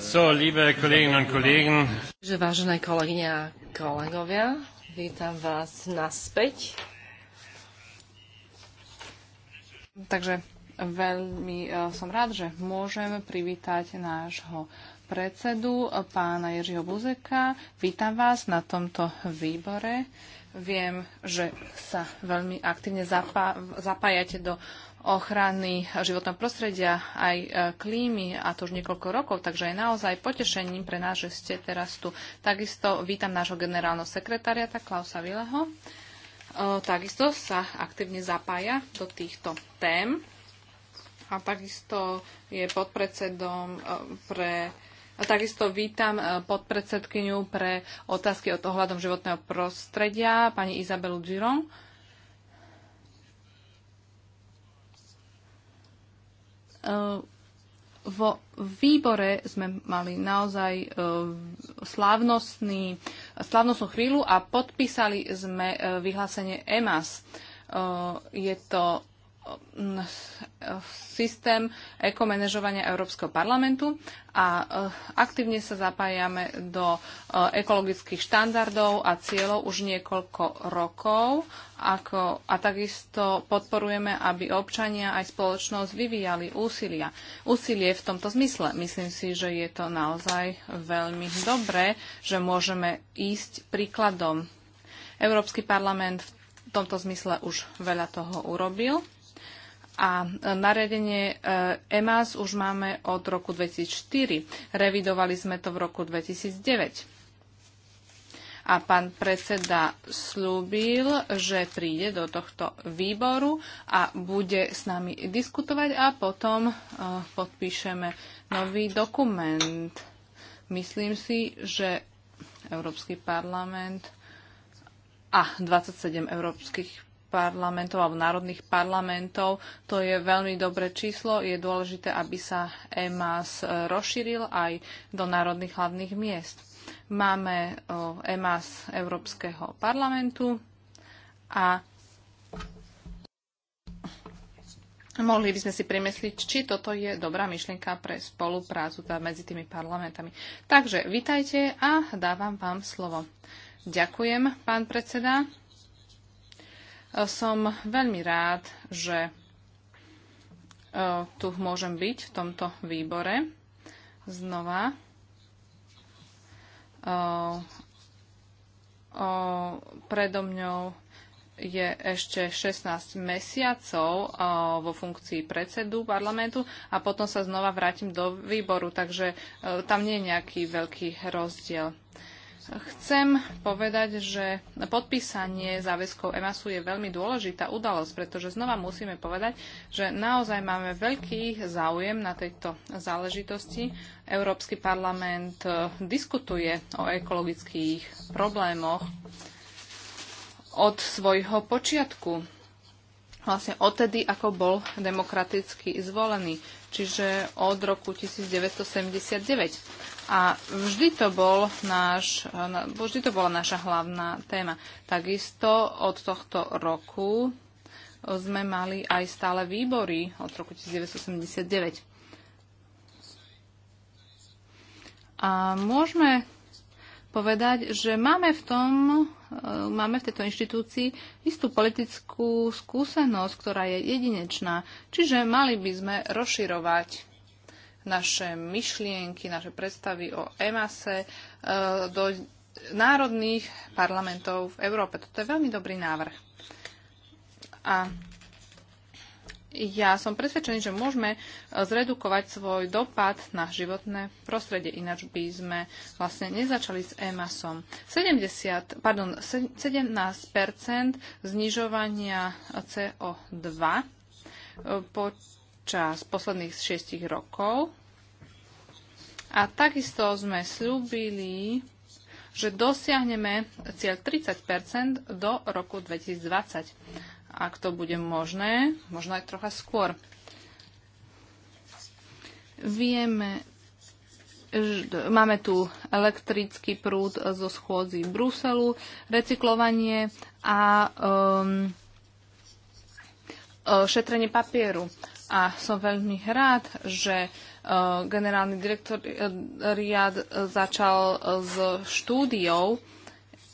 So, liebe Kolleginnen und Kollegen. Že vážené kolegyne a kolegovia, vítam vás naspäť. Takže veľmi e, som rád, že môžem privítať nášho predsedu, e, pána Jiřího Buzeka. Vítam vás na tomto výbore. Viem, že sa veľmi aktívne zapájate do ochrany životného prostredia aj e, klímy a to už niekoľko rokov, takže je naozaj potešením pre nás, že ste teraz tu. Takisto vítam nášho generálneho sekretariata Klausa Vileho. E, takisto sa aktívne zapája do týchto tém a takisto je podpredsedom e, pre a takisto vítam podpredsedkyňu pre otázky od ohľadom životného prostredia, pani Izabelu Duron Eh, vo výbore sme mali naozaj e, slávnostný, slávnostnú chvíľu a podpísali sme eh, vyhlásenie EMAS. je to systém ekomanežovania Európskeho parlamentu a e, aktívne sa zapájame do e, ekologických štandardov a cieľov už niekoľko rokov ako, a takisto podporujeme, aby občania aj spoločnosť vyvíjali úsilia. úsilie v tomto zmysle. Myslím si, že je to naozaj veľmi dobré, že môžeme ísť príkladom. Európsky parlament v v tomto zmysle už veľa toho urobil. A e, nariadenie e, EMAS už máme od roku 2004. Revidovali sme to v roku 2009. A pán predseda slúbil, že príde do tohto výboru a bude s nami diskutovať a potom e, podpíšeme nový dokument. Myslím si, že Európsky parlament a 27 európskych parlamentov alebo národných parlamentov. To je veľmi dobré číslo. Je dôležité, aby sa EMAS rozšíril aj do národných hlavných miest. Máme EMAS Európskeho parlamentu a mohli by sme si premysliť, či toto je dobrá myšlienka pre spoluprácu medzi tými parlamentami. Takže vitajte a dávam vám slovo. Ďakujem, pán predseda. Som veľmi rád, že e, tu môžem byť v tomto výbore znova. E, predo mňou je ešte 16 mesiacov e, vo funkcii predsedu parlamentu a potom sa znova vrátim do výboru, takže tam nie je nejaký veľký rozdiel. Chcem povedať, že podpísanie záväzkov EMASu je veľmi dôležitá udalosť, pretože znova musíme povedať, že naozaj máme veľký záujem na tejto záležitosti. Európsky parlament e, diskutuje o ekologických problémoch od svojho počiatku. Vlastne odtedy, ako bol demokraticky zvolený, čiže od roku 1979. A vždy to, bol náš, vždy to bola naša hlavná téma. Takisto od tohto roku sme mali aj stále výbory od roku 1989. A môžeme povedať, že máme v tom, e, máme v tejto inštitúcii istú politickú skúsenosť, ktorá je jedinečná. Čiže mali by sme rozširovať naše myšlienky, naše predstavy o EMASE e, do národných parlamentov v Európe. Toto je veľmi dobrý návrh. A ja som presvedčený, že môžeme e, zredukovať svoj dopad na životné prostredie, ináč by sme vlastne nezačali s EMASom. 70, pardon, 17 znižovania CO2 e, počas posledných 6 rokov a takisto sme slúbili, že dosiahneme cieľ 30 do roku 2020. Ak to bude možné, možno aj trocha skôr. Vieme, máme tu elektrický prúd zo schôdzi Bruselu, recyklovanie a um, e, šetrenie papieru. A som veľmi rád, že Eh, generálny direktor Riad eh, začal eh, s štúdiou.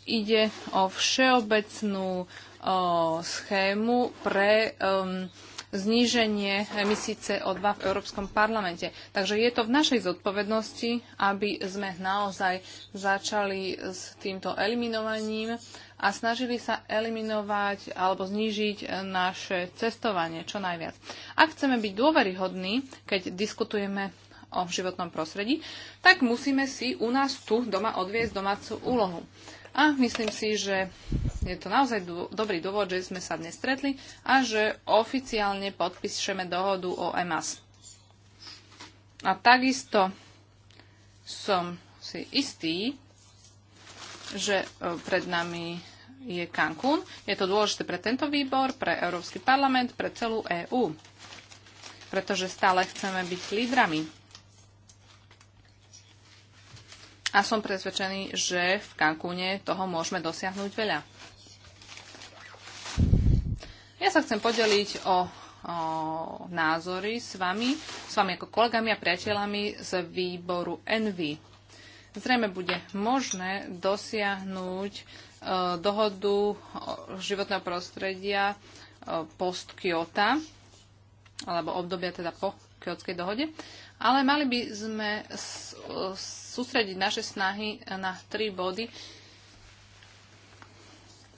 Ide o všeobecnú schému pre ehm, zníženie emisí CO2 v Európskom parlamente. Takže je to v našej zodpovednosti, aby sme naozaj začali s týmto eliminovaním a snažili sa eliminovať alebo znížiť e, naše cestovanie čo najviac. Ak chceme byť dôveryhodní, keď diskutujeme o životnom prostredí, tak musíme si u nás tu doma odviesť domácu úlohu. A myslím si, že je to naozaj dô, dobrý dôvod, že sme sa dnes stretli a že oficiálne podpíšeme dohodu o EMAS. A takisto som si istý, že e, pred nami je Cancún. Je to dôležité pre tento výbor, pre Európsky parlament, pre celú EÚ, pretože stále chceme byť lídrami. A som presvedčený, že v Cancúne toho môžeme dosiahnuť veľa. Ja sa chcem podeliť o názory s vami, s vami ako kolegami a priateľami z výboru Envy zrejme bude možné dosiahnuť e, dohodu životného prostredia e, post Kyoto, alebo obdobia teda po Kyotskej dohode, ale mali by sme e, sústrediť naše snahy na tri body.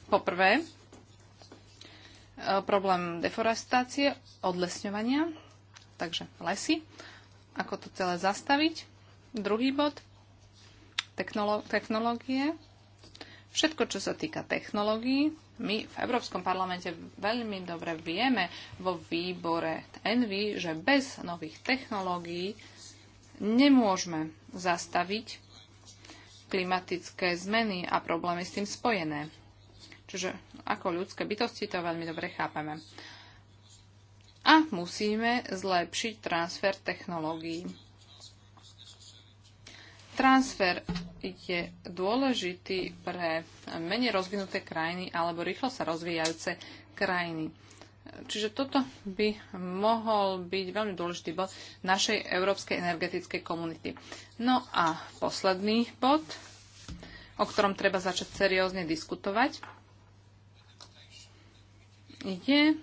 Poprvé, problém deforestácie, odlesňovania, takže lesy, ako to celé zastaviť. Druhý bod, technológie. Všetko, čo sa týka technológií, my v Európskom parlamente veľmi dobre vieme vo výbore Envy, že bez nových technológií nemôžeme zastaviť klimatické zmeny a problémy s tým spojené. Čiže ako ľudské bytosti to veľmi dobre chápeme. A musíme zlepšiť transfer technológií. Transfer je dôležitý pre menej rozvinuté krajiny alebo rýchlo sa rozvíjajúce krajiny. Čiže toto by mohol byť veľmi dôležitý bod našej európskej energetickej komunity. No a posledný bod, o ktorom treba začať seriózne diskutovať, je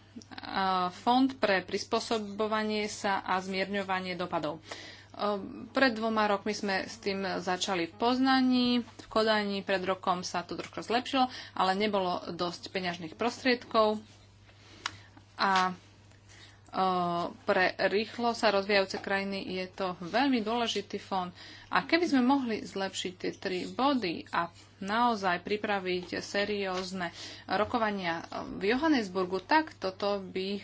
Fond pre prispôsobovanie sa a zmierňovanie dopadov. Ehm, pred dvoma rokmi sme s tým začali v Poznaní, v kodaní, pred rokom sa to trošku zlepšilo, ale nebolo dosť peňažných prostriedkov a ehm, pre rýchlo sa rozvíjajúce krajiny je to veľmi dôležitý fond. A keby sme mohli zlepšiť tie tri body a naozaj pripraviť seriózne rokovania v Johannesburgu, tak toto by eh,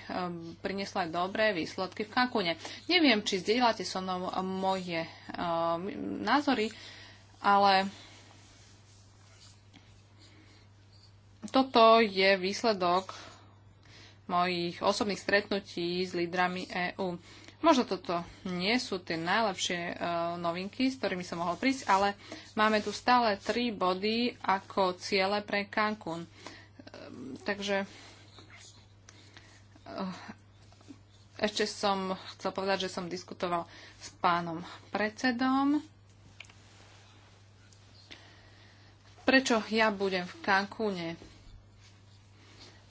prinieslo aj dobré výsledky v Cancúne. Neviem, či zdieľate so mnou moje eh, názory, ale toto je výsledok mojich osobných stretnutí s lídrami EÚ. Možno toto nie sú tie najlepšie uh, novinky, s ktorými som mohol prísť, ale máme tu stále tri body ako ciele pre Cancún. Uh, takže e, ešte som chcel povedať, že som diskutoval s pánom predsedom. Prečo ja budem v Cancúne?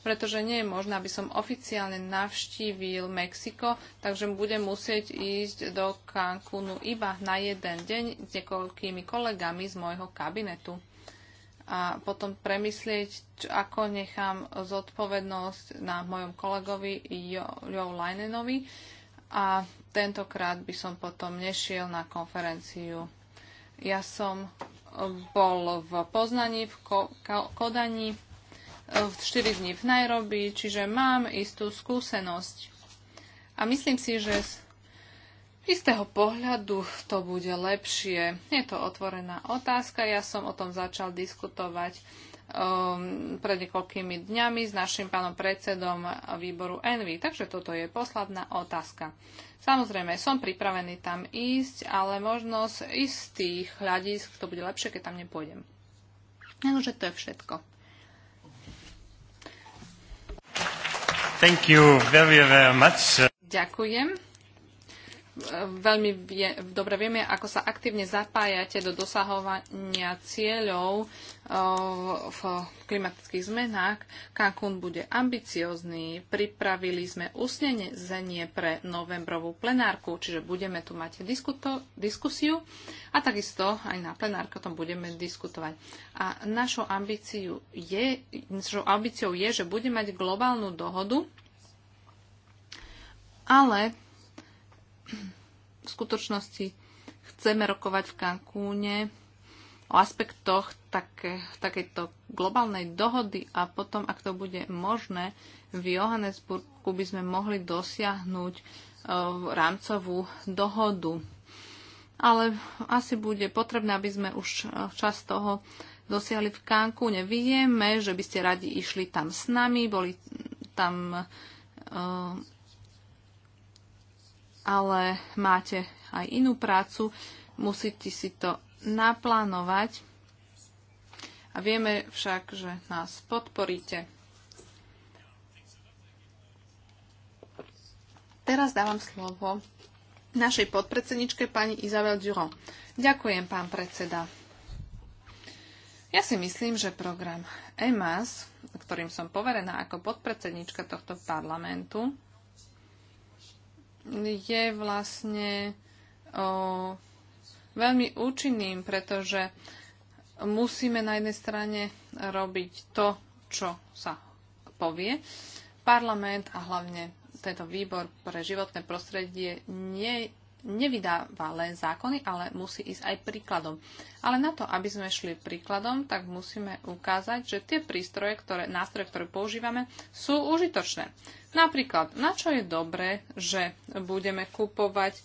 pretože nie je možné, aby som oficiálne navštívil Mexiko, takže budem musieť ísť do Cancúnu iba na jeden deň s niekoľkými kolegami z môjho kabinetu a potom premyslieť, ako nechám zodpovednosť na mojom kolegovi Jo, jo Leinenovi a tentokrát by som potom nešiel na konferenciu. Ja som bol v Poznaní, v Ko- Ko- Kodani, 4 dní v Nairobi, čiže mám istú skúsenosť. A myslím si, že z istého pohľadu to bude lepšie. Je to otvorená otázka, ja som o tom začal diskutovať um, pred niekoľkými dňami s našim pánom predsedom výboru Envy. Takže toto je posledná otázka. Samozrejme, som pripravený tam ísť, ale možno z istých hľadisk to bude lepšie, keď tam nepôjdem. Takže to je všetko. Thank you very, very much. Ďakujem veľmi vie, dobre vieme, ako sa aktívne zapájate do dosahovania cieľov eh, v klimatických zmenách. Cancún bude ambiciózny. Pripravili sme usnenie pre novembrovú plenárku, čiže budeme tu mať diskuto, diskusiu a takisto aj na plenárku o tom budeme diskutovať. A našou ambíciou je, našou ambíciou je že budeme mať globálnu dohodu, ale v skutočnosti chceme rokovať v Cancúne o aspektoch také, takejto globálnej dohody a potom, ak to bude možné, v Johannesburgu by sme mohli dosiahnuť e, rámcovú dohodu. Ale asi bude potrebné, aby sme už e, čas toho dosiahli v Cancúne. Vieme, že by ste radi išli tam s nami, boli tam e, ale máte aj inú prácu, musíte si to naplánovať a vieme však, že nás podporíte. Teraz dávam slovo našej podpredsedničke pani Izabel Duro. Ďakujem, pán predseda. Ja si myslím, že program EMAS, ktorým som poverená ako podpredsednička tohto parlamentu, je vlastne o, veľmi účinným, pretože musíme na jednej strane robiť to, čo sa povie. Parlament a hlavne tento výbor pre životné prostredie nie, nevydáva len zákony, ale musí ísť aj príkladom. Ale na to, aby sme šli príkladom, tak musíme ukázať, že tie prístroje, ktoré, nástroje, ktoré používame, sú užitočné. Napríklad, na čo je dobré, že budeme kupovať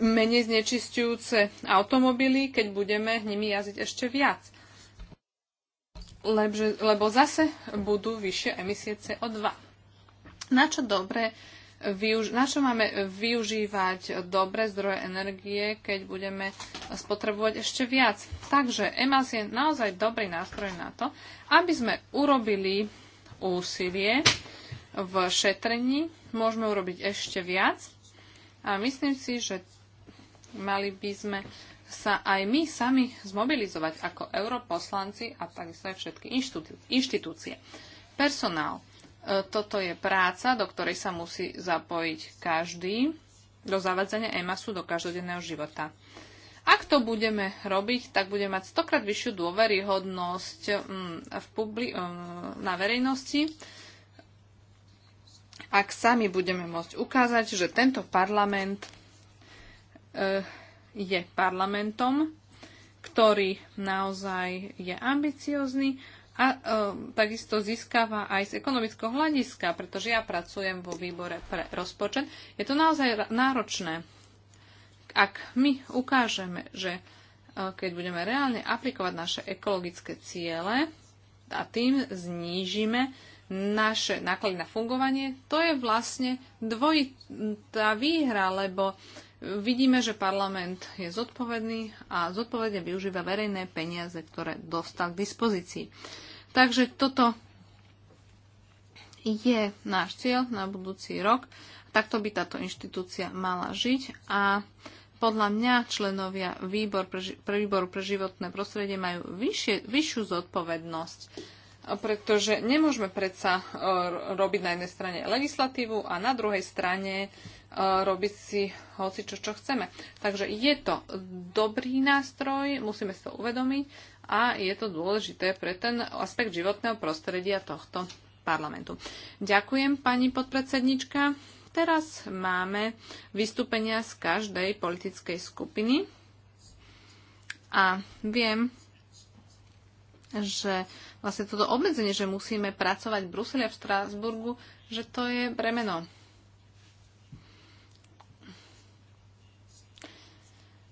menej znečistujúce automobily, keď budeme nimi jazdiť ešte viac. Lebže, lebo zase budú vyššie emisie CO2. Na čo dobre na čo máme využívať dobré zdroje energie, keď budeme spotrebovať ešte viac. Takže EMAS je naozaj dobrý nástroj na to, aby sme urobili úsilie v šetrení. Môžeme urobiť ešte viac a myslím si, že mali by sme sa aj my sami zmobilizovať ako europoslanci a takisto aj všetky inštitúcie. Personál. E, toto je práca, do ktorej sa musí zapojiť každý do zavadzania EMASu do každodenného života. Ak to budeme robiť, tak bude mať stokrát vyššiu dôveryhodnosť mm, v publi- e, na verejnosti ak sami budeme môcť ukázať, že tento parlament e, je parlamentom, ktorý naozaj je ambiciozný a e, takisto získava aj z ekonomického hľadiska, pretože ja pracujem vo výbore pre rozpočet. Je to naozaj náročné. Ak my ukážeme, že e, keď budeme reálne aplikovať naše ekologické ciele a tým znížime naše náklady na fungovanie, to je vlastne dvojitá výhra, lebo vidíme, že parlament je zodpovedný a zodpovedne využíva verejné peniaze, ktoré dostal k dispozícii. Takže toto je náš cieľ na budúci rok. Takto by táto inštitúcia mala žiť a podľa mňa členovia výbor pre, pre výboru pre životné prostredie majú vyššie, vyššiu zodpovednosť pretože nemôžeme predsa e, robiť na jednej strane legislatívu a na druhej strane e, robiť si hoci čo, čo chceme. Takže je to dobrý nástroj, musíme si to uvedomiť a je to dôležité pre ten aspekt životného prostredia tohto parlamentu. Ďakujem, pani podpredsednička. Teraz máme vystúpenia z každej politickej skupiny a viem, že vlastne toto obmedzenie, že musíme pracovať v Bruseli a v Strasburgu, že to je bremeno.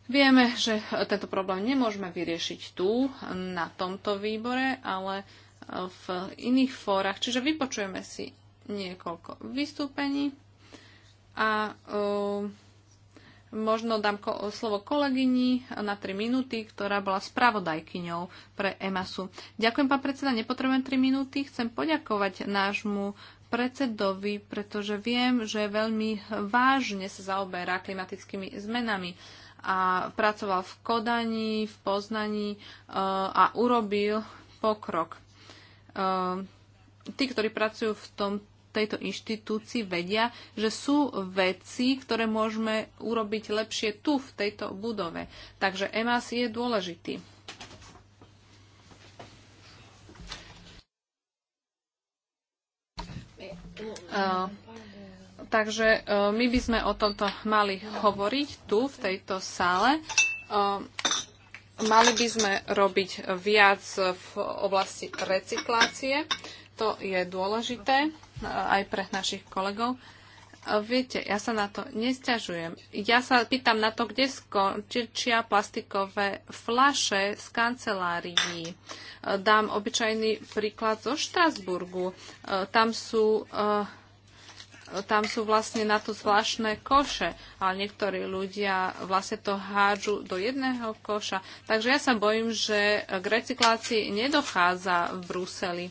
Vieme, že tento problém nemôžeme vyriešiť tu, na tomto výbore, ale v iných fórach. Čiže vypočujeme si niekoľko vystúpení a uh, Možno dám ko- slovo kolegyni na 3 minúty, ktorá bola spravodajkyňou pre EMASu. Ďakujem, pán predseda, nepotrebujem 3 minúty. Chcem poďakovať nášmu predsedovi, pretože viem, že veľmi vážne sa zaoberá klimatickými zmenami a pracoval v Kodani, v Poznaní e, a urobil pokrok. E, tí, ktorí pracujú v tomto tejto inštitúcii vedia, že sú veci, ktoré môžeme urobiť lepšie tu, v tejto budove. Takže EMAS je dôležitý. Uh, takže uh, my by sme o tomto mali hovoriť tu, v tejto sále. Uh, mali by sme robiť viac v oblasti recyklácie. To je dôležité aj pre našich kolegov. Viete, ja sa na to nesťažujem. Ja sa pýtam na to, kde skončia plastikové flaše z kancelárií. Dám obyčajný príklad zo Štrasburgu. Tam sú, eh, tam sú vlastne na to zvláštne koše, ale niektorí ľudia vlastne to hádžu do jedného koša. Takže ja sa bojím, že k recyklácii nedochádza v Bruseli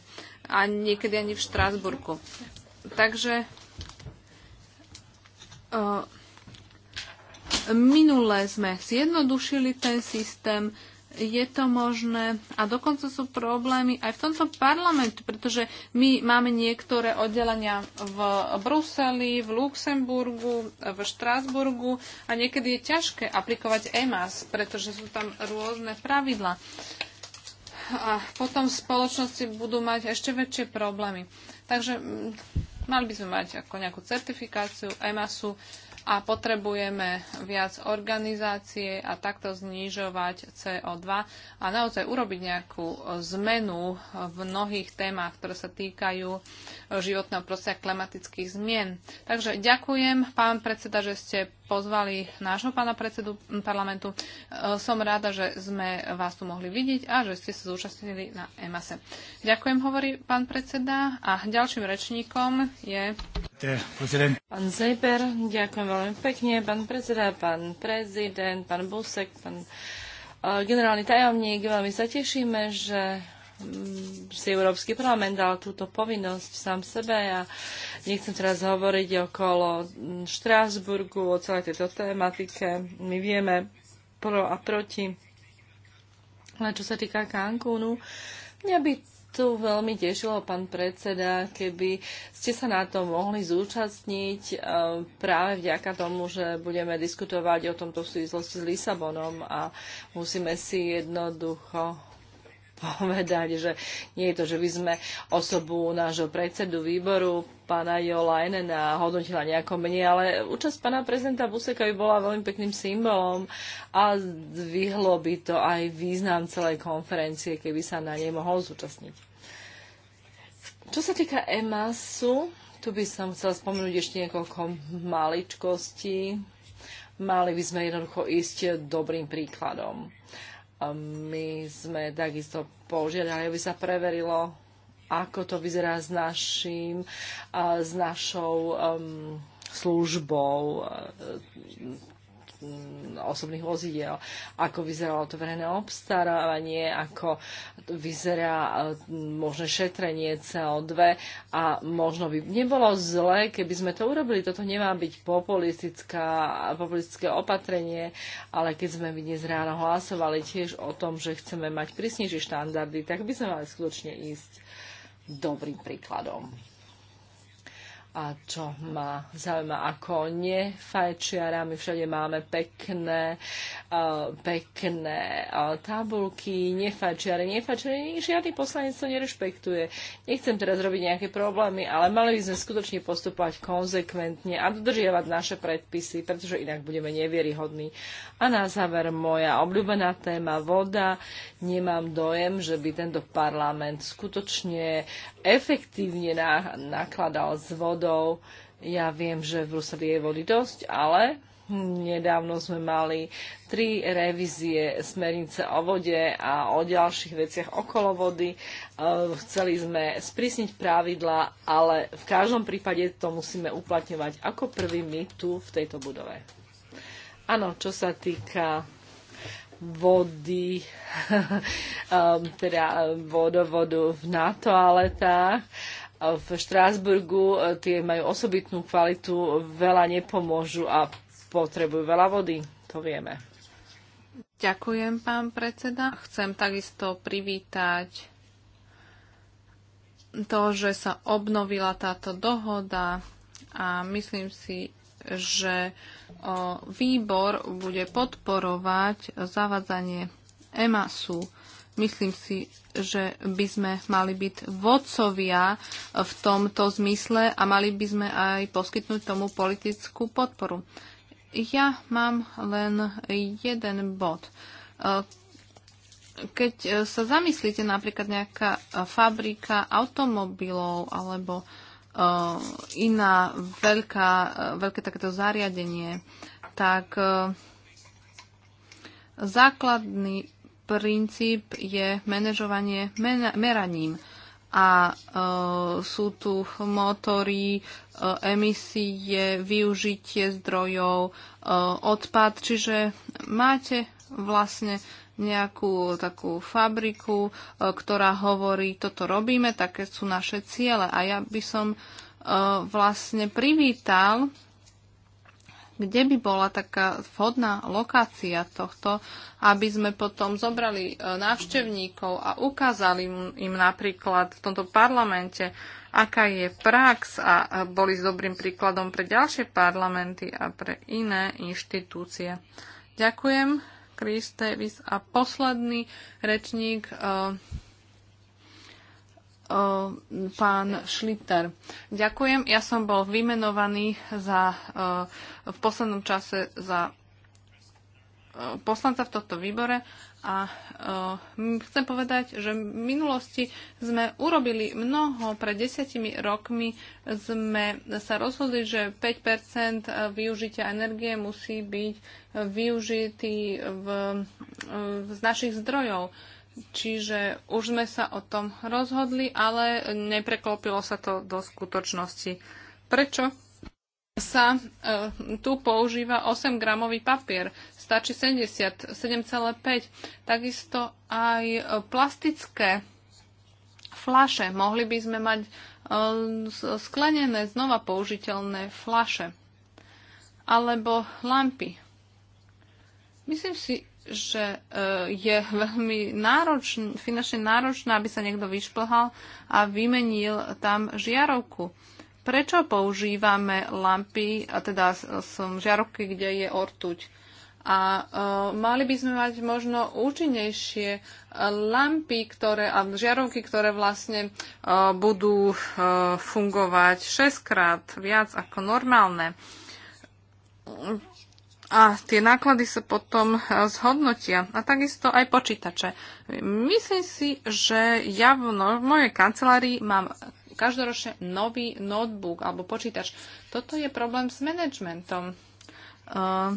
a niekedy ani v Štrásburku. Takže e, minule sme zjednodušili ten systém, je to možné a dokonca sú problémy aj v tomto parlamentu, pretože my máme niektoré oddelenia v Bruseli, v Luxemburgu, v Štrásburgu a niekedy je ťažké aplikovať EMAS, pretože sú tam rôzne pravidla a potom spoločnosti budú mať ešte väčšie problémy. Takže mm, mali by sme mať ako nejakú certifikáciu EMASu a potrebujeme viac organizácie a takto znižovať CO2 a naozaj urobiť nejakú zmenu v mnohých témach, ktoré sa týkajú životného prostredia klimatických zmien. Takže ďakujem, pán predseda, že ste pozvali nášho pána predsedu parlamentu. E, som rada, že sme vás tu mohli vidieť a že ste sa zúčastnili na EMASE. E. Ďakujem, hovorí pán predseda. A ďalším rečníkom je... Pán Zeber, ďakujem veľmi pekne. Pán predseda, pán prezident, pán Busek, pán e, generálny tajomník, veľmi sa tešíme, že Mm, si Európsky parlament dal túto povinnosť sám sebe a nechcem teraz hovoriť okolo mm, Štrásburgu, o celej tejto tematike. My vieme pro a proti. Ale čo sa týka Cancúnu, mňa by tu veľmi tešilo, pán predseda, keby ste sa na to mohli zúčastniť e, práve vďaka tomu, že budeme diskutovať o tomto súvislosti s Lisabonom a musíme si jednoducho povedať, že nie je to, že by sme osobu nášho predsedu výboru, pána Jola Enena, hodnotila nejako menej, ale účasť pána prezidenta Buseka by bola veľmi pekným symbolom a zvihlo by to aj význam celej konferencie, keby sa na nej mohol zúčastniť. Čo sa týka EMASu, tu by som chcela spomenúť ešte niekoľko maličkostí. Mali by sme jednoducho ísť dobrým príkladom. My sme takisto požiadali, aby sa preverilo, ako to vyzerá s, našim, s našou um, službou Mm, osobných vozidiel, ako vyzeralo to verejné obstarávanie, ako vyzerá e, možné šetrenie CO2 a možno by nebolo zle, keby sme to urobili. Toto nemá byť populistická, populistické opatrenie, ale keď sme by dnes ráno hlasovali tiež o tom, že chceme mať prísnejšie štandardy, tak by sme mali skutočne ísť dobrým príkladom a čo ma zaujíma ako nefajčiara. My všade máme pekné, uh, pekné uh, tabulky, nefajčiare, nefajčiare, žiadny poslanec to nerešpektuje. Nechcem teraz robiť nejaké problémy, ale mali by sme skutočne postupovať konzekventne a dodržiavať naše predpisy, pretože inak budeme nevieryhodní. A na záver moja obľúbená téma voda. Nemám dojem, že by tento parlament skutočne efektívne nakladal z vodou vodou. Ja viem, že v Bruseli je vody dosť, ale Nedávno sme mali tri revízie smernice o vode a o ďalších veciach okolo vody. E, chceli sme sprísniť pravidla, ale v každom prípade to musíme uplatňovať ako prvý my tu v tejto budove. Áno, čo sa týka vody, teda vodovodu na toaletách, v Štrásburgu, e, tie majú osobitnú kvalitu, veľa nepomôžu a potrebujú veľa vody, to vieme. Ďakujem, pán predseda. Chcem takisto privítať to, že sa obnovila táto dohoda a myslím si, že výbor bude podporovať zavadzanie EMASu Myslím si, že by sme mali byť vodcovia v tomto zmysle a mali by sme aj poskytnúť tomu politickú podporu. Ja mám len jeden bod. Keď sa zamyslíte napríklad nejaká fabrika automobilov alebo eh, iná veľká, veľké takéto zariadenie, tak eh, základný princíp je manažovanie meraním a e, sú tu motory, e, emisie, využitie zdrojov, e, odpad. Čiže máte vlastne nejakú takú fabriku, e, ktorá hovorí, toto robíme, také sú naše ciele. A ja by som e, vlastne privítal kde by bola taká vhodná lokácia tohto, aby sme potom zobrali e, návštevníkov a ukázali im napríklad v tomto parlamente, aká je prax a boli s dobrým príkladom pre ďalšie parlamenty a pre iné inštitúcie. Ďakujem, Chris Davis. A posledný rečník e, pán Šliter. Ďakujem. Ja som bol vymenovaný za, v poslednom čase za poslanca v tomto výbore a chcem povedať, že v minulosti sme urobili mnoho. Pred desiatimi rokmi sme sa rozhodli, že 5 využitia energie musí byť využitý v, v, z našich zdrojov. Čiže už sme sa o tom rozhodli, ale nepreklopilo sa to do skutočnosti. Prečo sa e, tu používa 8-gramový papier? Stačí 70, 7,5. Takisto aj plastické flaše. Mohli by sme mať e, sklenené, znova použiteľné flaše. Alebo lampy. Myslím si, že e, je veľmi náročný, finančne náročné, aby sa niekto vyšplhal a vymenil tam žiarovku. Prečo používame lampy, a teda som žiarovky, kde je ortuť? A e, mali by sme mať možno účinnejšie e, lampy, ktoré, a žiarovky, ktoré vlastne e, budú e, fungovať 6 krát viac ako normálne a tie náklady sa potom e, zhodnotia. A takisto aj počítače. Myslím si, že ja v, no, v mojej kancelárii mám každoročne nový notebook alebo počítač. Toto je problém s manažmentom. Uh,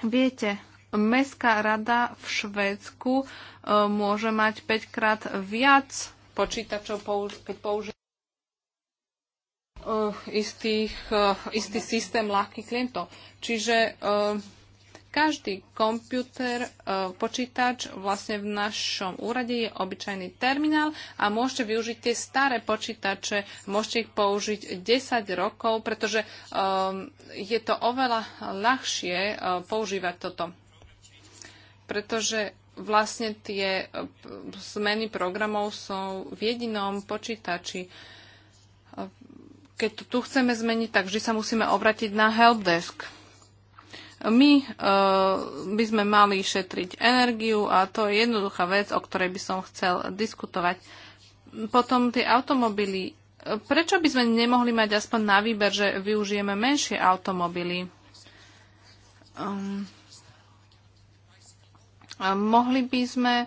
e, viete, Mestská rada v Švédsku uh, môže mať 5 krát viac počítačov, použ- keď použije Eh, istých, eh, istý systém ľahkých klientov. Čiže eh, každý komputer, počítač vlastne v našom úrade je obyčajný terminál a môžete využiť tie staré počítače, môžete ich použiť 10 rokov, pretože je to oveľa ľahšie používať toto. Pretože vlastne tie zmeny programov sú v jedinom počítači keď to tu chceme zmeniť, tak vždy sa musíme obratiť na helpdesk. My uh, by sme mali šetriť energiu a to je jednoduchá vec, o ktorej by som chcel diskutovať. Potom tie automobily. Prečo by sme nemohli mať aspoň na výber, že využijeme menšie automobily? Um, mohli by sme uh,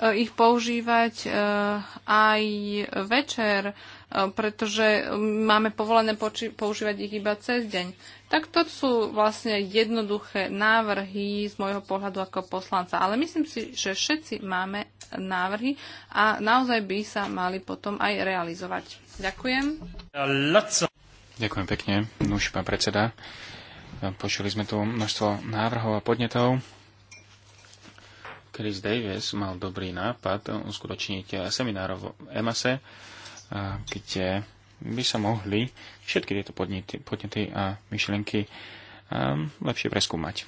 Eh, ich používať eh, aj večer, eh, pretože máme povolené používať ich iba cez deň. Tak to sú vlastne jednoduché návrhy z môjho pohľadu ako poslanca. Ale myslím si, že všetci máme návrhy a naozaj by sa mali potom aj realizovať. Ďakujem. Ďakujem pekne. Už pán predseda, počuli sme tu množstvo návrhov a podnetov. Chris Davis mal dobrý nápad uskutočniť seminár v EMASE, kde by sa mohli všetky tieto podnety, podnety a myšlienky ehm, lepšie preskúmať.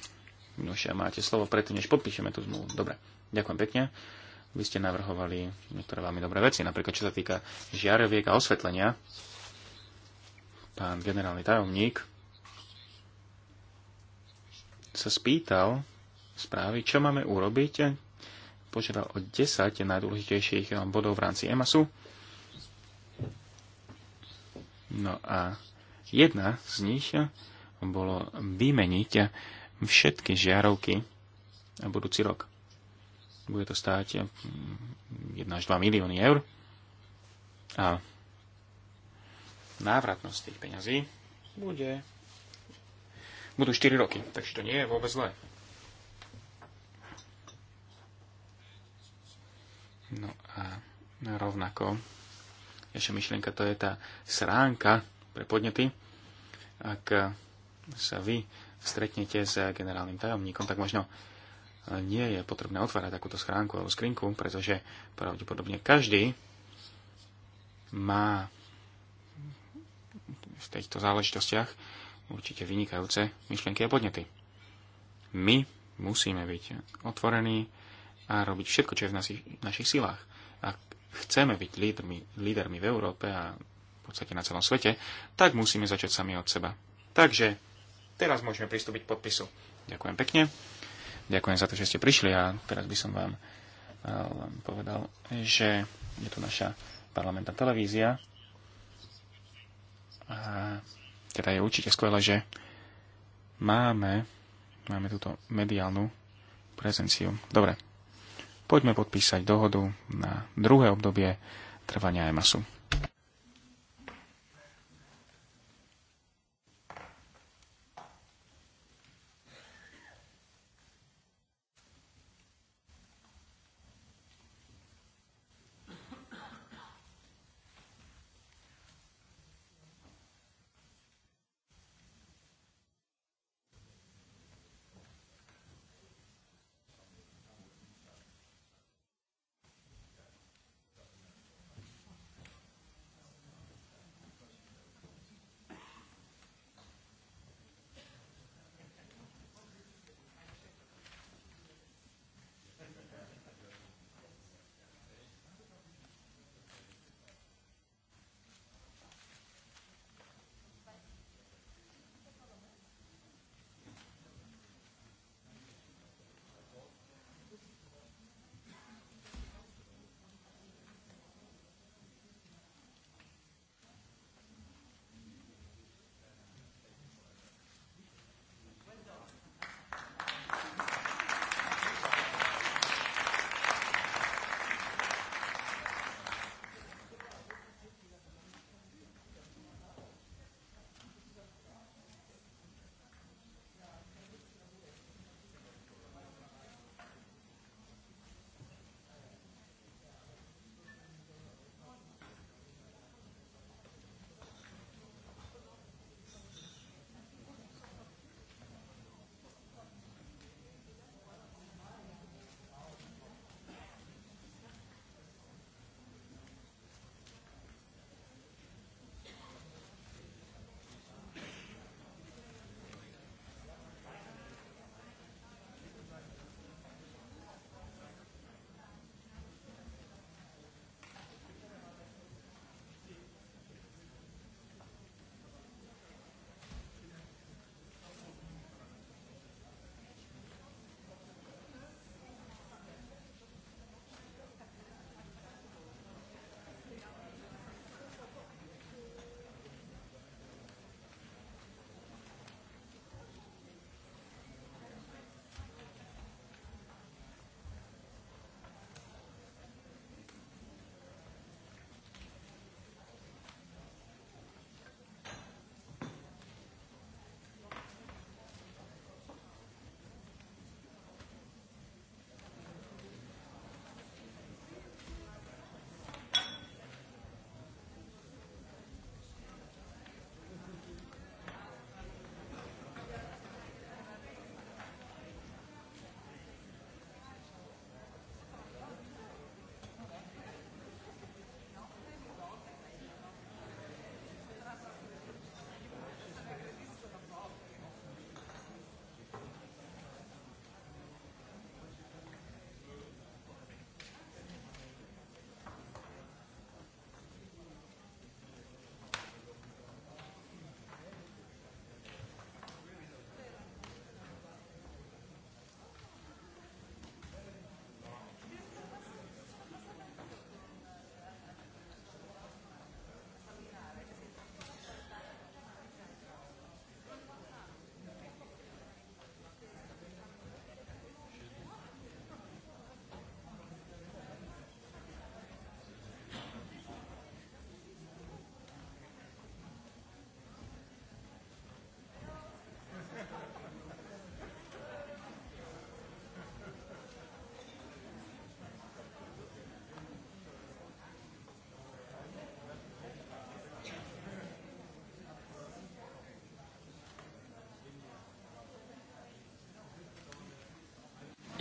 Nože, máte slovo predtým, než podpíšeme tú zmluvu. Dobre, ďakujem pekne. Vy ste navrhovali niektoré veľmi dobré veci, napríklad čo sa týka žiaroviek a osvetlenia. Pán generálny tajomník sa spýtal správy, čo máme urobiť, požiadal o 10 najdôležitejších bodov v rámci EMASu. No a jedna z nich bolo vymeniť všetky žiarovky na budúci rok. Bude to stáť 1 hm, až 2 milióny eur. A návratnosť tých peňazí bude, budú 4 roky, takže to nie je vôbec zlé. No a rovnako ešte myšlienka, to je tá sránka pre podnety. Ak sa vy stretnete s generálnym tajomníkom, tak možno nie je potrebné otvárať takúto schránku alebo skrinku, pretože pravdepodobne každý má v týchto záležitostiach určite vynikajúce myšlienky a podnety. My musíme byť otvorení, a robiť všetko, čo je v našich, našich silách. Ak chceme byť lídermi, lídermi v Európe a v podstate na celom svete, tak musíme začať sami od seba. Takže teraz môžeme pristúpiť k podpisu. Ďakujem pekne. Ďakujem za to, že ste prišli a teraz by som vám eh, len povedal, že je tu naša parlamentná televízia. A teda je určite skvelé, že máme, máme túto mediálnu prezenciu. Dobre, poďme podpísať dohodu na druhé obdobie trvania EMASu.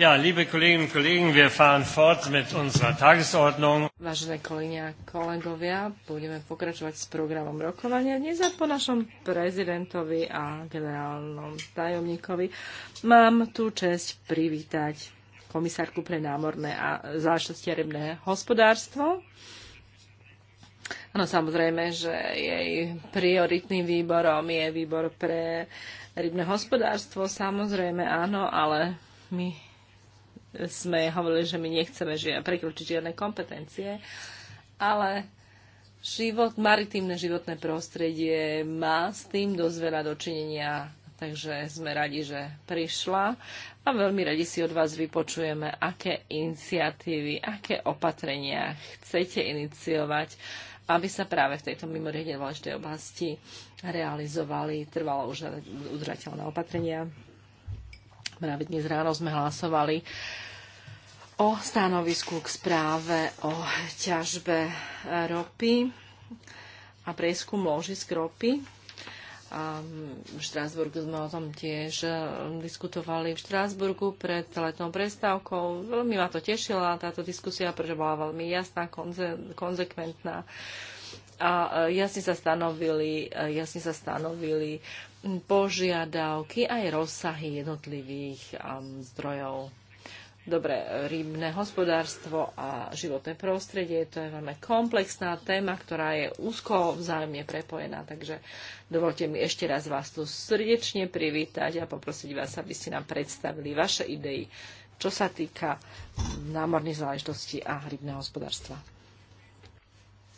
Ja, liebe Kolleginnen und Kollegen, wir fahren fort mit unserer Tagesordnung. Vážené kolegyne a kolegovia, budeme pokračovať s programom rokovania. Dnes aj po našom prezidentovi a generálnom tajomníkovi mám tú čest privítať komisárku pre námorné a záležitosti a rybné hospodárstvo. Áno, samozrejme, že jej prioritným výborom je výbor pre rybné hospodárstvo, samozrejme áno, ale my sme hovorili, že my nechceme žia, prekročiť žiadne kompetencie, ale život, maritímne životné prostredie má s tým dosť veľa dočinenia, takže sme radi, že prišla a veľmi radi si od vás vypočujeme, aké iniciatívy, aké opatrenia chcete iniciovať, aby sa práve v tejto mimoriadne dôležitej oblasti realizovali trvalo udržateľné opatrenia. Práve dnes ráno sme hlasovali o stanovisku k správe o ťažbe ropy a preskum ložisk ropy. A v Štrásburgu sme o tom tiež e, diskutovali v Štrásburgu pred letnou prestávkou. Veľmi ma to tešila táto diskusia, pretože bola veľmi jasná, konze- konzekventná. A e, jasne sa stanovili, e, jasne sa stanovili požiadavky aj rozsahy jednotlivých um, zdrojov. Dobre, rybné hospodárstvo a životné prostredie, to je veľmi komplexná téma, ktorá je úzko vzájomne prepojená, takže dovolte mi ešte raz vás tu srdečne privítať a poprosiť vás, aby ste nám predstavili vaše idei, čo sa týka námorných záležitostí a rybného hospodárstva.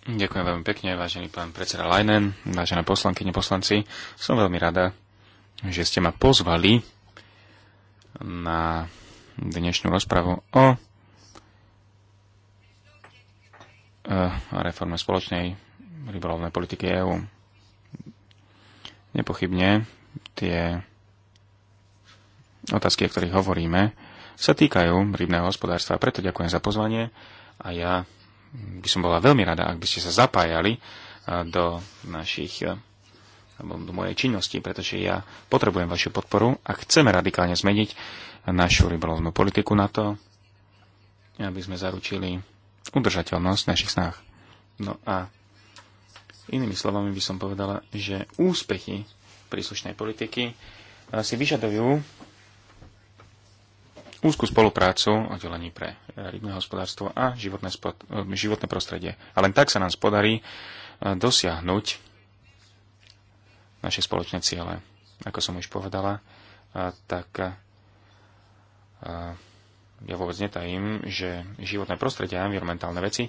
Ďakujem veľmi pekne, vážený pán predseda Lajnen, vážené poslanky, poslanci. Som veľmi rada, že ste ma pozvali na dnešnú rozpravu o eh, reforme spoločnej rybolovnej politiky EÚ. Nepochybne tie otázky, o ktorých hovoríme, sa týkajú rybného hospodárstva. Preto ďakujem za pozvanie a ja by som bola veľmi rada, ak by ste sa zapájali e, do našich e, alebo do mojej činnosti, pretože ja potrebujem vašu podporu a chceme radikálne zmeniť našu rybolovnú politiku na to, aby sme zaručili udržateľnosť našich snách. No a inými slovami by som povedala, že úspechy príslušnej politiky e, si vyžadujú úzkú spoluprácu oddelení pre e, rybné hospodárstvo a životné, spod, e, životné prostredie. A len tak sa nám podarí e, dosiahnuť naše spoločné ciele. Ako som už povedala, tak ja vôbec netajím, že životné prostredie a environmentálne veci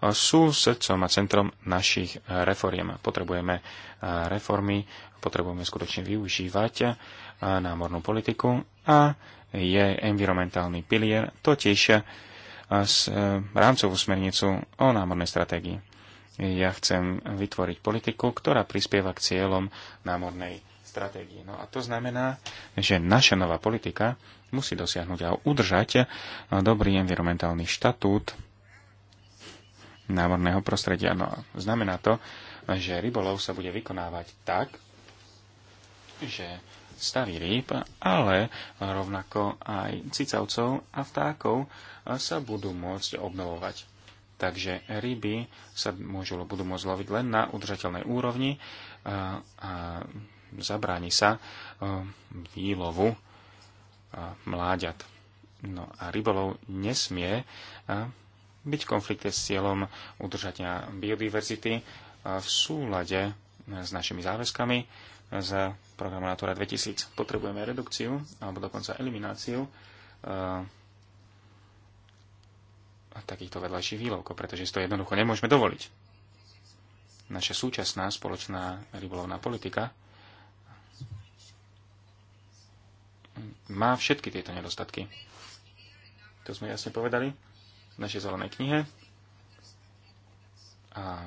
sú srdcom a centrom našich reforiem. Potrebujeme reformy, potrebujeme skutočne využívať námornú politiku a je environmentálny pilier, totiž eh, s eh, rámcovú smernicu o námornej stratégii. Ja chcem vytvoriť politiku, ktorá prispieva k cieľom námornej stratégie. No a to znamená, že naša nová politika musí dosiahnuť a udržať eh, dobrý environmentálny štatút námorného prostredia. No a znamená to, že rybolov sa bude vykonávať tak, že stavy rýb, ale rovnako aj cicavcov a vtákov sa budú môcť obnovovať. Takže ryby sa môžu, budú môcť loviť len na udržateľnej úrovni a, a zabráni sa výlovu mláďat. No a rybolov nesmie byť v konflikte s cieľom udržania biodiverzity v súlade s našimi záväzkami z programu Natura 2000. Potrebujeme redukciu alebo dokonca elimináciu uh, takýchto vedľajších výlovkov, pretože si to jednoducho nemôžeme dovoliť. Naša súčasná spoločná rybolovná politika má všetky tieto nedostatky. To sme jasne povedali v našej zelenej knihe. A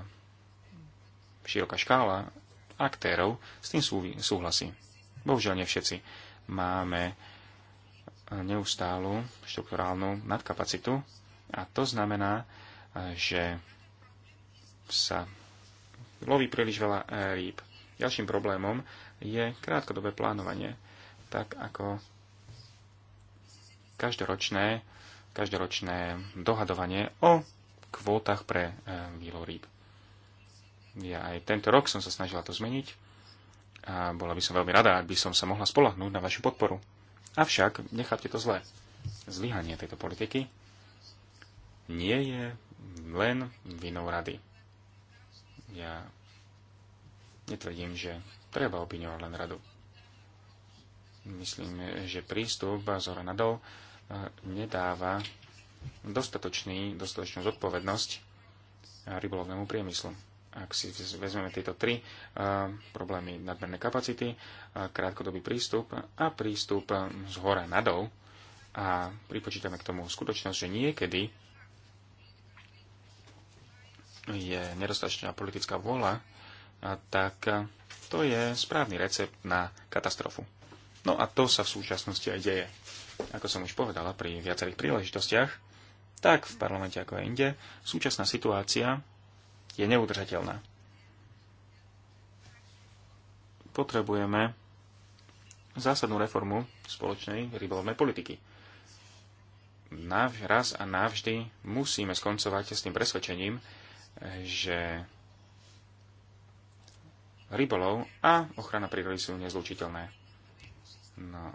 široká škála aktérov s tým súhlasí. Bohužiaľ, nie všetci. Máme e, neustálu štrukturálnu nadkapacitu a to znamená, e, že sa loví príliš veľa e, rýb. Ďalším problémom je krátkodobé plánovanie, tak ako každoročné, každoročné dohadovanie o kvótach pre výlov rýb. Ja aj tento rok som sa snažila to zmeniť a bola by som veľmi rada, ak by som sa mohla spolahnúť na vašu podporu. Avšak nechápte to zle. Zlyhanie tejto politiky nie je len vinou rady. Ja netvrdím, že treba obviňovať len radu. Myslím, že prístup z hora nadol eh, nedáva dostatočný, dostatočnú zodpovednosť rybolovnému priemyslu ak si vezmeme tieto tri eh, problémy nadmerné kapacity, eh, krátkodobý prístup a prístup eh, z hora nadol a pripočítame k tomu skutočnosť, že niekedy je nedostačná politická vôľa, tak to je správny recept na katastrofu. No a to sa v súčasnosti aj deje. Ako som už povedala pri viacerých príležitostiach, tak v parlamente ako aj inde, súčasná situácia je neudržateľná. Potrebujeme zásadnú reformu spoločnej rybolovnej politiky. Navž, raz a navždy musíme skoncovať s tým presvedčením, že rybolov a ochrana prírody sú nezlučiteľné. No,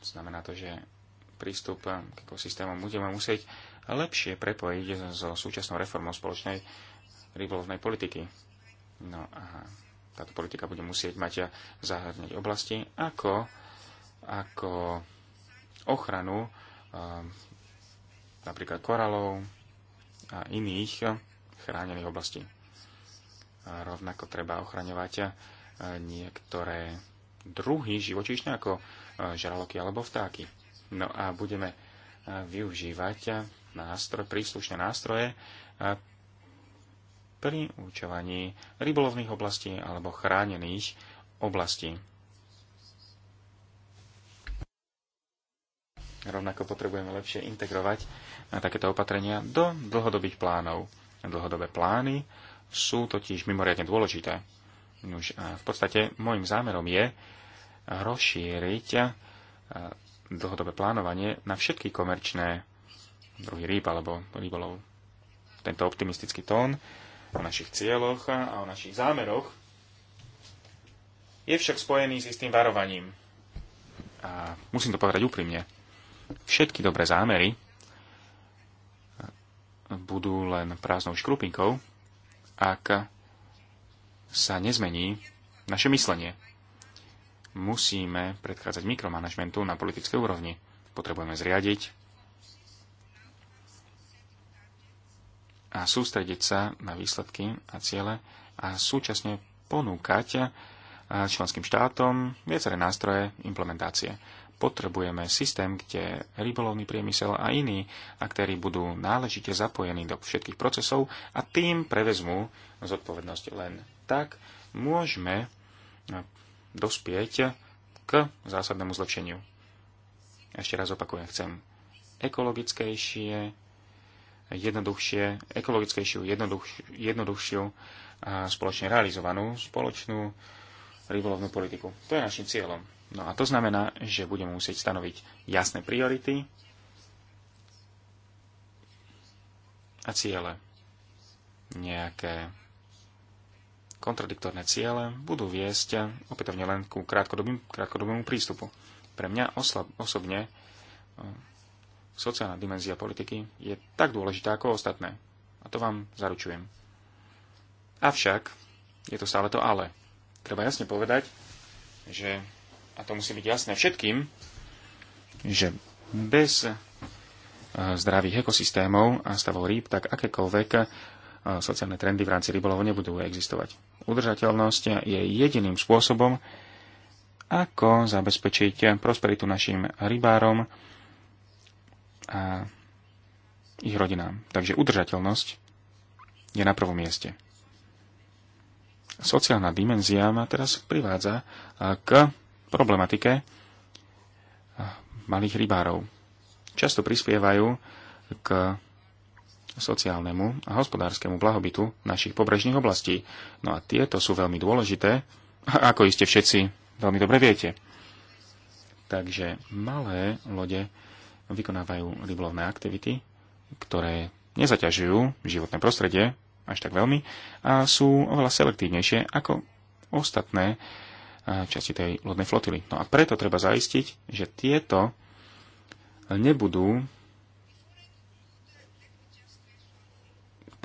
znamená to, že prístup k ekosystémom budeme musieť lepšie prepojiť so súčasnou reformou spoločnej rybolovnej politiky. No a táto politika bude musieť mať zahrňať oblasti ako, ako ochranu eh, napríklad koralov a iných chránených oblastí. A rovnako treba ochraňovať eh, niektoré druhy živočíšne ako eh, žraloky alebo vtáky. No a budeme využívať nástroj, príslušné nástroje pri určovaní rybolovných oblastí alebo chránených oblastí. Rovnako potrebujeme lepšie integrovať takéto opatrenia do dlhodobých plánov. Dlhodobé plány sú totiž mimoriadne dôležité. Už v podstate môjim zámerom je rozšíriť dlhodobé plánovanie na všetky komerčné druhy rýb alebo rybolov. Tento optimistický tón o našich cieľoch a o našich zámeroch, je však spojený s istým varovaním. A musím to povedať úprimne. Všetky dobré zámery budú len prázdnou škrupinkou, ak sa nezmení naše myslenie. Musíme predchádzať mikromanagementu na politickej úrovni. Potrebujeme zriadiť a sústrediť sa na výsledky a ciele a súčasne ponúkať členským štátom viaceré nástroje implementácie. Potrebujeme systém, kde rybolovný priemysel a iní aktéry budú náležite zapojení do všetkých procesov a tým prevezmú zodpovednosť len tak, môžeme dospieť k zásadnému zlepšeniu. Ešte raz opakujem, chcem ekologickejšie, jednoduchšie, ekologickejšiu, jednoduchšiu, jednoduchšiu a spoločne realizovanú spoločnú rybolovnú politiku. To je našim cieľom. No a to znamená, že budeme musieť stanoviť jasné priority a ciele. Nejaké kontradiktorné ciele budú viesť opätovne len ku krátkodobým, krátkodobému prístupu. Pre mňa osla, osobne sociálna dimenzia politiky je tak dôležitá ako ostatné. A to vám zaručujem. Avšak je to stále to ale. Treba jasne povedať, že, a to musí byť jasné všetkým, že bez e, zdravých ekosystémov a stavov rýb, tak akékoľvek e, sociálne trendy v rámci rybolovu nebudú existovať. Udržateľnosť je jediným spôsobom, ako zabezpečiť prosperitu našim rybárom, a ich rodinám. Takže udržateľnosť je na prvom mieste. Sociálna dimenzia ma teraz privádza k problematike malých rybárov. Často prispievajú k sociálnemu a hospodárskemu blahobytu našich pobrežných oblastí. No a tieto sú veľmi dôležité, ako iste všetci veľmi dobre viete. Takže malé lode vykonávajú rybolovné aktivity, ktoré nezaťažujú životné prostredie až tak veľmi a sú oveľa selektívnejšie ako ostatné eh, časti tej lodnej flotily. No a preto treba zaistiť, že tieto nebudú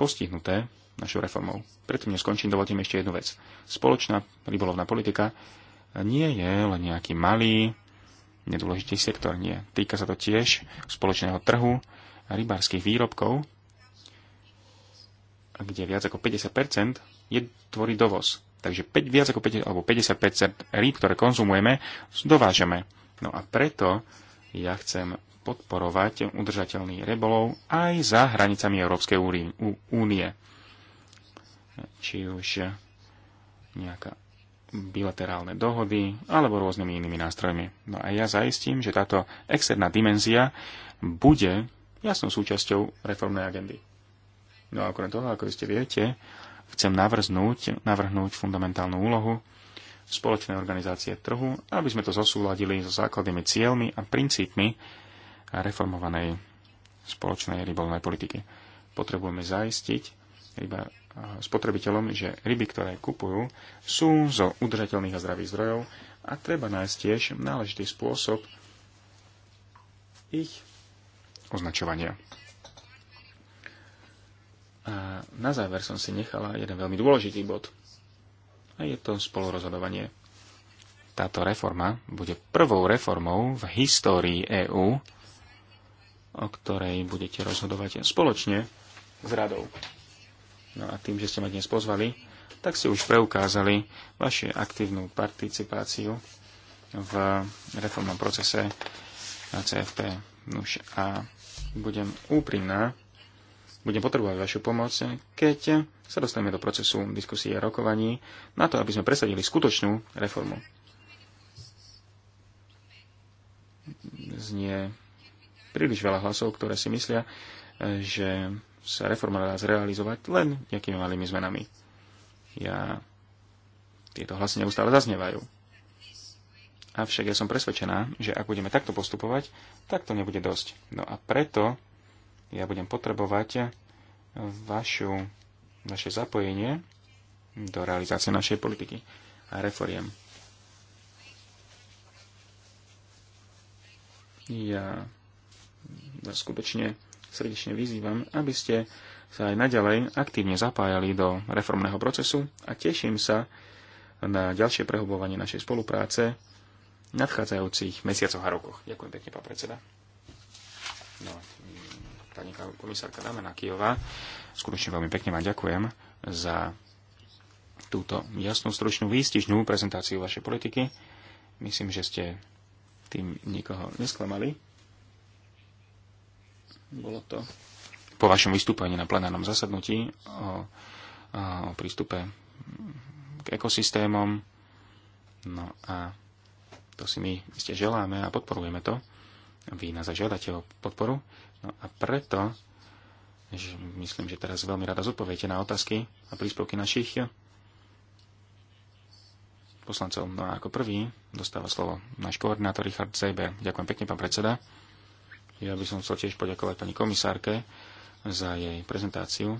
postihnuté našou reformou. Preto mne skončím, dovolte mi ešte jednu vec. Spoločná rybolovná politika nie je len nejaký malý nedôležitý sektor. Nie. Týka sa to tiež spoločného trhu rybárskych výrobkov, kde viac ako 50% je, tvorí dovoz. Takže 5, viac ako 50, alebo 50% rýb, ktoré konzumujeme, dovážame. No a preto ja chcem podporovať udržateľný rebolov aj za hranicami Európskej únie. Či už nejaká bilaterálne dohody alebo rôznymi inými nástrojmi. No a ja zaistím, že táto externá dimenzia bude jasnou súčasťou reformnej agendy. No a okrem toho, ako ste viete, chcem navrhnúť, navrhnúť fundamentálnu úlohu spoločnej organizácie trhu, aby sme to zosúladili so základnými cieľmi a princípmi reformovanej spoločnej rybolovnej politiky. Potrebujeme zaistiť, iba spotrebiteľom, že ryby, ktoré kupujú, sú zo udržateľných a zdravých zdrojov a treba nájsť tiež náležitý spôsob ich označovania. A na záver som si nechala jeden veľmi dôležitý bod. A je to spolurozhodovanie. Táto reforma bude prvou reformou v histórii EÚ, o ktorej budete rozhodovať spoločne s radou. No a tým, že ste ma dnes pozvali, tak ste už preukázali vašu aktívnu participáciu v reformnom procese na CFP. Nuž a budem úprimná, budem potrebovať vašu pomoc, keď sa dostaneme do procesu diskusie a rokovaní na to, aby sme presadili skutočnú reformu. Znie príliš veľa hlasov, ktoré si myslia, že sa reforma dá zrealizovať len nejakými malými zmenami. Ja tieto hlasy neustále zaznievajú. Avšak ja som presvedčená, že ak budeme takto postupovať, tak to nebude dosť. No a preto ja budem potrebovať vašu, vaše zapojenie do realizácie našej politiky a reforiem. Ja no, skutočne srdečne vyzývam, aby ste sa aj naďalej aktívne zapájali do reformného procesu a teším sa na ďalšie prehlbovanie našej spolupráce v nadchádzajúcich mesiacoch a rokoch. Ďakujem pekne, pán predseda. No, pani komisárka Damena Kijová, skutočne veľmi pekne vám ďakujem za túto jasnú, stručnú, výstižnú prezentáciu vašej politiky. Myslím, že ste tým nikoho nesklamali. Bolo to po vašom vystúpení na plenárnom zasadnutí o, o prístupe k ekosystémom. No a to si my ste želáme a podporujeme to. Vy nás žiadate o podporu. No a preto že myslím, že teraz veľmi rada zodpoviete na otázky a príspevky našich poslancov. No a ako prvý dostáva slovo náš koordinátor Richard Sejber. Ďakujem pekne, pán predseda. Ja by som chcel tiež poďakovať pani komisárke za jej prezentáciu.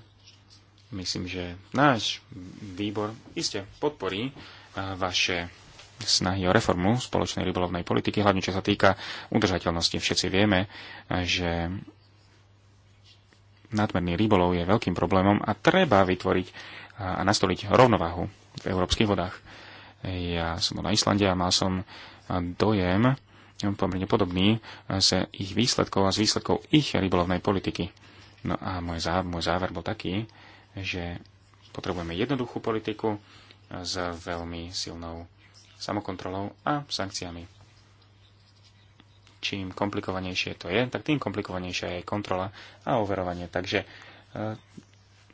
Myslím, že náš výbor iste podporí vaše snahy o reformu spoločnej rybolovnej politiky, hlavne čo sa týka udržateľnosti. Všetci vieme, že nadmerný rybolov je veľkým problémom a treba vytvoriť a nastoliť rovnováhu v európskych vodách. Ja som bol na Islande a mal som dojem, pomerne podobný eh, z ich výsledkov a z výsledkov ich rybolovnej politiky. No a môj záver, môj záver bol taký, že potrebujeme jednoduchú politiku eh, s veľmi silnou samokontrolou a sankciami. Čím komplikovanejšie to je, tak tým komplikovanejšia je kontrola a overovanie. Takže e,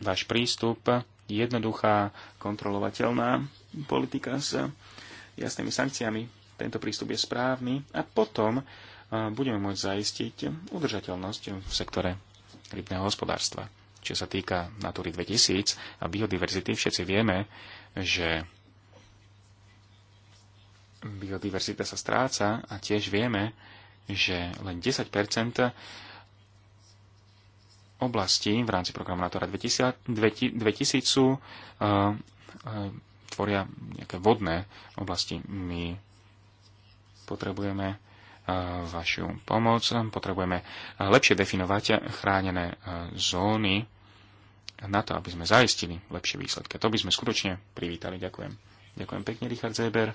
váš prístup, jednoduchá, kontrolovateľná politika s jasnými sankciami tento prístup je správny a potom e, budeme môcť zaistiť udržateľnosť v sektore rybného hospodárstva. Čo sa týka Natúry 2000 a biodiverzity, všetci vieme, že biodiverzita sa stráca a tiež vieme, že len 10 oblastí v rámci programu Natura 2000, 2000 sú, uh, uh, tvoria nejaké vodné oblasti. My potrebujeme e, vašu pomoc, potrebujeme e, lepšie definovať chránené e, zóny na to, aby sme zaistili lepšie výsledky. To by sme skutočne privítali. Ďakujem. Ďakujem pekne, Richard Zeber.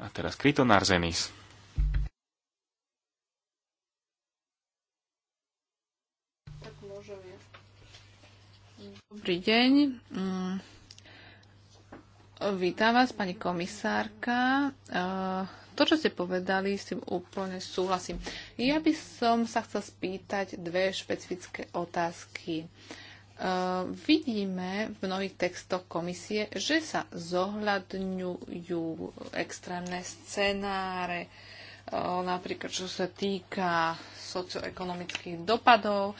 A teraz Kryton Arzenis. Dobrý deň. Mm. Vítam vás, pani komisárka. To, čo ste povedali, s tým úplne súhlasím. Ja by som sa chcel spýtať dve špecifické otázky. Uh, vidíme v mnohých textoch komisie, že sa zohľadňujú extrémne scenáre, uh, napríklad čo sa týka socioekonomických dopadov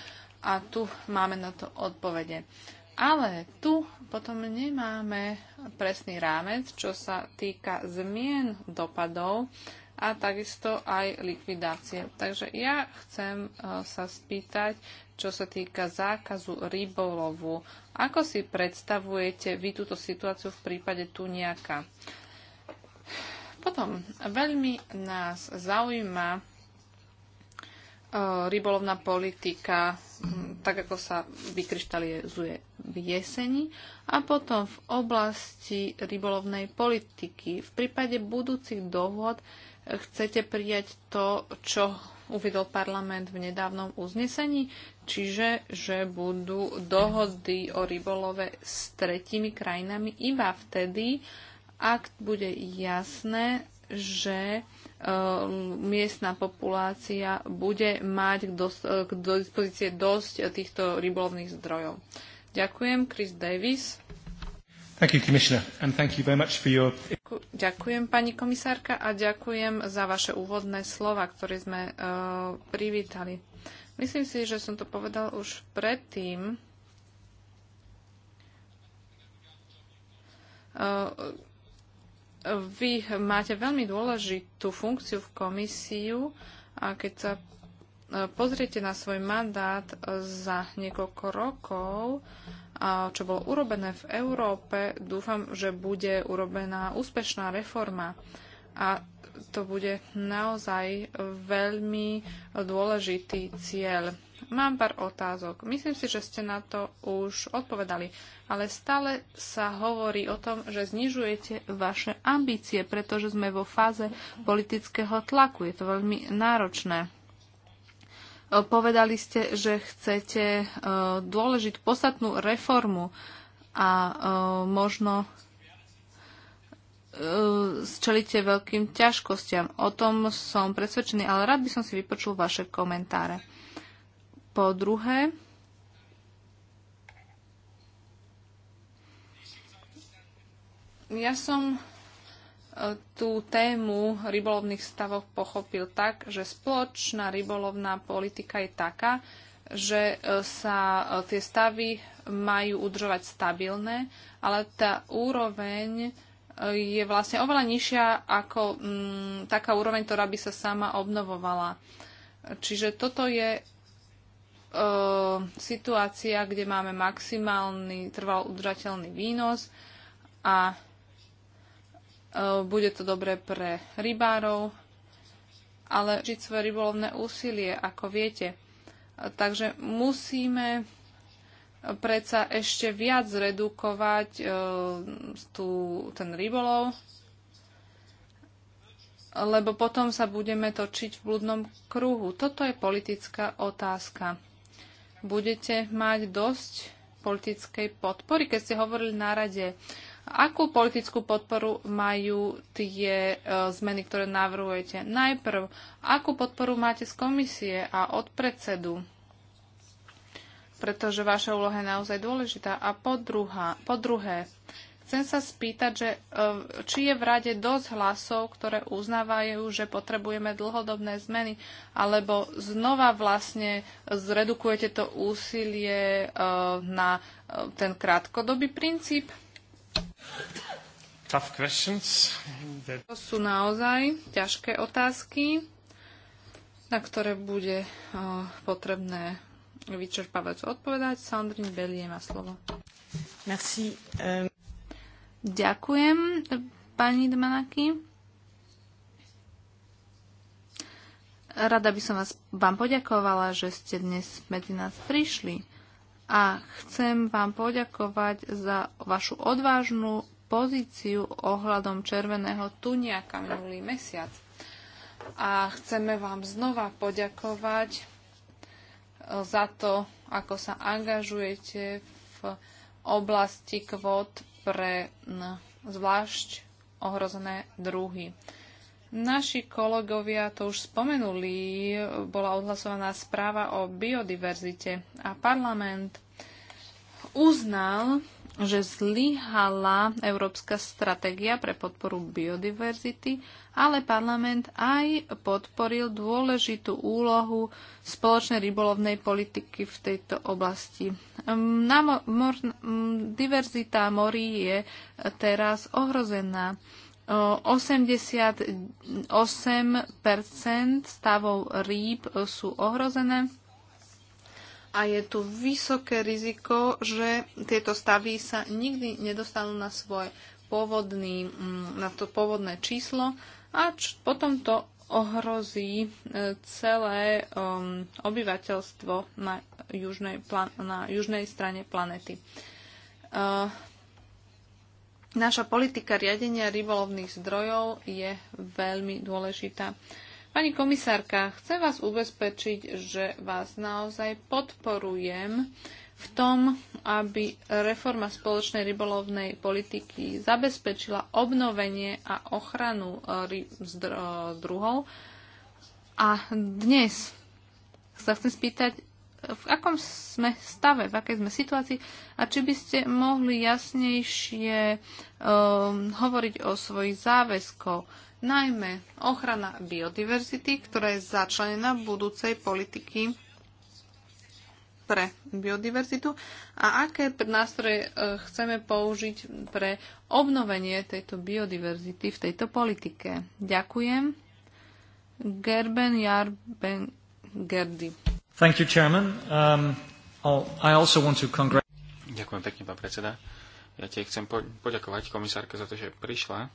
a tu máme na to odpovede. Uh, ale tu potom nemáme presný rámec, čo sa týka zmien dopadov a takisto aj likvidácie. Takže ja chcem e, sa spýtať, čo sa týka zákazu rybolovu. Ako si predstavujete vy túto situáciu v prípade tuniaka? Potom veľmi nás zaujíma Eh, rybolovná politika, hm, tak ako sa vykryštalizuje v jeseni a potom v oblasti rybolovnej politiky. V prípade budúcich dohod eh, chcete prijať to, čo uvedol parlament v nedávnom uznesení, čiže že budú dohody o rybolove s tretími krajinami iba vtedy, ak bude jasné, že Um, miestna populácia bude mať k, do dispozície dosť týchto rybolovných zdrojov. Ďakujem, Chris Davis. Thank you, Commissioner, and thank you very much for your... Ďakujem, pani komisárka, a ďakujem za vaše úvodné slova, ktoré sme uh, privítali. Myslím si, že som to povedal už predtým. Uh, vy máte veľmi dôležitú funkciu v komisiu a keď sa e, pozriete na svoj mandát e, za niekoľko rokov, čo bolo urobené v Európe, dúfam, že bude urobená úspešná reforma. A to bude naozaj veľmi dôležitý cieľ. Mám pár otázok. Myslím si, že ste na to už odpovedali, ale stále sa hovorí o tom, že znižujete vaše ambície, pretože sme vo fáze politického tlaku. Je to veľmi náročné. Povedali ste, že chcete e, dôležiť podstatnú reformu a e, možno E, čelíte veľkým ťažkostiam. O tom som presvedčený, ale rád by som si vypočul vaše komentáre. Po druhé, ja som e, tú tému rybolovných stavov pochopil tak, že spoločná rybolovná politika je taká, že e, sa tie stavy majú udržovať stabilné, ale tá úroveň je vlastne oveľa nižšia ako mm, taká úroveň, ktorá by sa sama obnovovala. Čiže toto je e, situácia, kde máme maximálny trval udržateľný výnos a e, bude to dobré pre rybárov, ale žiť svoje rybolovné úsilie, ako viete. Takže musíme predsa ešte viac zredukovať e, tú, ten rybolov, lebo potom sa budeme točiť v blúdnom kruhu. Toto je politická otázka. Budete mať dosť politickej podpory, keď ste hovorili na rade. Akú politickú podporu majú tie e, zmeny, ktoré navrhujete? Najprv, akú podporu máte z komisie a od predsedu? pretože vaša úloha je naozaj dôležitá. A po, druhá, po druhé, chcem sa spýtať, že, e, či je v rade dosť hlasov, ktoré uznávajú, že potrebujeme dlhodobné zmeny, alebo znova vlastne zredukujete to úsilie e, na e, ten krátkodobý princíp? Tough questions. To sú naozaj ťažké otázky, na ktoré bude potrebné vyčerpávajúco odpovedať. Sandrine Belie má slovo. Merci. Euh. Ďakujem, pani Dmanaki. Rada by som vás, vám poďakovala, že ste dnes medzi nás prišli a chcem vám poďakovať za vašu odvážnu pozíciu ohľadom červeného tuniaka minulý mesiac. A chceme vám znova poďakovať za to, ako sa angažujete v oblasti kvót pre zvlášť ohrozené druhy. Naši kolegovia to už spomenuli, bola odhlasovaná správa o biodiverzite a parlament uznal že zlyhala európska stratégia pre podporu biodiverzity, ale parlament aj podporil dôležitú úlohu spoločnej rybolovnej politiky v tejto oblasti. Hm, na mo- mor, hm, diverzita morí je teraz ohrozená. 88 stavov rýb sú ohrozené a je tu vysoké riziko, že tieto stavy sa nikdy nedostanú na svoje pôvodný, mm, na to pôvodné číslo a potom to ohrozí e, celé um, obyvateľstvo na južnej, plan- na južnej strane planety. Uh, naša politika riadenia rybolovných zdrojov je veľmi dôležitá. Uh, Pani komisárka, chcem vás ubezpečiť, že vás naozaj podporujem v tom, aby reforma spoločnej rybolovnej politiky zabezpečila obnovenie a ochranu e, e, druhov. A dnes sa chcem spýtať, v akom sme stave, v akej sme situácii a či by ste mohli jasnejšie um, hovoriť o svojich záväzkoch, najmä ochrana biodiverzity, ktorá je začlenená v budúcej politiky pre biodiverzitu a aké nástroje e, chceme použiť pre obnovenie tejto biodiverzity v tejto politike. Ďakujem. Gerben Jarben Gerdy. Thank you, Chairman. Um, I also want to Ďakujem pekne, pán predseda. Ja tiež chcem poďakovať komisárke za to, že prišla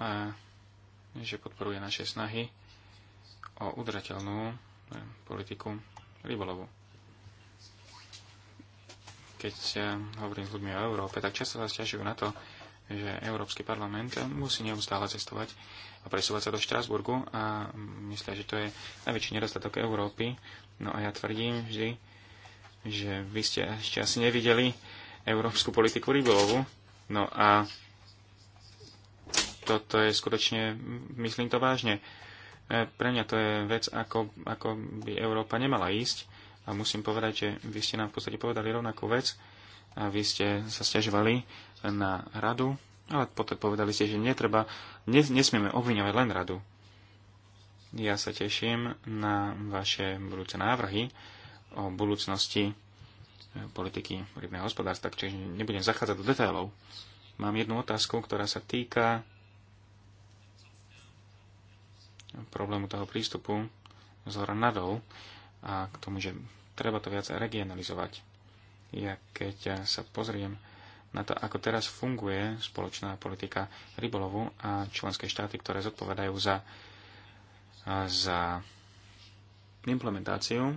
a že podporuje naše snahy o udržateľnú eh, politiku rybolovu. Keď eh, hovorím s ľuďmi o Európe, tak často sa stiažujú na to, že Európsky parlament musí neustále cestovať a presúvať sa do Štrásburgu a myslia, že to je najväčší nedostatok Európy. No a ja tvrdím vždy, že vy ste ešte asi nevideli európsku politiku rybolovu. No a toto je skutočne, myslím to vážne. E, pre mňa to je vec, ako, ako by Európa nemala ísť. A musím povedať, že vy ste nám v podstate povedali rovnakú vec. A vy ste sa stiažovali na radu, ale potom povedali ste, že netreba, nes, nesmieme obviňovať len radu. Ja sa teším na vaše budúce návrhy o budúcnosti e, politiky rybného hospodárstva, čiže nebudem zachádzať do detailov. Mám jednu otázku, ktorá sa týka problému toho prístupu z hora nadol a k tomu, že treba to viac regionalizovať. Ja keď sa pozriem na to, ako teraz funguje spoločná politika rybolovu a členské štáty, ktoré zodpovedajú za, za implementáciu,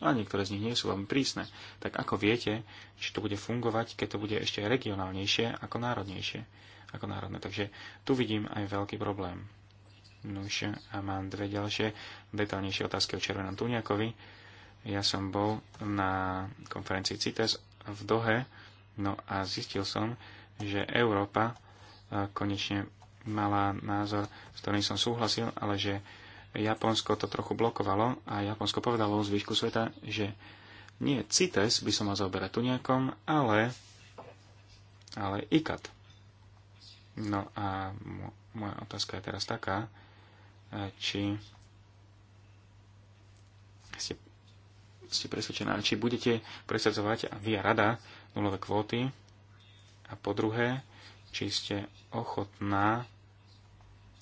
a niektoré z nich nie sú veľmi prísne, tak ako viete, či to bude fungovať, keď to bude ešte regionálnejšie ako národnejšie, ako národné. Takže tu vidím aj veľký problém. Nuž, a mám dve ďalšie detálnejšie otázky o červenom tuniakovi. Ja som bol na konferencii CITES v Dohe, no a zistil som, že Európa e, konečne mala názor, s ktorým som súhlasil, ale že Japonsko to trochu blokovalo a Japonsko povedalo zvyšku sveta, že nie CITES by som mal zaoberať tuniakom, ale, ale ICAT. No a moja otázka je teraz taká, či ste, ste presvedčená, či budete presadzovať vy rada nulové kvóty a po druhé, či ste ochotná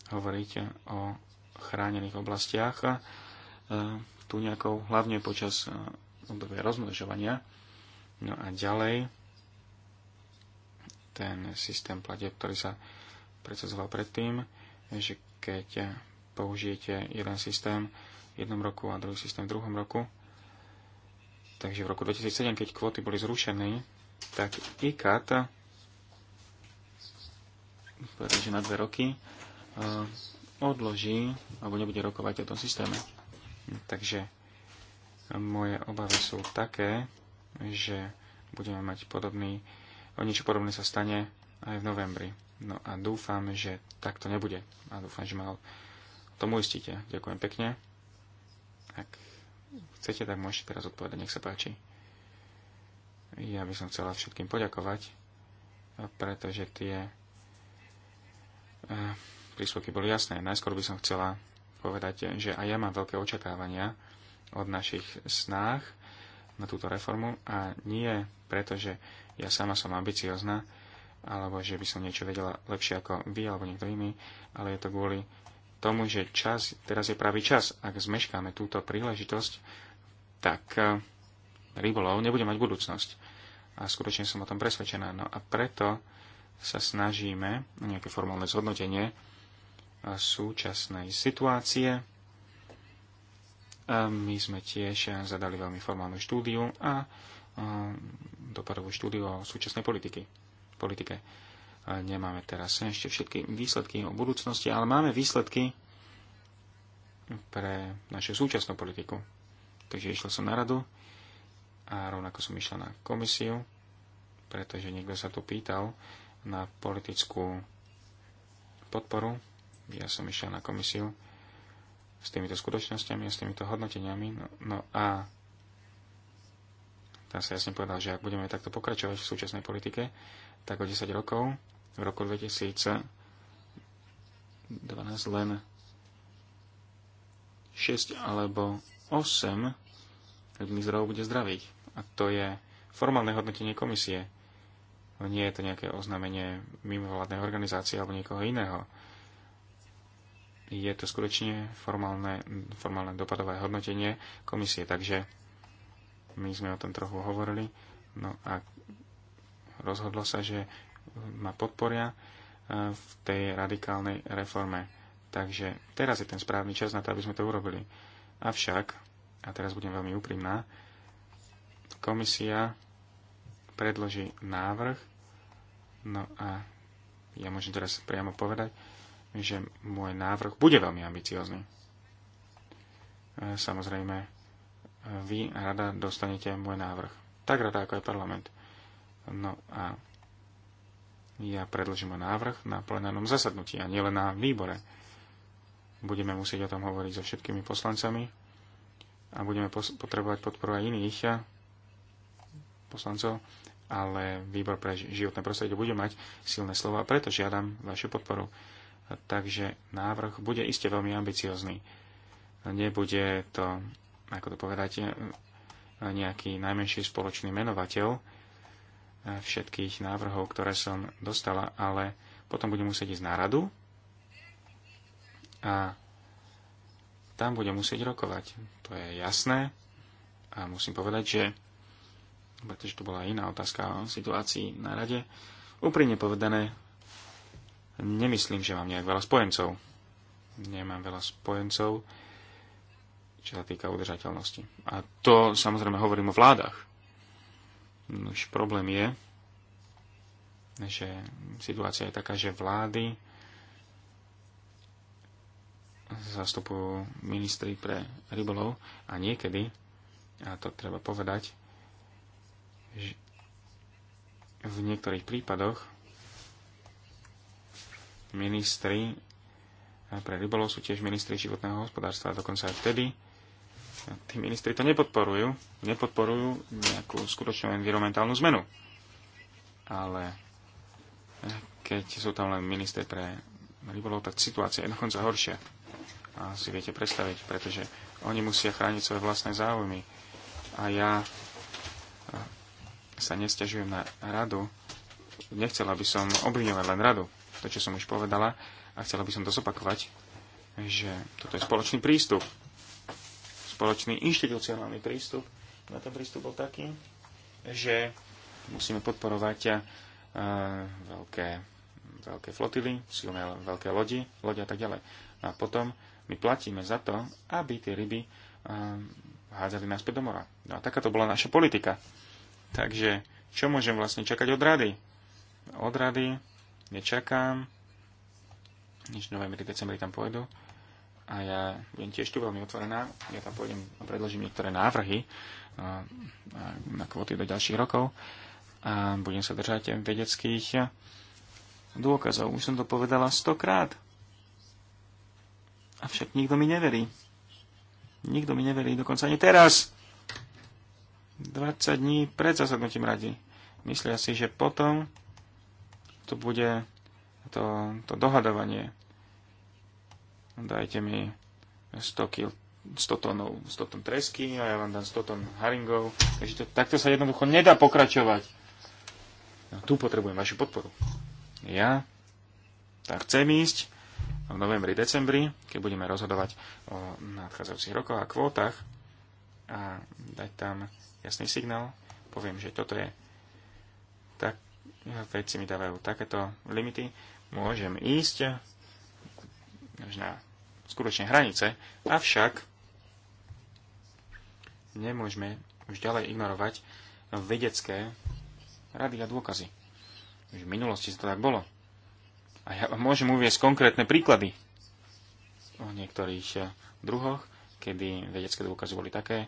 hovoriť o chránených oblastiach e, tu nejakou, hlavne počas e, obdobia rozmnožovania. No a ďalej ten systém platieb, ktorý sa predsazoval predtým, že keď použijete jeden systém v jednom roku a druhý systém v druhom roku. Takže v roku 2007, keď kvóty boli zrušené, tak ICAT povedal, že na dve roky e, odloží alebo nebude rokovať o tom systéme. Takže moje obavy sú také, že budeme mať podobný, o niečo podobné sa stane aj v novembri. No a dúfam, že takto nebude. A dúfam, že mal tomu istíte. Ďakujem pekne. Ak chcete, tak môžete teraz odpovedať, nech sa páči. Ja by som chcela všetkým poďakovať, pretože tie eh, príspevky boli jasné. Najskôr by som chcela povedať, že aj ja mám veľké očakávania od našich snách na túto reformu a nie preto, že ja sama som ambiciozna, alebo že by som niečo vedela lepšie ako vy alebo niekto iný, ale je to kvôli tomu, že čas, teraz je pravý čas. Ak zmeškáme túto príležitosť, tak e, rybolov nebude mať budúcnosť. A skutočne som o tom presvedčená. No a preto sa snažíme na nejaké formálne zhodnotenie e, súčasnej situácie. A my sme tiež zadali veľmi formálnu štúdiu a e, doporovú štúdiu o súčasnej politiky, politike nemáme teraz ešte všetky výsledky o budúcnosti, ale máme výsledky pre našu súčasnú politiku. Takže išla som na radu a rovnako som išla na komisiu, pretože niekto sa tu pýtal na politickú podporu. Ja som išla na komisiu s týmito skutočnosťami a s týmito hodnoteniami. No, no a tam sa jasne povedal, že ak budeme takto pokračovať v súčasnej politike, tak o 10 rokov v roku 2012 len 6 alebo 8 ľudí zdravov bude zdravých. A to je formálne hodnotenie komisie. Nie je to nejaké oznámenie mimovládnej organizácie alebo niekoho iného. Je to skutočne formálne, formálne dopadové hodnotenie komisie, takže my sme o tom trochu hovorili. No a rozhodlo sa, že ma podporia e, v tej radikálnej reforme. Takže teraz je ten správny čas na to, aby sme to urobili. Avšak, a teraz budem veľmi úprimná, komisia predloží návrh, no a ja môžem teraz priamo povedať, že môj návrh bude veľmi ambiciózny. E, samozrejme, vy rada dostanete môj návrh. Tak rada ako aj parlament. No a ja predložím návrh na plenárnom zasadnutí a nielen na výbore. Budeme musieť o tom hovoriť so všetkými poslancami a budeme potrebovať podporu aj iných eh, poslancov, ale výbor pre životné prostredie bude mať silné slovo a preto žiadam vašu podporu. Takže návrh bude iste veľmi ambiciozný. Nebude to, ako to povedáte, eh, nejaký najmenší spoločný menovateľ, všetkých návrhov, ktoré som dostala, ale potom budem musieť ísť na radu a tam budem musieť rokovať. To je jasné a musím povedať, že pretože to bola iná otázka o situácii na rade, úprimne povedané, nemyslím, že mám nejak veľa spojencov. Nemám veľa spojencov, čo sa týka udržateľnosti. A to samozrejme hovorím o vládach už problém je, že situácia je taká, že vlády zastupujú ministri pre rybolov a niekedy, a to treba povedať, že v niektorých prípadoch ministri pre rybolov sú tiež ministri životného hospodárstva, dokonca aj vtedy, tí ministri to nepodporujú, nepodporujú nejakú skutočnú environmentálnu zmenu. Ale eh, keď sú tam len ministri pre rybolov, tak situácia je dokonca horšia. A si viete predstaviť, pretože oni musia chrániť svoje vlastné záujmy. A ja eh, sa nestiažujem na radu. Nechcela by som obviňovať len radu, to, čo som už povedala, a chcela by som to zopakovať, že toto je spoločný prístup spoločný inštitucionálny prístup. Na no, ten prístup bol taký, že musíme podporovať eh, veľké, veľké flotily, silné veľké lodi, lodi a tak ďalej. No a potom my platíme za to, aby tie ryby eh, hádzali náspäť do mora. No a taká to bola naša politika. Takže čo môžem vlastne čakať od rady? Od rady nečakám, nič v decembri tam pôjdu a ja budem tiež tu veľmi otvorená. Ja tam pôjdem a predložím niektoré návrhy na kvóty do ďalších rokov a budem sa držať vedeckých dôkazov. Už som to povedala stokrát. A však nikto mi neverí. Nikto mi neverí, dokonca ani teraz. 20 dní pred zasadnutím rady. Myslia si, že potom to bude to, to dohadovanie dajte mi 100, kil, 100 tónov, 100 tón tresky a ja vám dám 100 tón haringov. Takže to, takto sa jednoducho nedá pokračovať. No, tu potrebujem vašu podporu. Ja tak chcem ísť v novembri, decembri, keď budeme rozhodovať o nadchádzajúcich rokoch a kvótach a dať tam jasný signál. Poviem, že toto je tak, veci mi dávajú takéto limity, môžem ísť až na skutočne hranice, avšak nemôžeme už ďalej ignorovať vedecké rady a dôkazy. Už v minulosti to tak bolo. A ja vám môžem uvieť konkrétne príklady o niektorých eh, druhoch, kedy vedecké dôkazy boli také,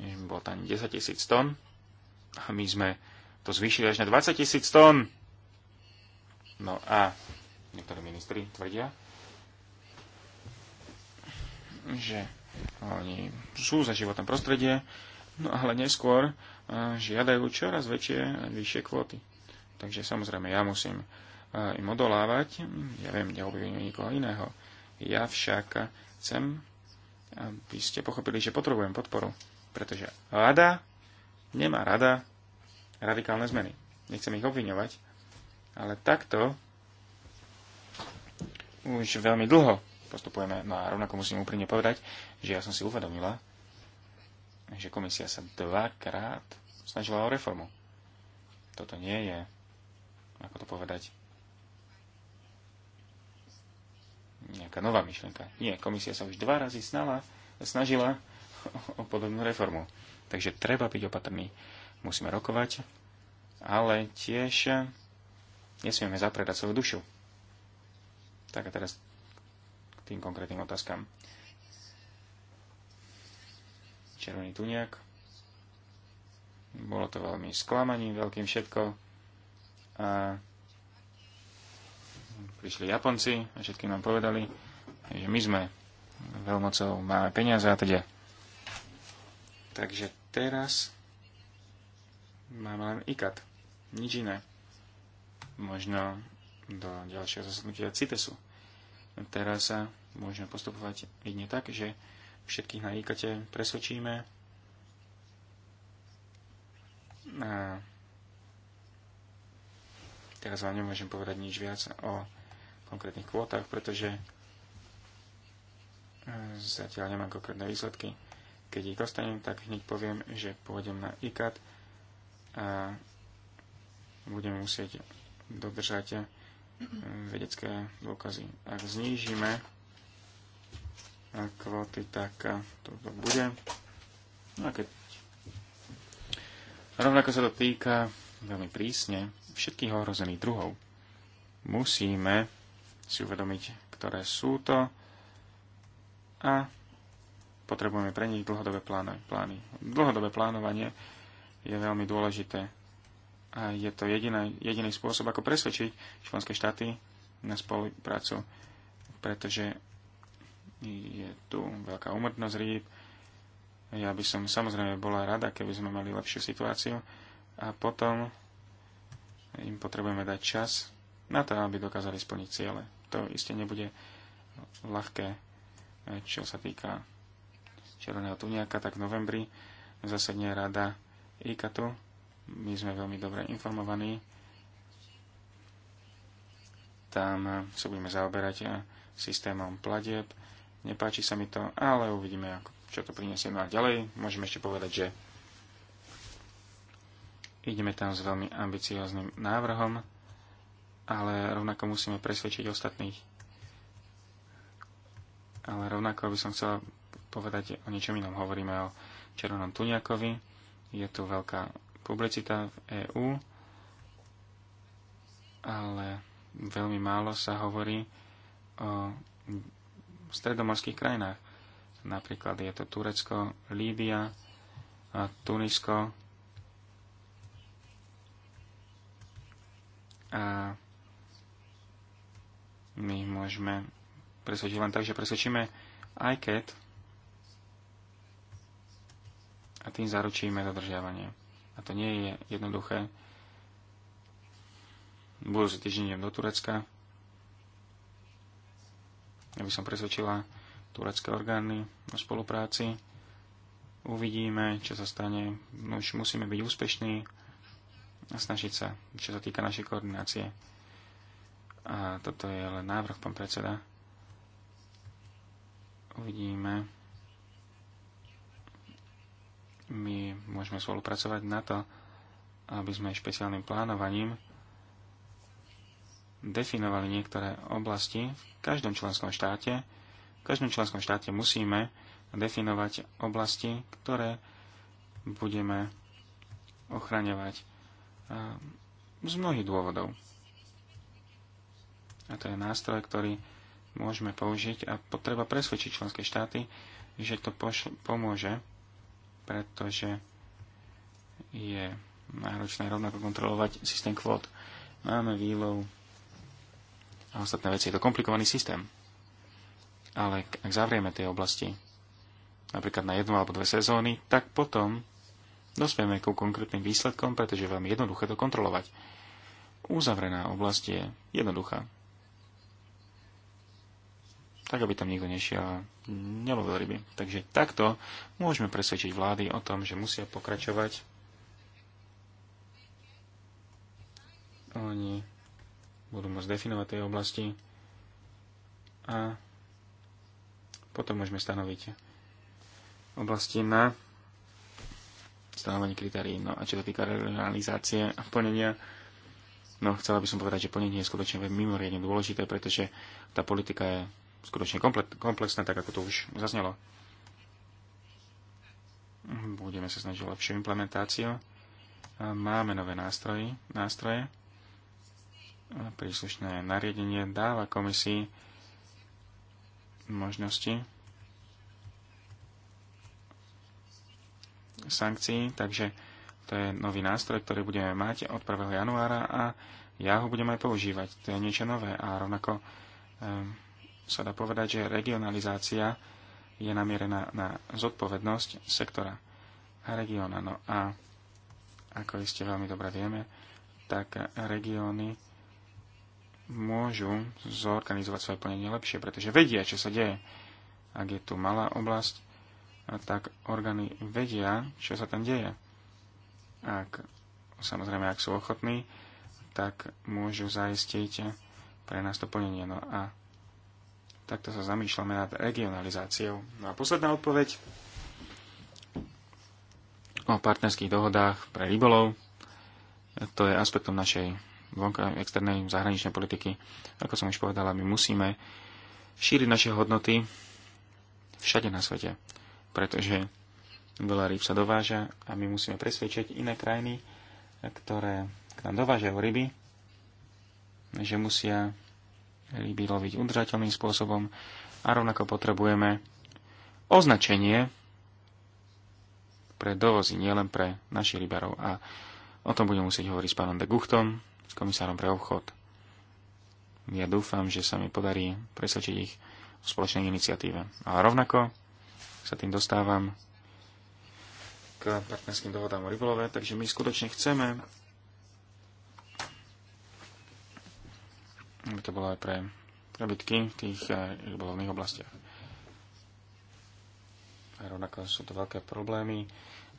že bolo tam 10 tisíc tón a my sme to zvýšili až na 20 tisíc tón. No a niektorí ministri tvrdia, že oni sú za životné prostredie, no ale neskôr e, žiadajú čoraz väčšie, vyššie kvóty. Takže samozrejme ja musím e, im odolávať, ja viem, neobvinujem nikoho iného. Ja však chcem, aby ste pochopili, že potrebujem podporu, pretože rada nemá rada radikálne zmeny. Nechcem ich obviňovať, ale takto už veľmi dlho postupujeme. No a rovnako musím úprimne povedať, že ja som si uvedomila, že komisia sa dvakrát snažila o reformu. Toto nie je, ako to povedať, nejaká nová myšlienka. Nie, komisia sa už dva razy snala, snažila o podobnú reformu. Takže treba byť opatrný. Musíme rokovať, ale tiež nesmieme zapredať svoju dušu. Tak a teraz tým konkrétnym otázkam. Červený tuniak. Bolo to veľmi sklamaním, veľkým všetko. A prišli Japonci a všetkým nám povedali, že my sme veľmocou, máme peniaze a teda. Takže teraz máme len IKAT. Nič iné. Možno do ďalšieho zasadnutia CITESu. Teraz sa Môžeme postupovať jedne tak, že všetkých na ikate presvedčíme a teraz vám nemôžem povedať nič viac o konkrétnych kvótach, pretože e, zatiaľ nemám konkrétne výsledky. Keď ich dostanem, tak hneď poviem, že pôjdem na ICAT a budeme musieť dodržať e, vedecké dôkazy. Ak znížime kvoty, tak to, to bude. No a keď... Rovnako sa to týka veľmi prísne všetkých ohrozených druhov. Musíme si uvedomiť, ktoré sú to a potrebujeme pre nich dlhodobé plány. plány. Dlhodobé plánovanie je veľmi dôležité a je to jediný, jediný spôsob, ako presvedčiť členské štáty na spoluprácu, pretože je tu veľká umrtnosť rýb. Ja by som samozrejme bola rada, keby sme mali lepšiu situáciu a potom im potrebujeme dať čas na to, aby dokázali splniť ciele. To iste nebude ľahké, čo sa týka červeného tuniaka, tak v novembri zasadne rada IKATu. My sme veľmi dobre informovaní. Tam sa budeme zaoberať systémom pladieb. Nepáči sa mi to, ale uvidíme, ako, čo to prinesie. No a ďalej môžeme ešte povedať, že ideme tam s veľmi ambicióznym návrhom, ale rovnako musíme presvedčiť ostatných. Ale rovnako by som chcela povedať o niečom inom. Hovoríme o Červenom Tuniakovi, je tu veľká publicita v EÚ, ale veľmi málo sa hovorí o v stredomorských krajinách. Napríklad je to Turecko, Líbia, Tunisko a my môžeme presvedčiť len tak, že presvedčíme aj keď a tým zaručíme dodržiavanie. A to nie je jednoduché. Budú sa týždeniem do Turecka, aby som presvedčila turecké orgány o spolupráci. Uvidíme, čo sa stane. No už musíme byť úspešní a snažiť sa, čo sa týka našej koordinácie. A toto je len návrh, pán predseda. Uvidíme. My môžeme spolupracovať na to, aby sme špeciálnym plánovaním definovali niektoré oblasti, v každom členskom štáte, v každom členskom štáte musíme definovať oblasti, ktoré budeme ochraňovať z mnohých dôvodov. A to je nástroj, ktorý môžeme použiť a potreba presvedčiť členské štáty, že to pomôže, pretože je náročné rovnako kontrolovať systém kvót. Máme výlov a ostatné veci. Je to komplikovaný systém. Ale ak zavrieme tie oblasti napríklad na jednu alebo dve sezóny, tak potom dospieme ku konkrétnym výsledkom, pretože je veľmi jednoduché to kontrolovať. Uzavrená oblast je jednoduchá. Tak, aby tam nikto nešiel a nelovil ryby. Takže takto môžeme presvedčiť vlády o tom, že musia pokračovať oni budú môcť definovať tej oblasti a potom môžeme stanoviť oblasti na stanovenie kritérií. No a čo sa týka realizácie a plnenia, no chcela by som povedať, že plnenie je skutočne mimoriadne dôležité, pretože tá politika je skutočne komplexná, tak ako to už zaznelo. Budeme sa snažiť o lepšiu implementáciu. Máme nové nástroje, nástroje príslušné nariadenie dáva komisii možnosti sankcií, takže to je nový nástroj, ktorý budeme mať od 1. januára a ja ho budem aj používať. To je niečo nové a rovnako um, sa dá povedať, že regionalizácia je namierená na zodpovednosť sektora a regióna. No a ako iste veľmi dobre vieme, tak regióny môžu zorganizovať svoje plnenie lepšie, pretože vedia, čo sa deje. Ak je tu malá oblasť, tak orgány vedia, čo sa tam deje. Ak, samozrejme, ak sú ochotní, tak môžu zaistiť pre nás to plnenie. No a takto sa zamýšľame nad regionalizáciou. No a posledná odpoveď o partnerských dohodách pre rybolov. To je aspektom našej vonka, externej zahraničnej politiky. Ako som už povedala, my musíme šíriť naše hodnoty všade na svete, pretože veľa rýb sa dováža a my musíme presvedčiť iné krajiny, ktoré k nám dovážajú ryby, že musia ryby loviť udržateľným spôsobom a rovnako potrebujeme označenie pre dovozy, nielen pre našich rybarov. A o tom budem musieť hovoriť s pánom de Guchtom, s komisárom pre obchod. Ja dúfam, že sa mi podarí presvedčiť ich v spoločnej iniciatíve. Ale rovnako sa tým dostávam k partnerským dohodám o rybolove, takže my skutočne chceme, aby to bolo aj pre prebytky v tých eh, rybolovných oblastiach. A rovnako sú to veľké problémy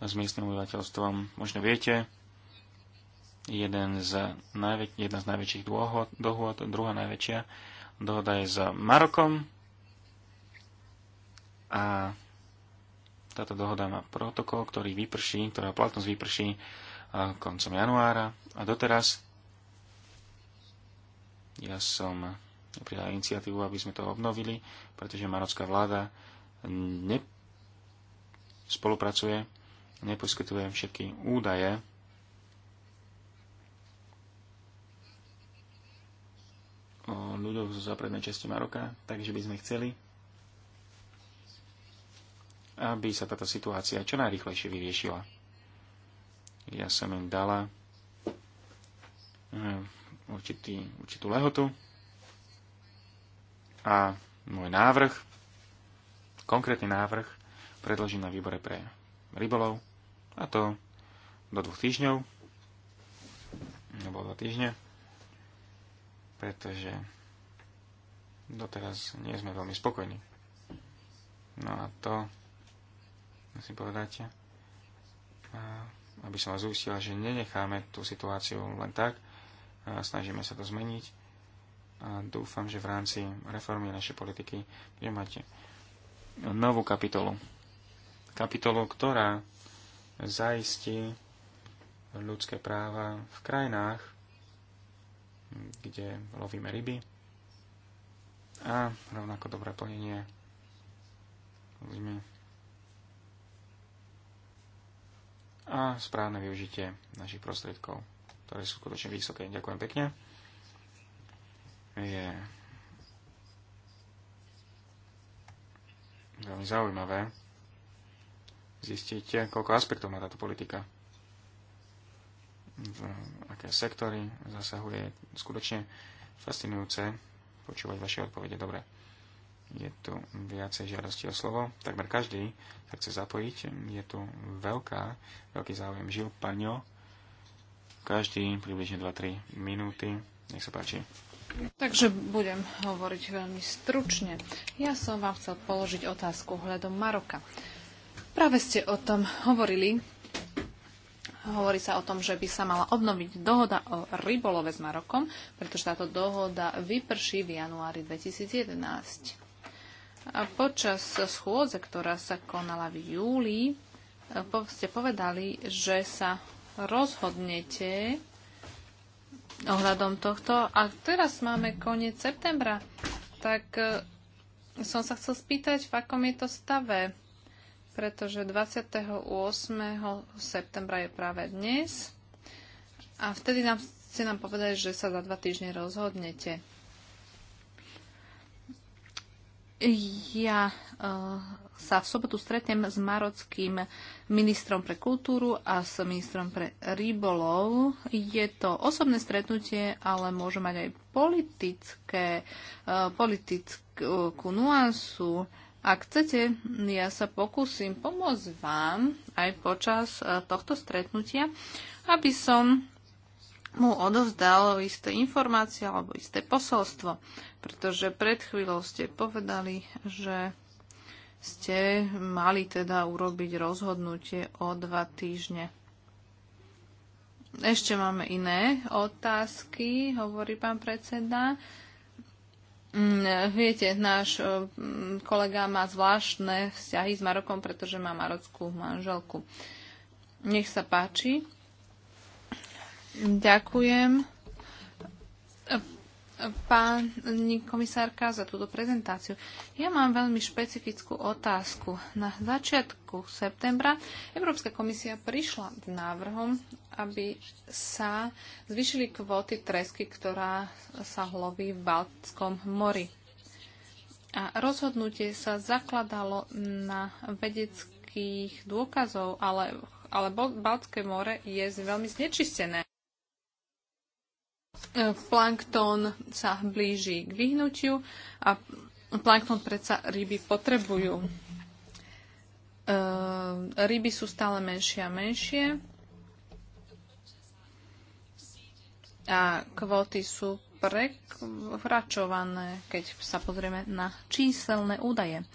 s miestnym obyvateľstvom. Možno viete, Jeden z jedna z najväčších dôhod, dohôd, druhá najväčšia dohoda je s Marokom. A táto dohoda má protokol, ktorý vyprší, ktorá platnosť vyprší e, koncom januára. A doteraz ja som prijal iniciatívu, aby sme to obnovili, pretože marocká vláda ne spolupracuje, neposkytuje všetky údaje o ľuďoch zo zaprednej časti Maroka, takže by sme chceli, aby sa táto situácia čo najrychlejšie vyriešila. Ja som im dala eh, určitý, určitú lehotu a môj návrh, konkrétny návrh, predložím na výbore pre rybolov a to do dvoch týždňov, nebo dva týždne pretože doteraz nie sme veľmi spokojní. No a to musím povedať, aby som vás uistila, že nenecháme tú situáciu len tak, a snažíme sa to zmeniť a dúfam, že v rámci reformy našej politiky budeme mať novú kapitolu. Kapitolu, ktorá zaistí ľudské práva v krajinách, kde lovíme ryby a rovnako dobré plnenie lovíme a správne využitie našich prostriedkov, ktoré sú skutočne vysoké. Ďakujem pekne. Je veľmi zaujímavé zistiť, koľko aspektov má táto politika v aké sektory zasahuje. Skutočne fascinujúce počúvať vaše odpovede. Dobre, je tu viacej žiadosti o slovo. Takmer každý sa chce zapojiť. Je tu veľká, veľký záujem. Žil Paňo, každý približne 2-3 minúty. Nech sa páči. Takže budem hovoriť veľmi stručne. Ja som vám chcel položiť otázku hľadom Maroka. Práve ste o tom hovorili, Hovorí sa o tom, že by sa mala obnoviť dohoda o rybolove s Marokom, pretože táto dohoda vyprší v januári 2011. A počas schôdze, ktorá sa konala v júli, ste povedali, že sa rozhodnete ohľadom tohto. A teraz máme koniec septembra. Tak eh, som sa chcel spýtať, v akom je to stave pretože 28. septembra je práve dnes a vtedy nám, ste nám povedali, že sa za dva týždne rozhodnete. Ja uh, sa v sobotu stretnem s marockým ministrom pre kultúru a s ministrom pre rybolov. Je to osobné stretnutie, ale môže mať aj politické, uh, politickú nuansu. Uh, ak chcete, ja sa pokúsim pomôcť vám aj počas e, tohto stretnutia, aby som mu odovzdal isté informácie alebo isté posolstvo, pretože pred chvíľou ste povedali, že ste mali teda urobiť rozhodnutie o dva týždne. Ešte máme iné otázky, hovorí pán predseda. Mm, viete, náš e, kolega má zvláštne vzťahy s Marokom, pretože má marockú manželku. Nech sa páči. Ďakujem pani komisárka, za túto prezentáciu. Ja mám veľmi špecifickú otázku. Na začiatku septembra Európska komisia prišla s návrhom, aby sa zvyšili kvóty tresky, ktorá sa loví v Baltskom mori. A rozhodnutie sa zakladalo na vedeckých dôkazov, ale, ale Baltské more je veľmi znečistené. E, plankton sa blíži k vyhnutiu a plankton predsa ryby potrebujú. E, ryby sú stále menšie a menšie a kvóty sú prekračované, keď sa pozrieme na číselné údaje. E,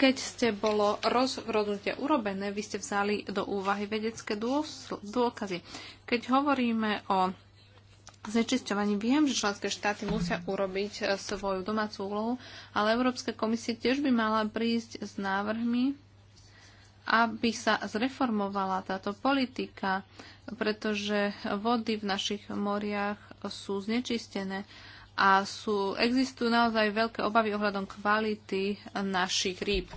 keď ste bolo rozhodnutie urobené, vy ste vzali do úvahy vedecké dôkazy. Keď hovoríme o znečisťovaní. Viem, že členské štáty musia urobiť e, svoju domácu úlohu, ale Európska komisia tiež by mala prísť s návrhmi, aby sa zreformovala táto politika, pretože vody v našich moriach sú znečistené a sú, existujú naozaj veľké obavy ohľadom kvality našich rýb.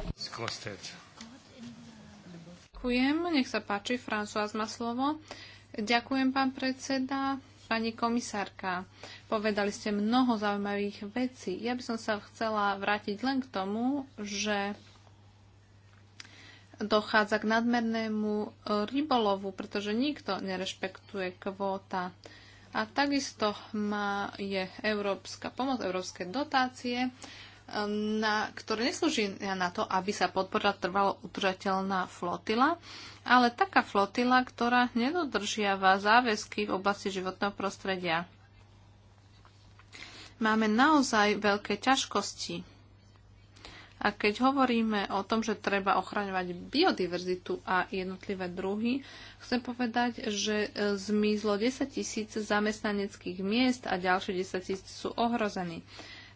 Ďakujem, nech sa páči, François má slovo. Ďakujem, pán predseda. Pani komisárka, povedali ste mnoho zaujímavých vecí. Ja by som sa chcela vrátiť len k tomu, že dochádza k nadmernému e, rybolovu, pretože nikto nerešpektuje kvóta. A takisto má, je európska pomoc, európske dotácie na, ktoré neslúži na to, aby sa podporila trvalo udržateľná flotila, ale taká flotila, ktorá nedodržiava záväzky v oblasti životného prostredia. Máme naozaj veľké ťažkosti. A keď hovoríme o tom, že treba ochraňovať biodiverzitu a jednotlivé druhy, chcem povedať, že e, zmizlo 10 tisíc zamestnaneckých miest a ďalšie 10 tisíc sú ohrození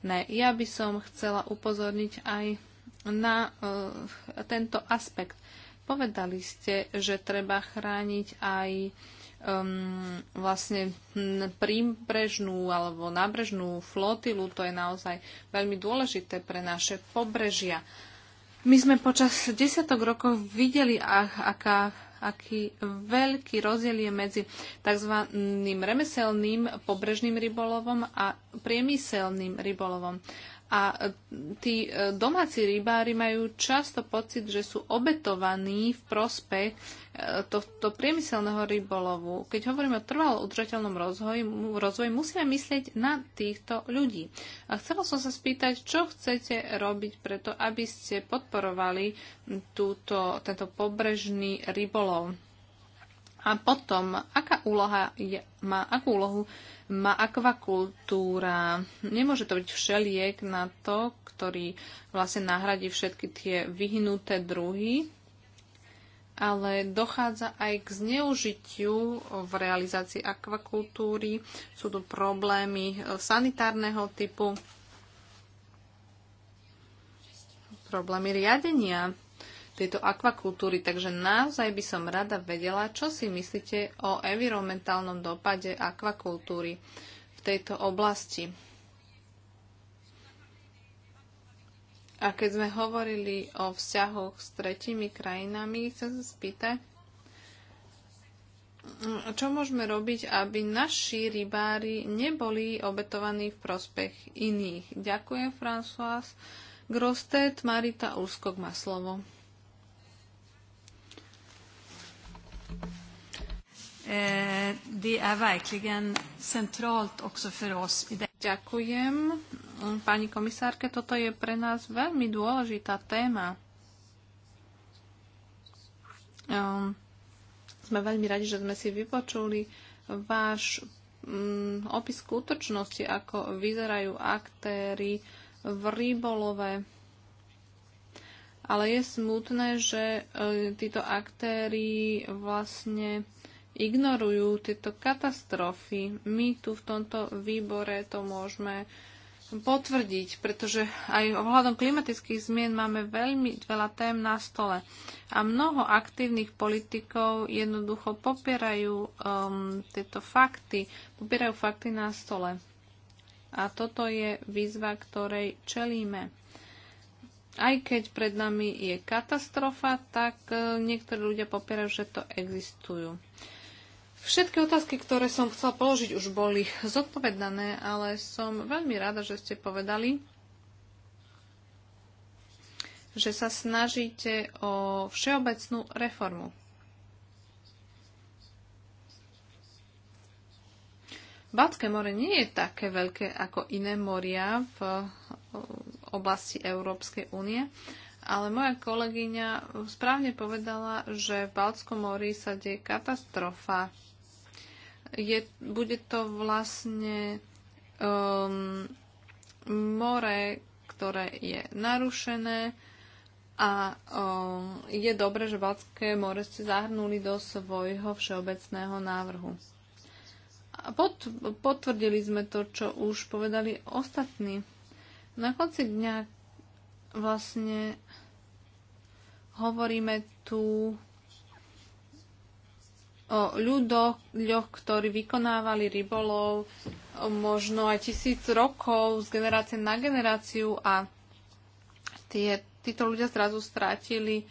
podstatné. Ja by som chcela upozorniť aj na uh, tento aspekt. Povedali ste, že treba chrániť aj um, vlastne príbrežnú alebo nábrežnú flotilu. To je naozaj veľmi dôležité pre naše pobrežia. My sme počas desiatok rokov videli, ach, aká aký veľký rozdiel je medzi tzv. remeselným pobrežným rybolovom a priemyselným rybolovom. A e, tí e, domáci rybári majú často pocit, že sú obetovaní v prospech tohto e, priemyselného rybolovu. Keď hovoríme o trvalo udržateľnom rozvoji, rozvoji, musíme myslieť na týchto ľudí. A chcela som sa spýtať, čo chcete robiť preto, aby ste podporovali túto, tento pobrežný rybolov. A potom, aká úloha je, má, akú úlohu má akvakultúra. Nemôže to byť všeliek na to, ktorý vlastne nahradí všetky tie vyhnuté druhy, ale dochádza aj k zneužitiu v realizácii akvakultúry. Sú tu problémy sanitárneho typu, problémy riadenia tejto akvakultúry. Takže naozaj by som rada vedela, čo si myslíte o environmentálnom dopade akvakultúry v tejto oblasti. A keď sme hovorili o vzťahoch s tretimi krajinami, chcem sa spýtať, čo môžeme robiť, aby naši rybári neboli obetovaní v prospech iných. Ďakujem, François. Grostet, Marita Úskok má slovo. Eh, Ďakujem. Pani komisárke, toto je pre nás veľmi dôležitá téma. Ehm, sme veľmi radi, že sme si vypočuli váš mm, opis skutočnosti, ako vyzerajú aktéry v rybolove ale je smutné, že e, títo aktéry vlastne ignorujú tieto katastrofy. My tu v tomto výbore to môžeme potvrdiť, pretože aj ohľadom klimatických zmien máme veľmi veľa tém na stole. A mnoho aktívnych politikov jednoducho popierajú um, tieto fakty, popierajú fakty na stole. A toto je výzva, ktorej čelíme aj keď pred nami je katastrofa, tak e, niektorí ľudia popierajú, že to existujú. Všetky otázky, ktoré som chcela položiť, už boli zodpovedané, ale som veľmi rada, že ste povedali, že sa snažíte o všeobecnú reformu. Baltské more nie je také veľké ako iné moria v oblasti Európskej únie. Ale moja kolegyňa správne povedala, že v Baltskom mori sa deje katastrofa. Je, bude to vlastne um, more, ktoré je narušené a um, je dobre, že Baltské more ste zahrnuli do svojho všeobecného návrhu. A pot, potvrdili sme to, čo už povedali ostatní na konci dňa vlastne hovoríme tu o ľudoch, ktorí vykonávali rybolov možno aj tisíc rokov z generácie na generáciu a tie, títo ľudia zrazu strátili e,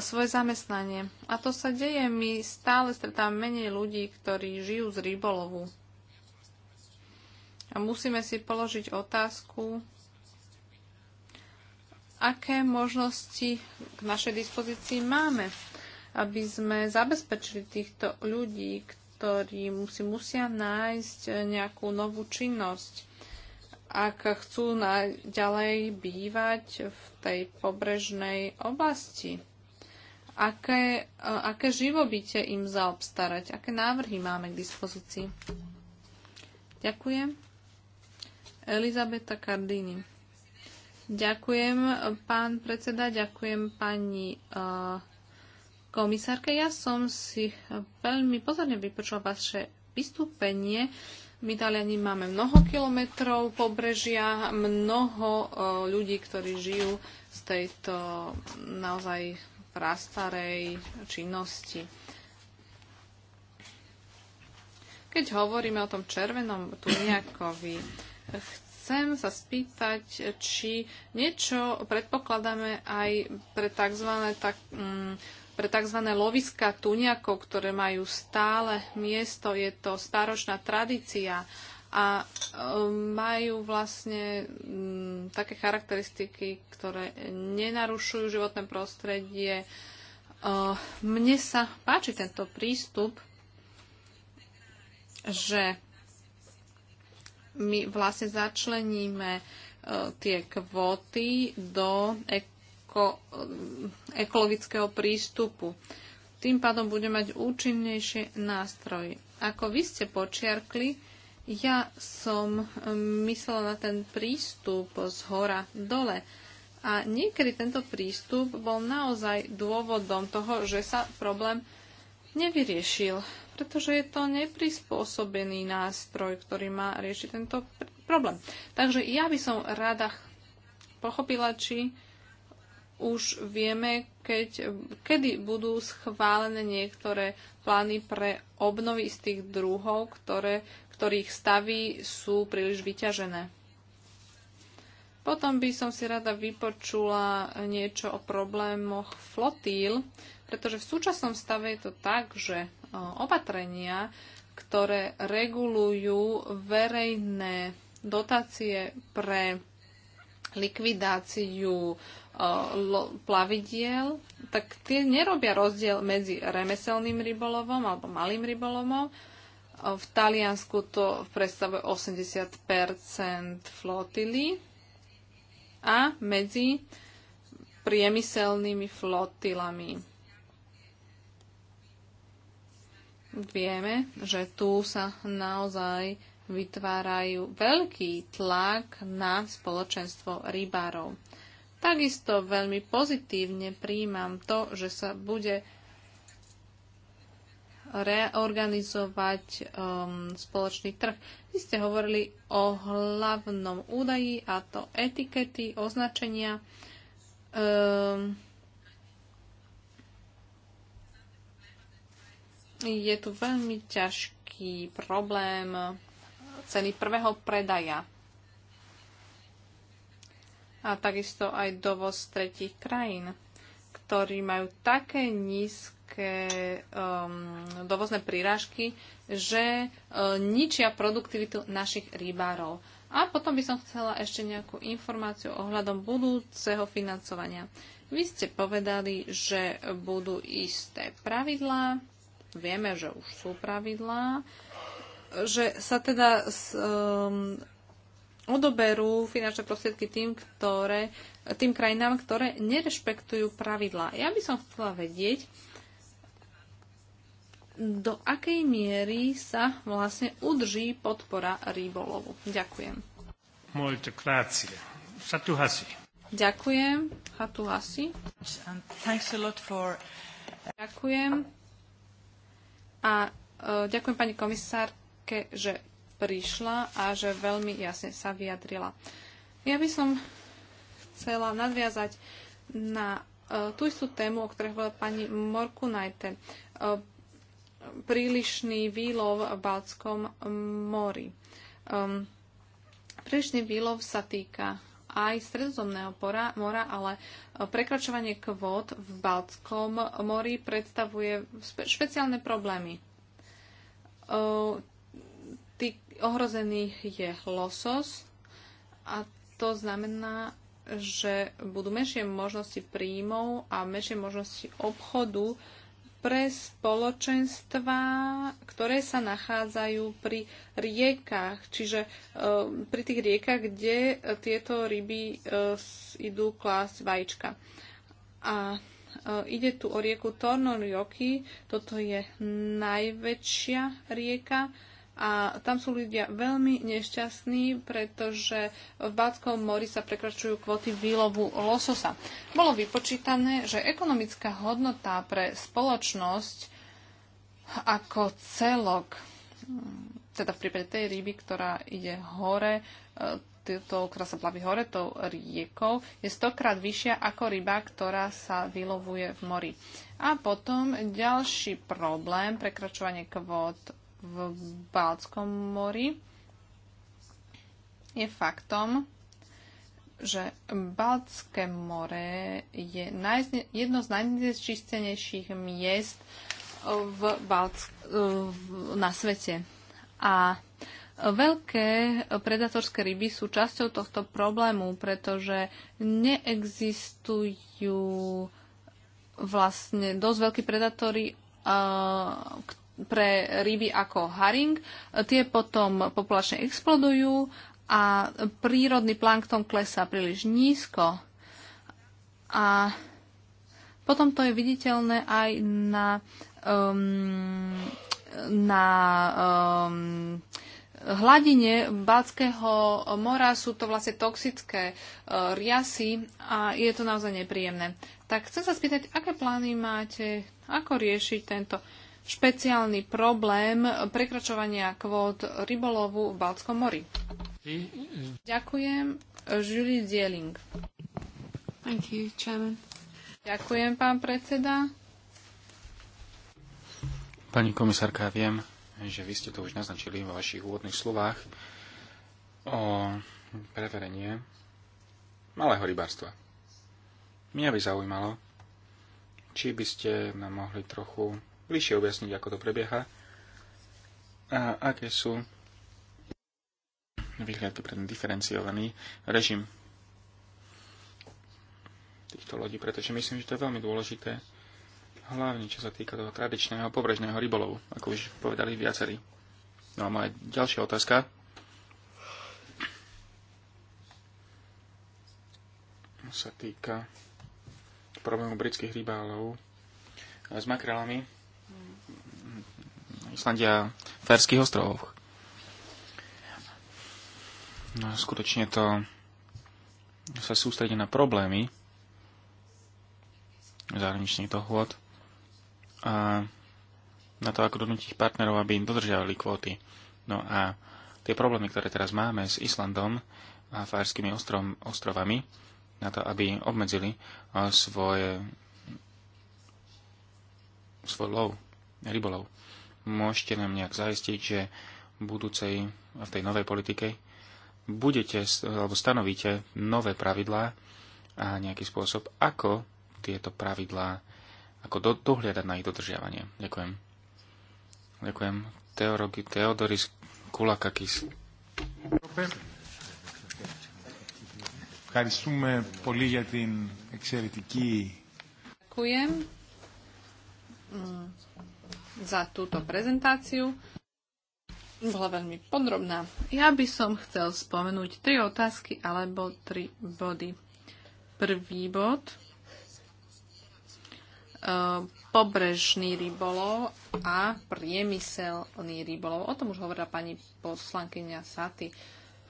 svoje zamestnanie. A to sa deje, my stále stretávame menej ľudí, ktorí žijú z rybolovu. A musíme si položiť otázku, aké možnosti k našej dispozícii máme, aby sme zabezpečili týchto ľudí, ktorí si musia nájsť nejakú novú činnosť. Ak chcú ďalej bývať v tej pobrežnej oblasti, aké, eh, aké živobytie im zaobstarať, aké návrhy máme k dispozícii. Ďakujem. Elizabeta Cardini. Ďakujem, pán predseda, ďakujem pani eh, komisárke. Ja som si veľmi pozorne vypočula vaše vystúpenie. My Taliani máme mnoho kilometrov pobrežia, mnoho eh, ľudí, ktorí žijú z tejto naozaj prastarej činnosti. Keď hovoríme o tom červenom tuniakovi, chcem sa spýtať, či niečo predpokladáme aj pre tzv. Tak, mm, pre tzv. loviska tuniakov, ktoré majú stále miesto. Je to staročná tradícia a e, majú vlastne mm, také charakteristiky, ktoré nenarušujú životné prostredie. E, mne sa páči tento prístup, že my vlastne začleníme e, tie kvóty do eko, e, ekologického prístupu. Tým pádom bude mať účinnejšie nástroje. Ako vy ste počiarkli, ja som e, myslela na ten prístup z hora dole. A niekedy tento prístup bol naozaj dôvodom toho, že sa problém nevyriešil, pretože je to neprispôsobený nástroj, ktorý má riešiť tento problém. Takže ja by som rada pochopila, či už vieme, keď, kedy budú schválené niektoré plány pre obnovy z tých druhov, ktoré, ktorých stavy sú príliš vyťažené. Potom by som si rada vypočula niečo o problémoch flotíl, pretože v súčasnom stave je to tak, že e, opatrenia, ktoré regulujú verejné dotácie pre likvidáciu e, plavidiel, tak tie nerobia rozdiel medzi remeselným rybolovom alebo malým rybolovom. E, v Taliansku to predstavuje 80 flotily a medzi priemyselnými flotilami. vieme, že tu sa naozaj vytvárajú veľký tlak na spoločenstvo rybárov. Takisto veľmi pozitívne príjmam to, že sa bude reorganizovať um, spoločný trh. Vy ste hovorili o hlavnom údaji a to etikety, označenia. Um, je tu veľmi ťažký problém ceny prvého predaja a takisto aj dovoz tretich krajín, ktorí majú také nízke um, dovozné prírážky, že um, ničia produktivitu našich rybárov. A potom by som chcela ešte nejakú informáciu ohľadom budúceho financovania. Vy ste povedali, že budú isté pravidlá vieme, že už sú pravidlá, že sa teda s, um, odoberú finančné prostriedky tým, ktoré, tým krajinám, ktoré nerešpektujú pravidlá. Ja by som chcela vedieť, do akej miery sa vlastne udrží podpora rýbolovu. Ďakujem. Molte grazie. Satuhasi. Ďakujem. Hatuhasi. Ďakujem. A e, ďakujem pani komisárke, že prišla a že veľmi jasne sa vyjadrila. Ja by som chcela nadviazať na e, tú istú tému, o ktorej hovorila pani Morkunajte. E, prílišný výlov v Balckom mori. Um, prílišný výlov sa týka aj Stredozemného mora, ale e, prekračovanie kvót v Baltskom mori predstavuje špe špeciálne problémy. E, Tý ohrozený je losos a to znamená, že budú menšie možnosti príjmov a menšie možnosti obchodu pre spoločenstva, ktoré sa nachádzajú pri riekach, čiže e, pri tých riekach, kde tieto ryby e, idú klásť vajíčka. A e, ide tu o rieku Tornorjoki, toto je najväčšia rieka, a tam sú ľudia veľmi nešťastní, pretože v Bátskom mori sa prekračujú kvoty výlovu lososa. Bolo vypočítané, že ekonomická hodnota pre spoločnosť ako celok, teda v prípade tej ryby, ktorá ide hore, e, to, ktorá sa plaví hore tou riekou, je stokrát vyššia ako ryba, ktorá sa vylovuje v mori. A potom ďalší problém, prekračovanie kvót v Balckom mori, je faktom, že Baltské more je najzne, jedno z najnečistenejších miest v Balck, na svete. A veľké predatorské ryby sú časťou tohto problému, pretože neexistujú vlastne dosť veľkí predatóri, pre ryby ako haring. Tie potom populačne explodujú a prírodný plankton klesá príliš nízko. A potom to je viditeľné aj na, um, na um, hladine Balckého mora sú to vlastne toxické uh, riasy a je to naozaj nepríjemné. Tak chcem sa spýtať, aké plány máte, ako riešiť tento špeciálny problém prekračovania kvót rybolovu v Balckom mori. Ďakujem. Julie Dieling. Thank you, Chairman. Ďakujem, pán predseda. Pani komisárka, viem, že vy ste to už naznačili vo vašich úvodných slovách o preverenie malého rybárstva. Mňa by zaujímalo, či by ste nám mohli trochu bližšie objasniť, ako to prebieha a aké sú vyhliadky pre ten diferenciovaný režim týchto lodí, pretože myslím, že to je veľmi dôležité, hlavne čo sa týka toho tradičného pobrežného rybolovu, ako už povedali viacerí. No a moja ďalšia otázka. sa týka problému britských rybálov s makrelami Islandia a Ferských ostrovoch. No, skutočne to sa sústredí na problémy zahraničných dohôd a na to, ako ich partnerov, aby im dodržiavali kvóty. No a tie problémy, ktoré teraz máme s Islandom a Fárskými ostrov, ostrovami, na to, aby obmedzili eh, svoje svoj lov, rybolov môžete nám nejak zaistiť, že v budúcej, v tej novej politike, budete alebo stanovíte nové pravidlá a nejaký spôsob, ako tieto pravidlá, ako do, dohliadať na ich dodržiavanie. Ďakujem. Ďakujem. Teorogi, Teodoris Kulakakis. Ευχαριστούμε πολύ Ďakujem za túto prezentáciu. Bola veľmi podrobná. Ja by som chcel spomenúť tri otázky alebo tri body. Prvý bod. E, pobrežný rybolov a priemyselný rybolov. O tom už hovorila pani poslankyňa Saty.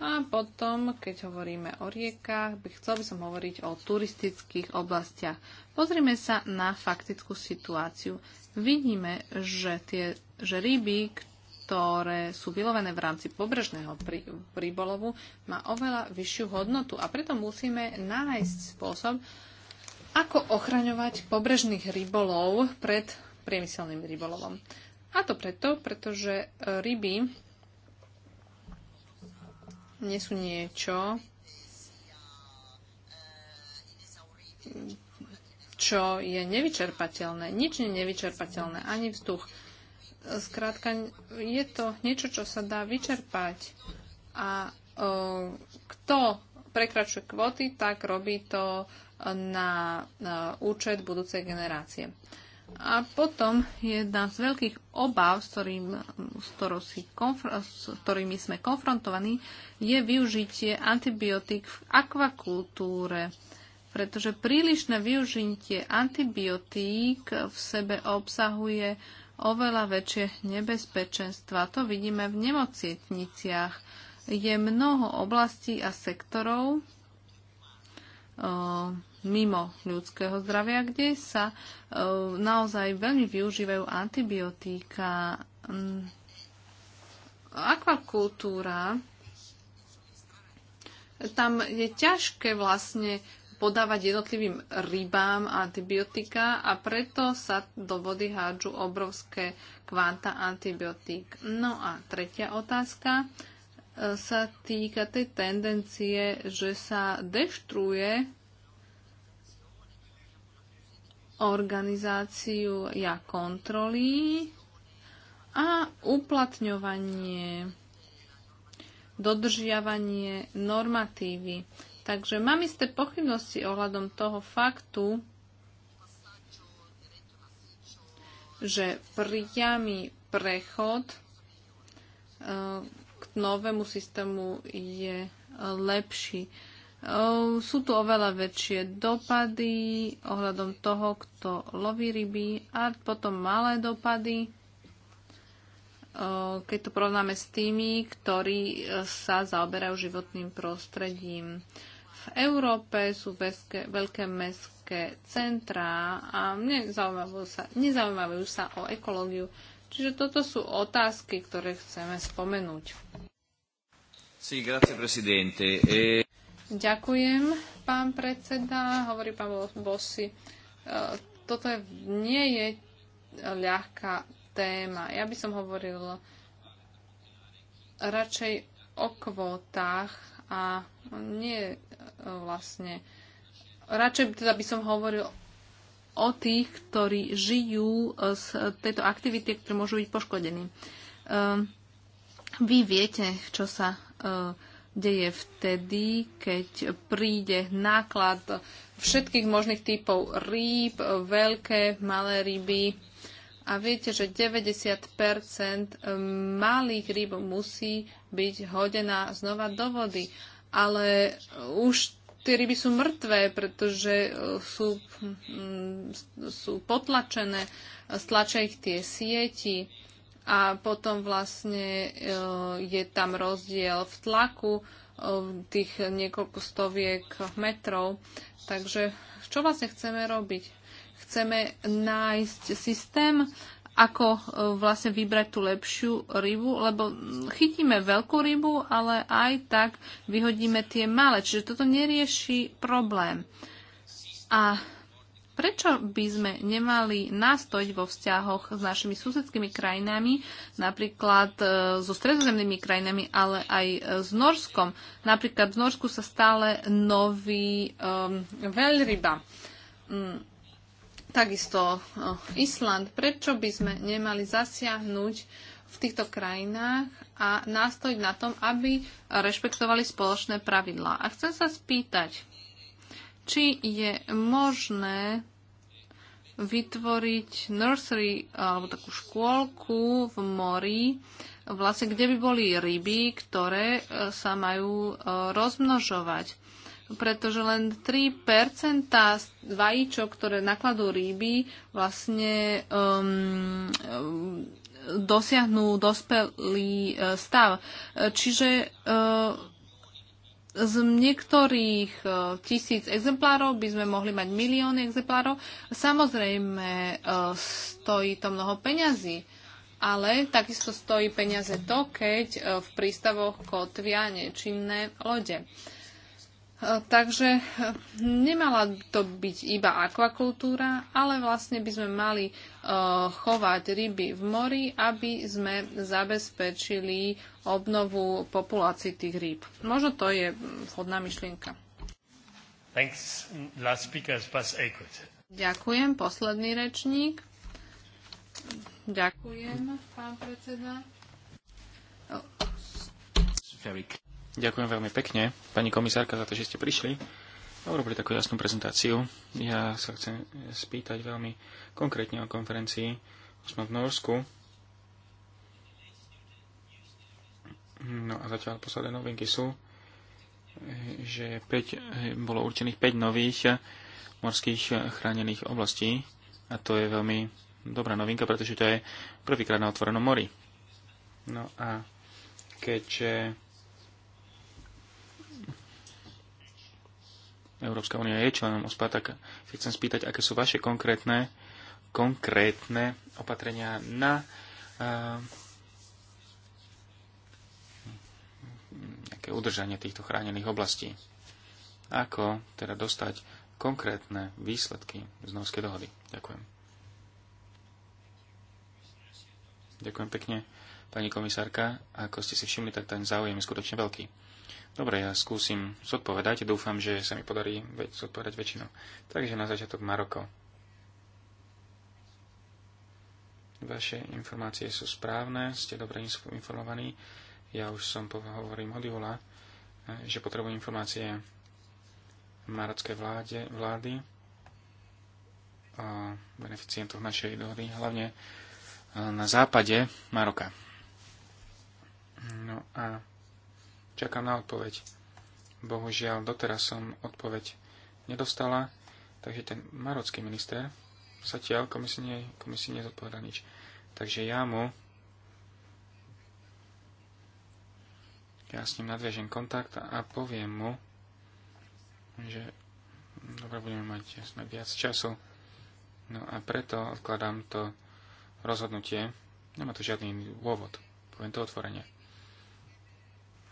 A potom, keď hovoríme o riekách, by chcel by som hovoriť o turistických oblastiach. Pozrime sa na faktickú situáciu vidíme, že, tie, že ryby, ktoré sú vylovené v rámci pobrežného príbolovu, má oveľa vyššiu hodnotu a preto musíme nájsť spôsob, ako ochraňovať pobrežných rybolov pred priemyselným rybolovom. A to preto, pretože ryby nie sú niečo, čo je nevyčerpateľné. Nič nie je nevyčerpateľné, ani vzduch. Zkrátka, je to niečo, čo sa dá vyčerpať. A kto prekračuje kvoty, tak robí to na, účet budúcej generácie. A potom jedna z veľkých obav, s, ktorým, s, s ktorými sme konfrontovaní, je využitie antibiotík v akvakultúre pretože prílišné využitie antibiotík v sebe obsahuje oveľa väčšie nebezpečenstva. To vidíme v nemocietniciach. Je mnoho oblastí a sektorov mimo ľudského zdravia, kde sa naozaj veľmi využívajú antibiotíka. Mm, akvakultúra tam je ťažké vlastne podávať jednotlivým rybám antibiotika a preto sa do vody hádžu obrovské kvanta antibiotík. No a tretia otázka e, sa týka tej tendencie, že sa deštruuje organizáciu ja kontroly a uplatňovanie, dodržiavanie normatívy. Takže mám isté pochybnosti ohľadom toho faktu, že priamy prechod eh, k novému systému je eh, lepší. Eh, sú tu oveľa väčšie dopady ohľadom toho, kto loví ryby a potom malé dopady, keď to porovnáme s tými, ktorí sa zaoberajú životným prostredím. Európe sú veľké, veľké mestské centrá a nezaujímajú sa, nezaujímajú sa o ekológiu. Čiže toto sú otázky, ktoré chceme spomenúť. Sí, grazie, presidente. E... Ďakujem, pán predseda, hovorí pán Bossi. E, toto je, nie je ľahká téma. Ja by som hovoril radšej o kvótach a nie vlastne. Radšej teda by som hovoril o tých, ktorí žijú e, z tejto aktivity, ktorí môžu byť poškodení. E, vy viete, čo sa e, deje vtedy, keď príde náklad všetkých možných typov rýb, veľké, malé ryby. A viete, že 90% malých rýb musí byť hodená znova do vody ale uh, už tie ryby sú mŕtvé, pretože uh, sú, mm, sú potlačené, uh, stlačia ich tie sieti a potom vlastne je tam rozdiel v tlaku tých niekoľko stoviek metrov. Takže čo vlastne chceme robiť? Chceme nájsť systém, ako e, vlastne vybrať tú lepšiu rybu, lebo chytíme veľkú rybu, ale aj tak vyhodíme tie malé. Čiže toto nerieši problém. A prečo by sme nemali nastojiť vo vzťahoch s našimi susedskými krajinami, napríklad e, so stredozemnými krajinami, ale aj e, s Norskom. Napríklad v Norsku sa stále nový um, veľryba. Um, takisto Island. Prečo by sme nemali zasiahnuť v týchto krajinách a nástojiť na tom, aby rešpektovali spoločné pravidlá. A chcem sa spýtať, či je možné vytvoriť nursery alebo takú škôlku v mori, vlastne kde by boli ryby, ktoré e, sa majú e, rozmnožovať pretože len 3% vajíčok, ktoré nakladú ryby, vlastne um, dosiahnu dospelý e, stav. Čiže uh, z niektorých e, tisíc exemplárov by sme mohli mať milióny exemplárov. Samozrejme, uh, stojí to mnoho peňazí. Ale takisto stojí peniaze to, keď v prístavoch kotvia nečinné lode. Uh, Takže eh, nemala to byť iba akvakultúra, ale vlastne by sme mali eh, chovať ryby v mori, aby sme zabezpečili obnovu populácií tých rýb. Možno to je mm, vhodná myšlienka. Thanks. Last speaker is Bas Ďakujem. Posledný rečník. Ďakujem, pán predseda. Ďakujem veľmi pekne, pani komisárka, za to, že ste prišli a urobili takú jasnú prezentáciu. Ja sa chcem spýtať veľmi konkrétne o konferencii sme v Norsku. No a zatiaľ posledné novinky sú, že 5, bolo určených 5 nových morských chránených oblastí a to je veľmi dobrá novinka, pretože to je prvýkrát na otvorenom mori. No a keďže Európska únia je členom OSPA, tak si chcem spýtať, aké sú vaše konkrétne, konkrétne opatrenia na uh, nejaké udržanie týchto chránených oblastí. Ako teda dostať konkrétne výsledky z Novskej dohody. Ďakujem. Ďakujem pekne, pani komisárka. Ako ste si všimli, tak ten záujem je skutočne veľký. Dobre, ja skúsim zodpovedať. Dúfam, že sa mi podarí zodpovedať väčšinu. Takže na začiatok Maroko. Vaše informácie sú správne, ste dobre informovaní. Ja už som pohovorím od júla, eh, že potrebujem informácie marockej vláde, vlády o beneficientoch našej dohody, hlavne eh, na západe Maroka. No a Čakám na odpoveď. Bohužiaľ, doteraz som odpoveď nedostala, takže ten marocký minister tiaľ komisii, komisii nezodpovedal nič. Takže ja mu ja s ním nadviažem kontakt a poviem mu, že dobre, budeme mať sme viac času. No a preto odkladám to rozhodnutie. Nemá to žiadny dôvod. Poviem to otvorene.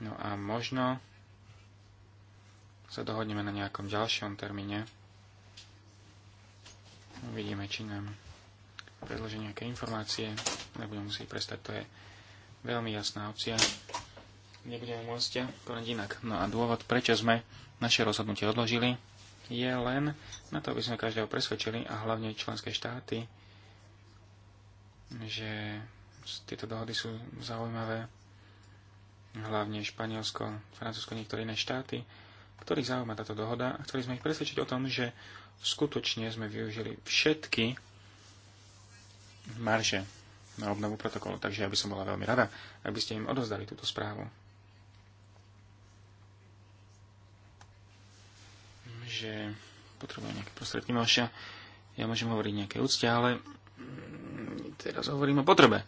No a možno sa dohodneme na nejakom ďalšom termíne. Uvidíme, či nám predloží nejaké informácie, nebudem musieť prestať, to je veľmi jasná opcia. Nebudeme môcť konať inak. No a dôvod, prečo sme naše rozhodnutie odložili, je len na to, aby sme každého presvedčili a hlavne členské štáty, že tieto dohody sú zaujímavé hlavne Španielsko, Francúzsko, niektoré iné štáty, ktorých zaujíma táto dohoda a chceli sme ich presvedčiť o tom, že skutočne sme využili všetky marže na obnovu protokolu. Takže ja by som bola veľmi rada, aby ste im odozdali túto správu. Že potrebujem nejaké prostredky, No ja môžem hovoriť nejaké úcte, ale teraz hovorím o potrebe.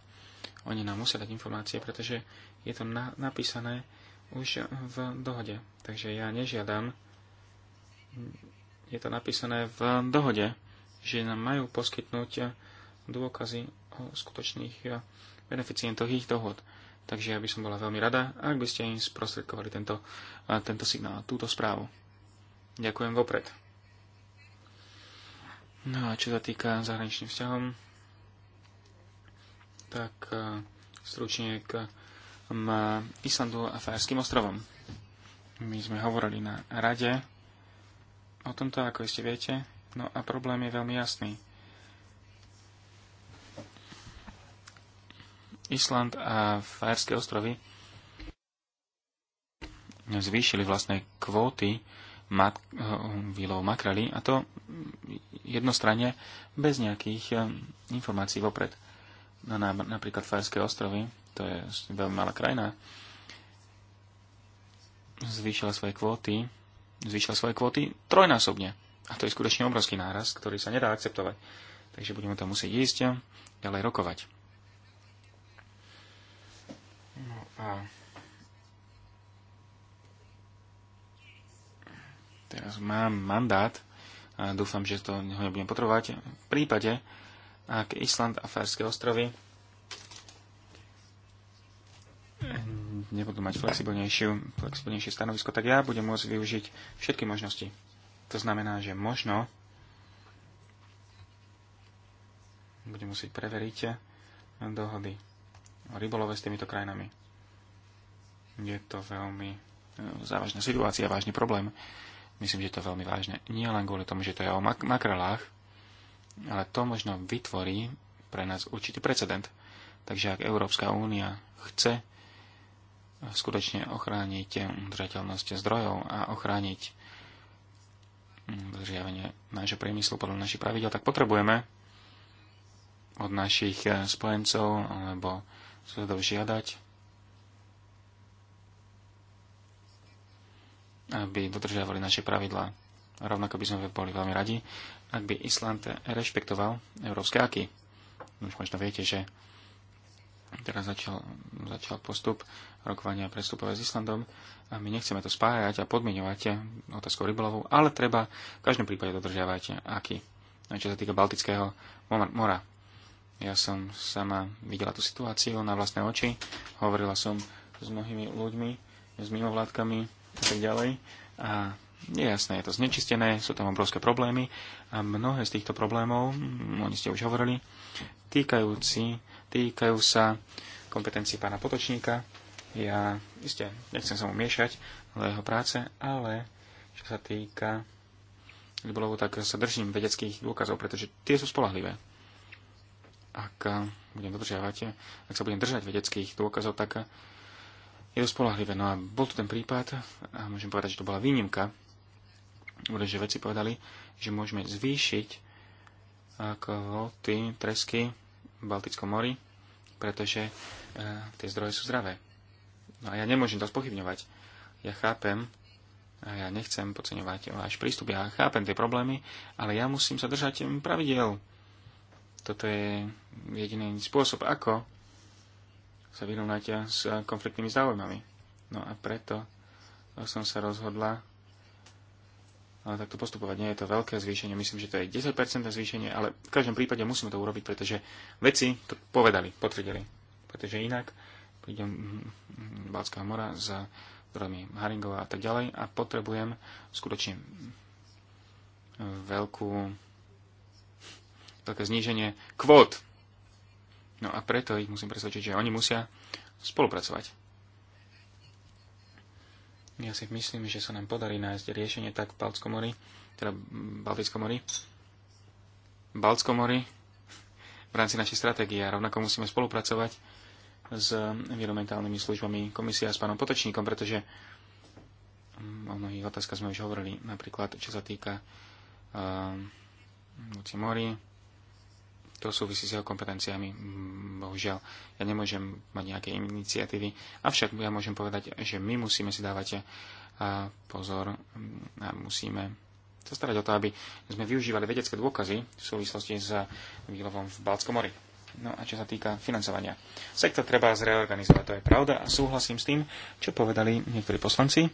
Oni nám musia dať informácie, pretože je to na- napísané už v dohode. Takže ja nežiadam, je to napísané v dohode, že nám majú poskytnúť dôkazy o skutočných beneficientoch ich dohod. Takže ja by som bola veľmi rada, ak by ste im sprostredkovali tento, tento signál, túto správu. Ďakujem vopred. No a čo sa týka zahraničným vzťahom, tak e, stručne k Islandu a Fajerským ostrovom. My sme hovorili na rade o tomto, ako ste viete, no a problém je veľmi jasný. Island a Fajerské ostrovy zvýšili vlastné kvóty mat- e, výlov makrely a to jednostranne bez nejakých e, informácií vopred na, no, na, napríklad Fajerské ostrovy, to je veľmi malá krajina, zvýšila svoje kvóty, zvýšila svoje kvóty trojnásobne. A to je skutočne obrovský náraz, ktorý sa nedá akceptovať. Takže budeme tam musieť ísť a ďalej rokovať. No a teraz mám mandát a dúfam, že to nebudem potrebovať. V prípade, ak Island a Fárske ostrovy nebudú mať flexibilnejšiu, flexibilnejšie stanovisko, tak ja budem môcť využiť všetky možnosti. To znamená, že možno budem musieť preveriť dohody o rybolove s týmito krajinami. Je to veľmi e, závažná situácia, vážny problém. Myslím, že to je veľmi vážne. Nie len kvôli tomu, že to je o mak- makrelách, ale to možno vytvorí pre nás určitý precedent. Takže ak Európska únia chce skutočne ochrániť udržateľnosť zdrojov a ochrániť udržiavanie mm, nášho priemyslu podľa našich pravidel, tak potrebujeme od našich eh, spojencov alebo susedov žiadať, aby dodržiavali naše pravidlá rovnako by sme boli veľmi radi, ak by Island rešpektoval európske aky. Už možno viete, že teraz začal, začal postup rokovania prestupové s Islandom a my nechceme to spájať a podmiňovať otázku rybolovu, ale treba v každom prípade dodržiavať aký. Čo sa týka Baltického mora. Ja som sama videla tú situáciu na vlastné oči, hovorila som s mnohými ľuďmi, s mimovládkami a tak ďalej a je jasné, je to znečistené, sú tam obrovské problémy a mnohé z týchto problémov, mm, oni ste už hovorili, týkajúci, týkajú sa kompetencií pána Potočníka. Ja iste nechcem sa mu miešať do jeho práce, ale čo sa týka Libolovu, tak sa držím vedeckých dôkazov, pretože tie sú spolahlivé. Ak budem dodržiavať, ak sa budem držať vedeckých dôkazov, tak je to spolahlivé. No a bol tu ten prípad, a môžem povedať, že to bola výnimka, že veci povedali, že môžeme zvýšiť e, kvóty tresky v Baltickom mori, pretože e, tie zdroje sú zdravé. No a ja nemôžem to spochybňovať. Ja chápem, a ja nechcem podceňovať váš prístup, ja chápem tie problémy, ale ja musím sa držať pravidel. Toto je jediný spôsob, ako sa vyrovnať s konfliktnými záujmami. No a preto som sa rozhodla takto postupovať. Nie je to veľké zvýšenie, myslím, že to je 10% zvýšenie, ale v každom prípade musíme to urobiť, pretože veci to povedali, potvrdili. Pretože inak prídem mm, mm, Balckého mora za zdrojmi Haringova a tak ďalej a potrebujem skutočne veľkú, veľké zníženie kvót. No a preto ich musím presvedčiť, že oni musia spolupracovať. Ja si myslím, že sa nám podarí nájsť riešenie tak v Baltskom mori, teda Baltickom mori, Baltskom mori, v rámci našej stratégie a rovnako musíme spolupracovať s environmentálnymi službami komisia a s pánom Potečníkom, pretože mm, o mnohých otázkach sme už hovorili, napríklad čo sa týka uh, mori, to súvisí s jeho kompetenciami, bohužiaľ. Ja nemôžem mať nejaké iniciatívy, avšak ja môžem povedať, že my musíme si dávať e, pozor a musíme sa starať o to, aby sme využívali vedecké dôkazy v súvislosti s výlovom v Balckom mori. No a čo sa týka financovania. Sektor treba zreorganizovať, to je pravda a súhlasím s tým, čo povedali niektorí poslanci.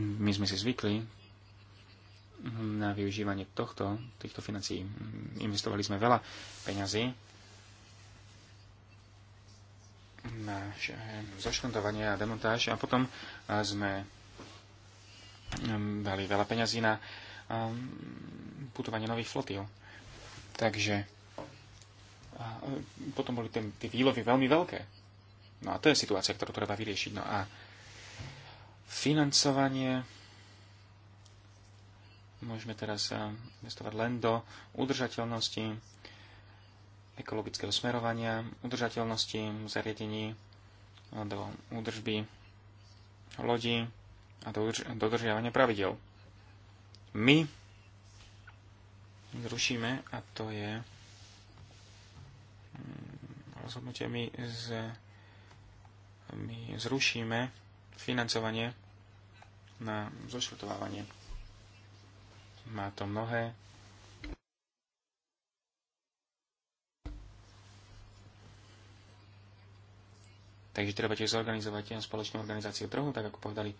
My sme si zvykli na využívanie tohto, týchto financií. Investovali sme veľa peňazí na zaškontovanie a demontáž a potom sme mm, dali veľa peňazí na putovanie nových flotil. Takže e, potom boli ten, tie výlovy veľmi veľké. No a to je situácia, ktorú treba vyriešiť. No a financovanie Môžeme teraz eh, investovať len do udržateľnosti, ekologického smerovania, udržateľnosti zariadení, eh, do údržby lodi a do dodržiavania pravidel. My zrušíme, a to je mm, rozhodnutie, my, z, my zrušíme financovanie na zošrotovávanie. Má to mnohé Takže treba tiež zorganizovať spoločnú organizáciu trhu, tak ako povedali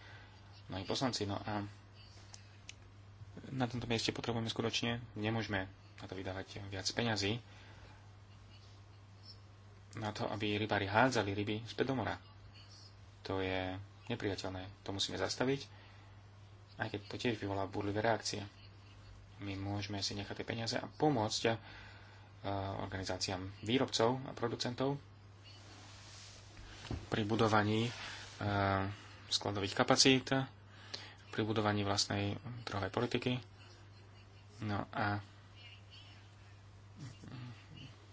mnohí poslanci. No a na tomto mieste potrebujeme skutočne, nemôžeme na to vydávať viac peňazí, na to, aby rybári hádzali ryby späť do mora. To je nepriateľné, to musíme zastaviť, aj keď to tiež vyvolá burlivé reakcie my môžeme si nechať tie peniaze a pomôcť eh, organizáciám výrobcov a producentov pri budovaní eh, skladových kapacít, pri budovaní vlastnej trhovej politiky. No a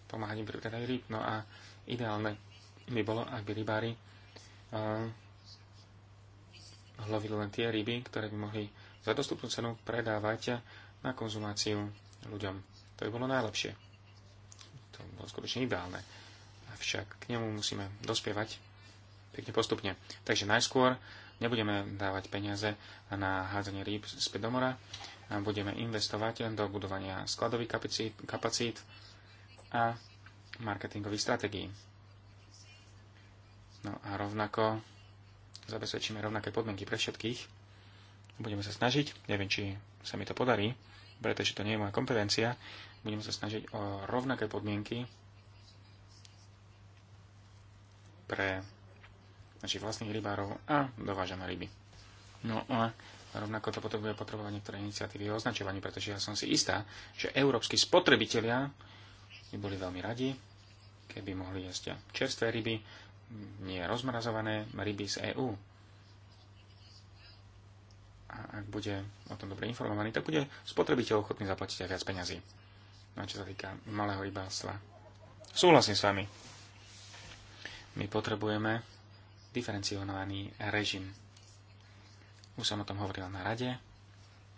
pomáhať im pri predaji rýb. No a ideálne by bolo, ak by rybári eh, lovili len tie ryby, ktoré by mohli za dostupnú cenu predávať na konzumáciu ľuďom. To by bolo najlepšie. To by bolo skutočne ideálne. Avšak k nemu musíme dospievať pekne postupne. Takže najskôr nebudeme dávať peniaze na hádzanie rýb späť do mora, budeme investovať do budovania skladových kapacít, kapacít a marketingových stratégií. No a rovnako zabezpečíme rovnaké podmienky pre všetkých, Budeme sa snažiť, neviem, či sa mi to podarí, pretože to nie je moja kompetencia, budeme sa snažiť o rovnaké podmienky pre našich vlastných rybárov a dovážame ryby. No a rovnako to potrebuje potrebovať niektoré iniciatívy o označovaní, pretože ja som si istá, že európsky spotrebitelia by boli veľmi radi, keby mohli jesť čerstvé ryby, nie rozmrazované ryby z EÚ a ak bude o tom dobre informovaný, tak bude spotrebiteľ ochotný zaplatiť aj viac peňazí. No čo sa týka malého rybárstva. Súhlasím s vami. My potrebujeme diferencionovaný režim. Už som o tom hovoril na rade.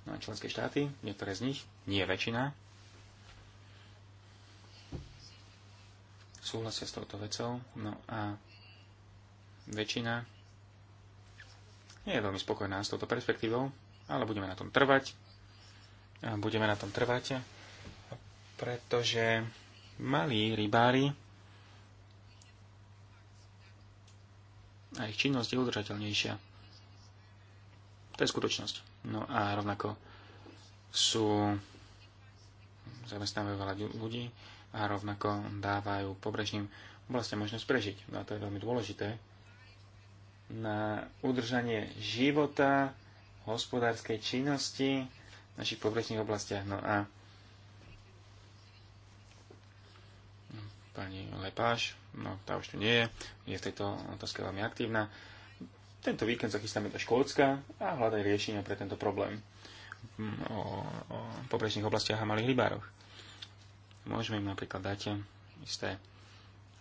No a členské štáty, niektoré z nich, nie väčšina, súhlasia s touto vecou. No a väčšina nie je veľmi spokojná s touto perspektívou, ale budeme na tom trvať. A budeme na tom trvať, pretože malí rybári a ich činnosť je udržateľnejšia. To je skutočnosť. No a rovnako sú zamestnávajú veľa ľudí a rovnako dávajú pobrežným oblastiam možnosť prežiť. No a to je veľmi dôležité, na udržanie života, hospodárskej činnosti v našich povrchných oblastiach. No a pani Lepáš, no tá už tu nie je, je v tejto otázke veľmi aktívna. Tento víkend sa chystáme do Škótska a hľadaj riešenia pre tento problém mm, o, o pobrežných oblastiach a malých rybároch. Môžeme im napríklad dať isté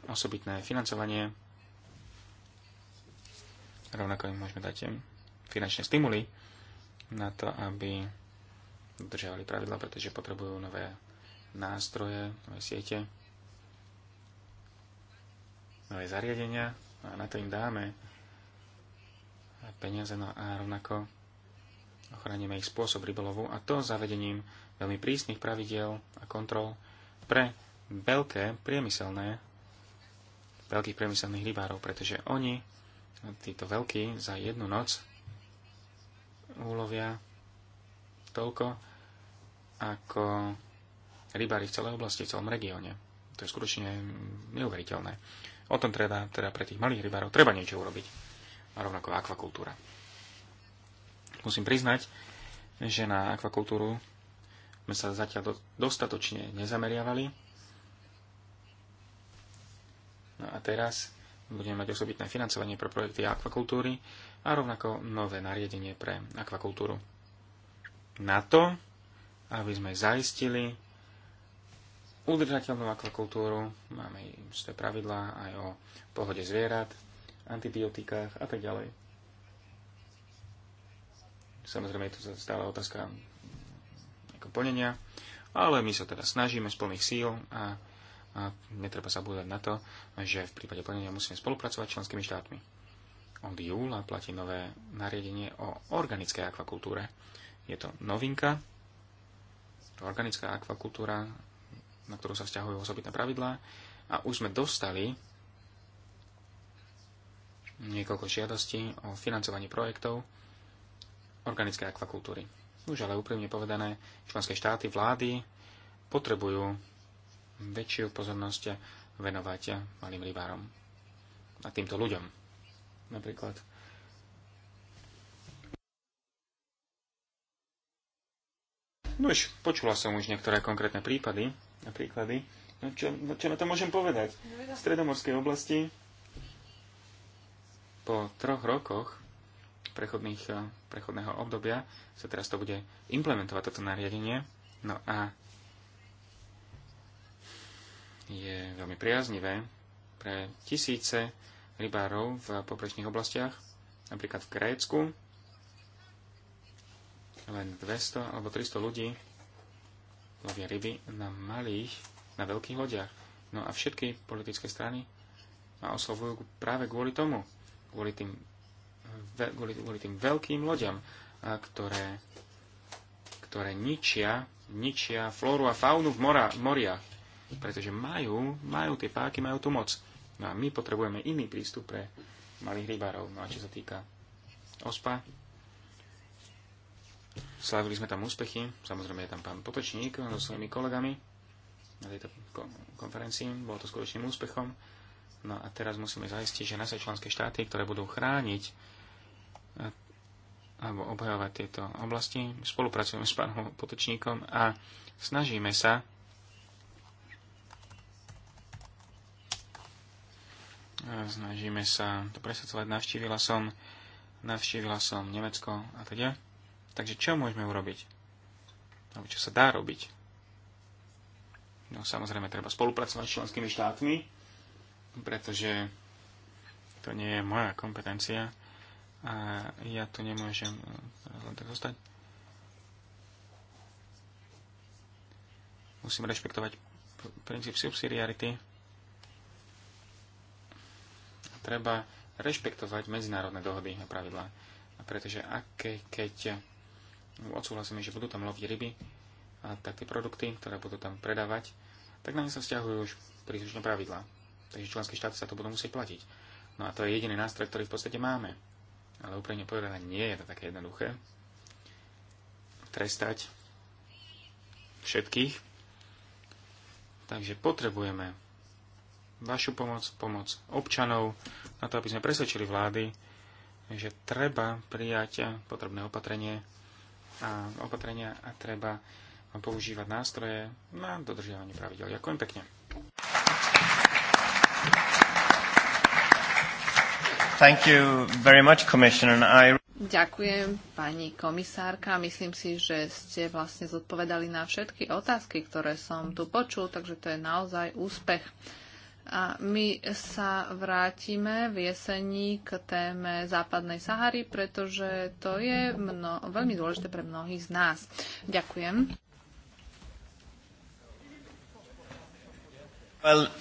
osobitné financovanie Rovnako im môžeme dať finančné stimuly na to, aby dodržiavali pravidla, pretože potrebujú nové nástroje, nové siete, nové zariadenia a na to im dáme peniaze no a rovnako ochránime ich spôsob rybolovu a to zavedením veľmi prísnych pravidiel a kontrol pre veľké priemyselné, veľkých priemyselných rybárov, pretože oni títo veľkí za jednu noc úlovia toľko ako rybári v celej oblasti, v celom regióne. To je skutočne neuveriteľné. O tom treba, teda pre tých malých rybárov treba niečo urobiť. A rovnako akvakultúra. Musím priznať, že na akvakultúru sme sa zatiaľ dostatočne nezameriavali. No a teraz budeme mať osobitné financovanie pre projekty akvakultúry a rovnako nové nariadenie pre akvakultúru. Na to, aby sme zaistili udržateľnú akvakultúru, máme isté pravidlá aj o pohode zvierat, antibiotikách a tak ďalej. Samozrejme je to stále otázka plnenia, ale my sa teda snažíme z plných síl a a netreba zabúdať na to, že v prípade plnenia musíme spolupracovať s členskými štátmi. Od júla platí nové nariadenie o organickej akvakultúre. Je to novinka, organická akvakultúra, na ktorú sa vzťahujú osobitné pravidlá a už sme dostali niekoľko žiadostí o financovanie projektov organickej akvakultúry. Už ale úprimne povedané, členské štáty, vlády potrebujú väčšiu pozornosť venovať malým rybárom a týmto ľuďom. Napríklad No už počula som už niektoré konkrétne prípady a príklady. No čo, no čo na to môžem povedať? V stredomorskej oblasti po troch rokoch prechodných, prechodného obdobia sa teraz to bude implementovať toto nariadenie. No a je veľmi priaznivé pre tisíce rybárov v poprečných oblastiach, napríklad v Grécku. Len 200 alebo 300 ľudí lovia ryby na malých, na veľkých lodiach. No a všetky politické strany ma oslovujú práve kvôli tomu, kvôli tým, kvôli, kvôli tým veľkým loďam, ktoré, ktoré ničia, ničia flóru a faunu v mora, moriach pretože majú, majú tie páky, majú tú moc. No a my potrebujeme iný prístup pre malých rybárov. No a čo sa týka OSPA, slávili sme tam úspechy, samozrejme je tam pán Potočník so svojimi kolegami na tejto konferencii, bolo to skutočným úspechom. No a teraz musíme zaistiť, že naše členské štáty, ktoré budú chrániť alebo obhajovať tieto oblasti, spolupracujeme s pánom Potočníkom a snažíme sa snažíme sa to presvedcovať. Navštívila som, navštívila som Nemecko a teda. Takže čo môžeme urobiť? Alebo čo sa dá robiť? No samozrejme, treba spolupracovať s členskými štátmi, pretože to nie je moja kompetencia a ja tu nemôžem eh, len tak zostať. Musím rešpektovať princíp subsidiarity treba rešpektovať medzinárodné dohody a pravidlá. Pretože ak, keď odsúhlasíme, že budú tam loviť ryby, a tak tie produkty, ktoré budú tam predávať, tak na ne sa vzťahujú už príslušné pravidlá. Takže členské štáty sa to budú musieť platiť. No a to je jediný nástroj, ktorý v podstate máme. Ale úprimne povedané, nie je to také jednoduché. Trestať všetkých. Takže potrebujeme vašu pomoc, pomoc občanov, na to, aby sme presvedčili vlády, že treba prijať potrebné opatrenie a opatrenia a treba používať nástroje na dodržiavanie pravidel. Ďakujem pekne. Thank you very much, Commissioner. I... Ďakujem, pani komisárka. Myslím si, že ste vlastne zodpovedali na všetky otázky, ktoré som tu počul, takže to je naozaj úspech. A my sa vrátime v jesení k téme západnej Sahary, pretože to je mno- veľmi dôležité pre mnohých z nás. Ďakujem. Well,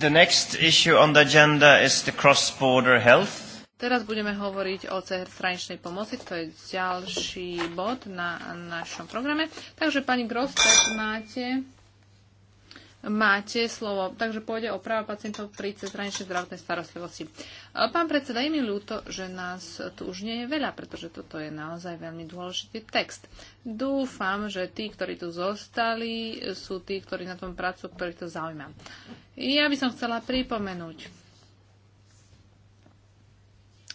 the next issue on the agenda is the cross-border health. Teraz budeme hovoriť o cezhraničnej pomoci, to je ďalší bod na našom programe. Takže pani Grostek, máte máte slovo. Takže pôjde o práva pacientov pri cezhraničnej zdravotnej starostlivosti. Pán predseda, je mi ľúto, že nás tu už nie je veľa, pretože toto je naozaj veľmi dôležitý text. Dúfam, že tí, ktorí tu zostali, sú tí, ktorí na tom pracu, ktorých to zaujíma. Ja by som chcela pripomenúť,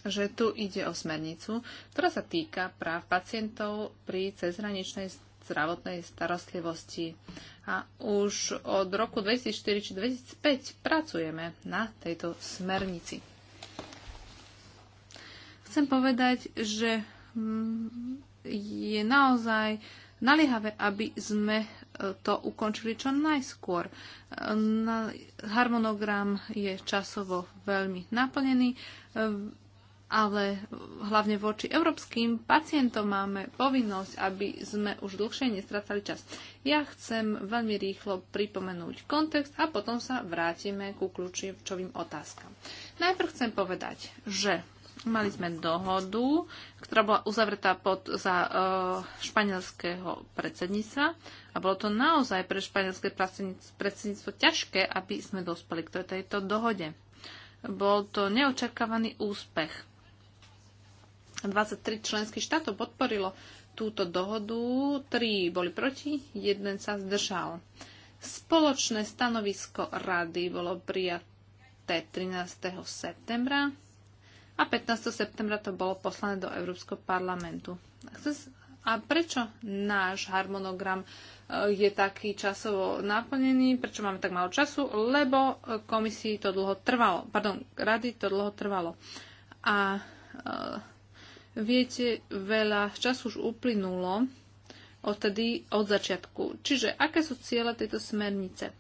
že tu ide o smernicu, ktorá sa týka práv pacientov pri cezhraničnej zdravotnej starostlivosti a už od roku 2004 či 2005 pracujeme na tejto smernici. Chcem povedať, že mm, je naozaj naliehavé, aby sme e, to ukončili čo najskôr. E, harmonogram je časovo veľmi naplnený. E, ale hlavne voči európskym pacientom máme povinnosť, aby sme už dlhšie nestracali čas. Ja chcem veľmi rýchlo pripomenúť kontext a potom sa vrátime ku kľúčovým otázkam. Najprv chcem povedať, že mali sme dohodu, ktorá bola uzavretá pod, za e, španielského predsedníctva a bolo to naozaj pre španielské predsedníctvo ťažké, aby sme dospeli k tejto dohode. Bol to neočakávaný úspech 23 členských štátov podporilo túto dohodu, 3 boli proti, jeden sa zdržal. Spoločné stanovisko rady bolo prijaté 13. septembra a 15. septembra to bolo poslané do Európskeho parlamentu. A prečo náš harmonogram e, je taký časovo naplnený? Prečo máme tak málo času? Lebo komisii to dlho trvalo. Pardon, rady to dlho trvalo. A e, Viete, veľa času už uplynulo odtedy od začiatku. Čiže aké sú ciele tejto smernice?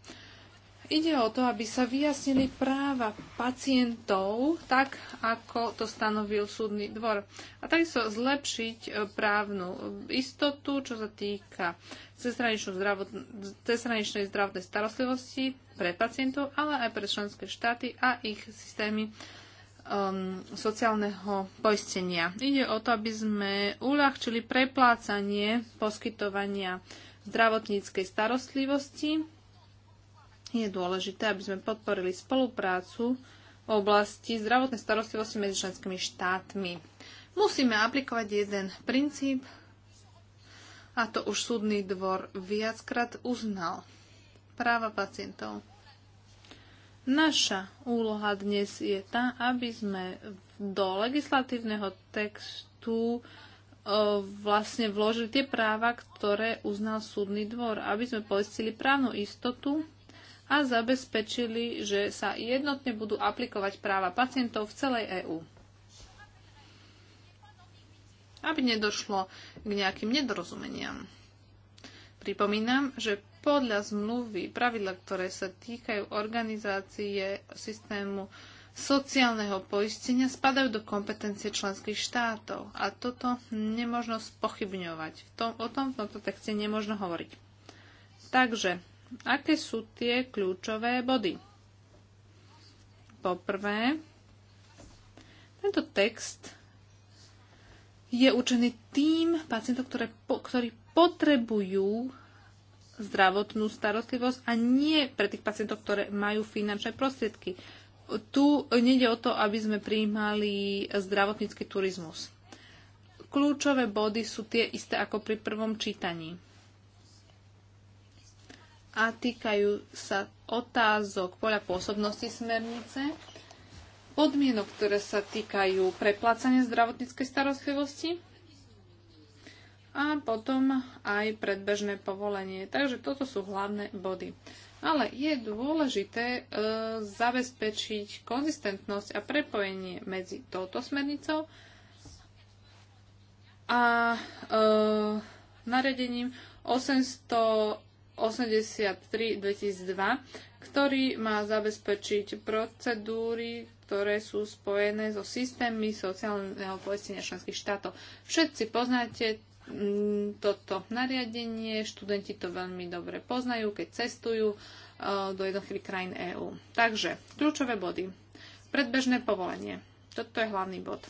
Ide o to, aby sa vyjasnili práva pacientov tak, ako to stanovil súdny dvor. A takisto zlepšiť e, právnu istotu, čo sa týka cezhraničnej zdravotnej starostlivosti pre pacientov, ale aj pre členské štáty a ich systémy um, sociálneho poistenia. Ide o to, aby sme uľahčili preplácanie poskytovania zdravotníckej starostlivosti. Je dôležité, aby sme podporili spoluprácu v oblasti zdravotnej starostlivosti medzi členskými štátmi. Musíme aplikovať jeden princíp, a to už súdny dvor viackrát uznal práva pacientov. Naša úloha dnes je tá, aby sme do legislatívneho textu e, vlastne vložili tie práva, ktoré uznal súdny dvor, aby sme poistili právnu istotu a zabezpečili, že sa jednotne budú aplikovať práva pacientov v celej EÚ. Aby nedošlo k nejakým nedorozumeniam. Pripomínam, že podľa zmluvy pravidla, ktoré sa týkajú organizácie systému sociálneho poistenia, spadajú do kompetencie členských štátov. A toto nemôžno spochybňovať. V tom, o tom v tomto texte nemôžno hovoriť. Takže, aké sú tie kľúčové body? Poprvé, tento text je určený tým pacientom, ktoré, ktorí potrebujú zdravotnú starostlivosť a nie pre tých pacientov, ktoré majú finančné prostriedky. Tu nejde o to, aby sme prijímali zdravotnícky turizmus. Kľúčové body sú tie isté ako pri prvom čítaní a týkajú sa otázok poľa pôsobnosti smernice, podmienok, ktoré sa týkajú preplácania zdravotníckej starostlivosti a potom aj predbežné povolenie. Takže toto sú hlavné body. Ale je dôležité e, zabezpečiť konzistentnosť a prepojenie medzi touto smernicou a e, nariadením 883 2002, ktorý má zabezpečiť procedúry, ktoré sú spojené so systémy sociálneho poistenia členských štátov. Všetci poznáte Mm, toto nariadenie. Študenti to veľmi dobre poznajú, keď cestujú eh, do jednotlivých krajín EÚ. Takže, kľúčové body. Predbežné povolenie. Toto je hlavný bod.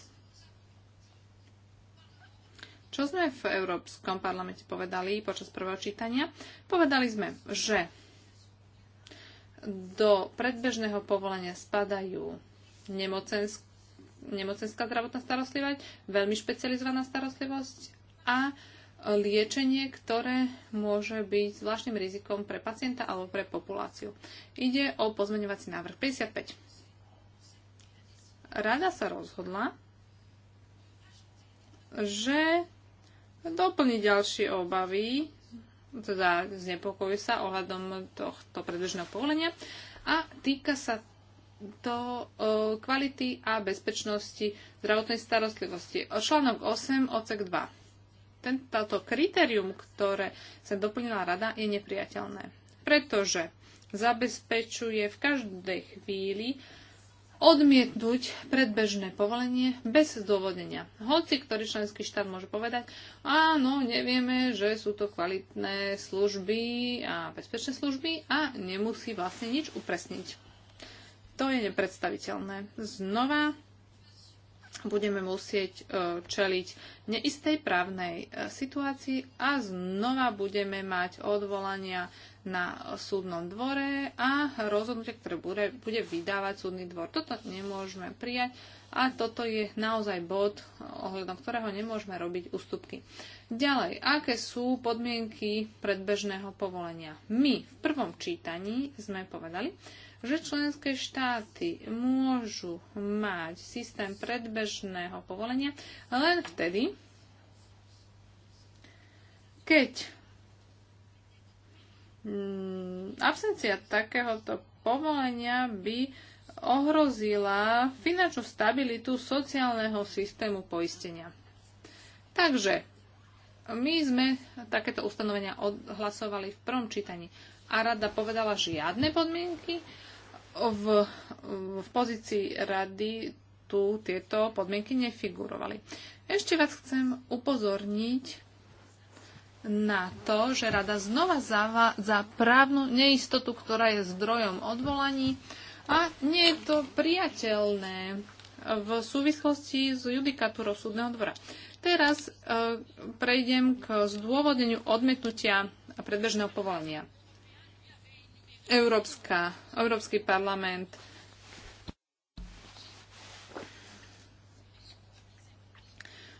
Čo sme v Európskom parlamente povedali počas prvého čítania? Povedali sme, že do predbežného povolenia spadajú nemocenské nemocenská zdravotná starostlivosť, veľmi špecializovaná starostlivosť a liečenie, ktoré môže byť zvláštnym rizikom pre pacienta alebo pre populáciu. Ide o pozmeňovací návrh 55. Rada sa rozhodla, že doplní ďalšie obavy, teda znepokojuje sa ohľadom tohto predbežného povolenia a týka sa do e, kvality a bezpečnosti zdravotnej starostlivosti. Článok 8, odsek 2 tento kritérium, ktoré sa doplnila rada, je nepriateľné. Pretože zabezpečuje v každej chvíli odmietnúť predbežné povolenie bez zdôvodnenia. Hoci ktorý členský štát môže povedať, áno, nevieme, že sú to kvalitné služby a bezpečné služby a nemusí vlastne nič upresniť. To je nepredstaviteľné. Znova budeme musieť e, čeliť neistej právnej e, situácii a znova budeme mať odvolania na súdnom dvore a rozhodnutie, ktoré bude, bude vydávať súdny dvor. Toto nemôžeme prijať a toto je naozaj bod, ohľadom ktorého nemôžeme robiť ústupky. Ďalej, aké sú podmienky predbežného povolenia? My v prvom čítaní sme povedali, že členské štáty môžu mať systém predbežného povolenia len vtedy, keď mm, absencia takéhoto povolenia by ohrozila finančnú stabilitu sociálneho systému poistenia. Takže my sme takéto ustanovenia odhlasovali v prvom čítaní a rada povedala žiadne podmienky, v, v pozícii rady tu tieto podmienky nefigurovali. Ešte vás chcem upozorniť na to, že rada znova za právnu neistotu, ktorá je zdrojom odvolaní a nie je to priateľné v súvislosti s judikatúrou súdneho dvora. Teraz e, prejdem k zdôvodneniu odmetnutia predbežného povolenia. Európska, Európsky parlament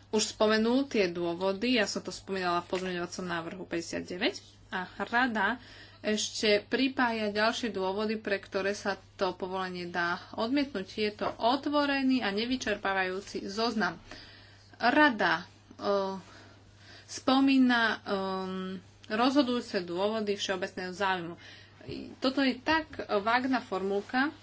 už spomenul tie dôvody, ja som to spomínala v pozmeňovacom návrhu 59 a rada ešte pripája ďalšie dôvody, pre ktoré sa to povolenie dá odmietnúť. Je to otvorený a nevyčerpávajúci zoznam. Rada uh, spomína um, rozhodujúce dôvody všeobecného záujmu toto je tak vágna formulka,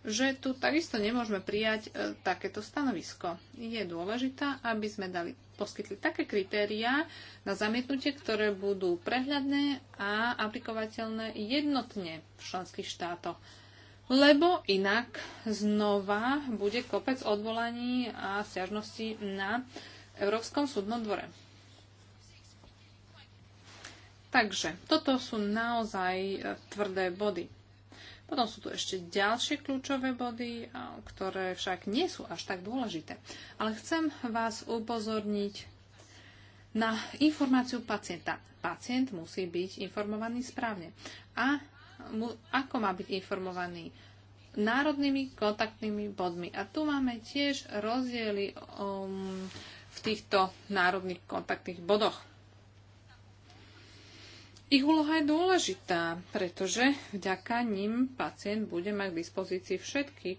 že tu takisto nemôžeme prijať e, takéto stanovisko. Je dôležité, aby sme dali, poskytli také kritériá na zamietnutie, ktoré budú prehľadné a aplikovateľné jednotne v členských štátoch. Lebo inak znova bude kopec odvolaní a stiažností na Európskom súdnom dvore. Takže toto sú naozaj e, tvrdé body. Potom sú tu ešte ďalšie kľúčové body, ktoré však nie sú až tak dôležité. Ale chcem vás upozorniť na informáciu pacienta. Pacient musí byť informovaný správne. A mu, ako má byť informovaný? Národnými kontaktnými bodmi. A tu máme tiež rozdiely um, v týchto národných kontaktných bodoch. Ich úloha je dôležitá, pretože vďaka nim pacient bude mať k dispozícii všetky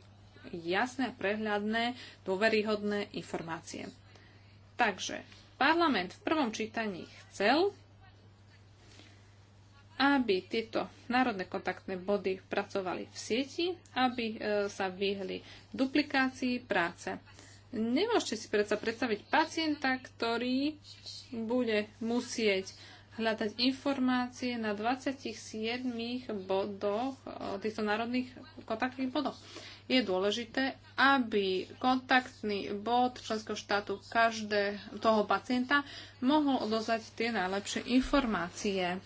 jasné a prehľadné, dôveryhodné informácie. Takže parlament v prvom čítaní chcel, aby tieto národné kontaktné body pracovali v sieti, aby e, sa vyhli duplikácii práce. Nemôžete si predsa predstaviť pacienta, ktorý bude musieť hľadať informácie na 27 bodoch, týchto národných kontaktných bodoch. Je dôležité, aby kontaktný bod členského štátu každé toho pacienta mohol odozvať tie najlepšie informácie,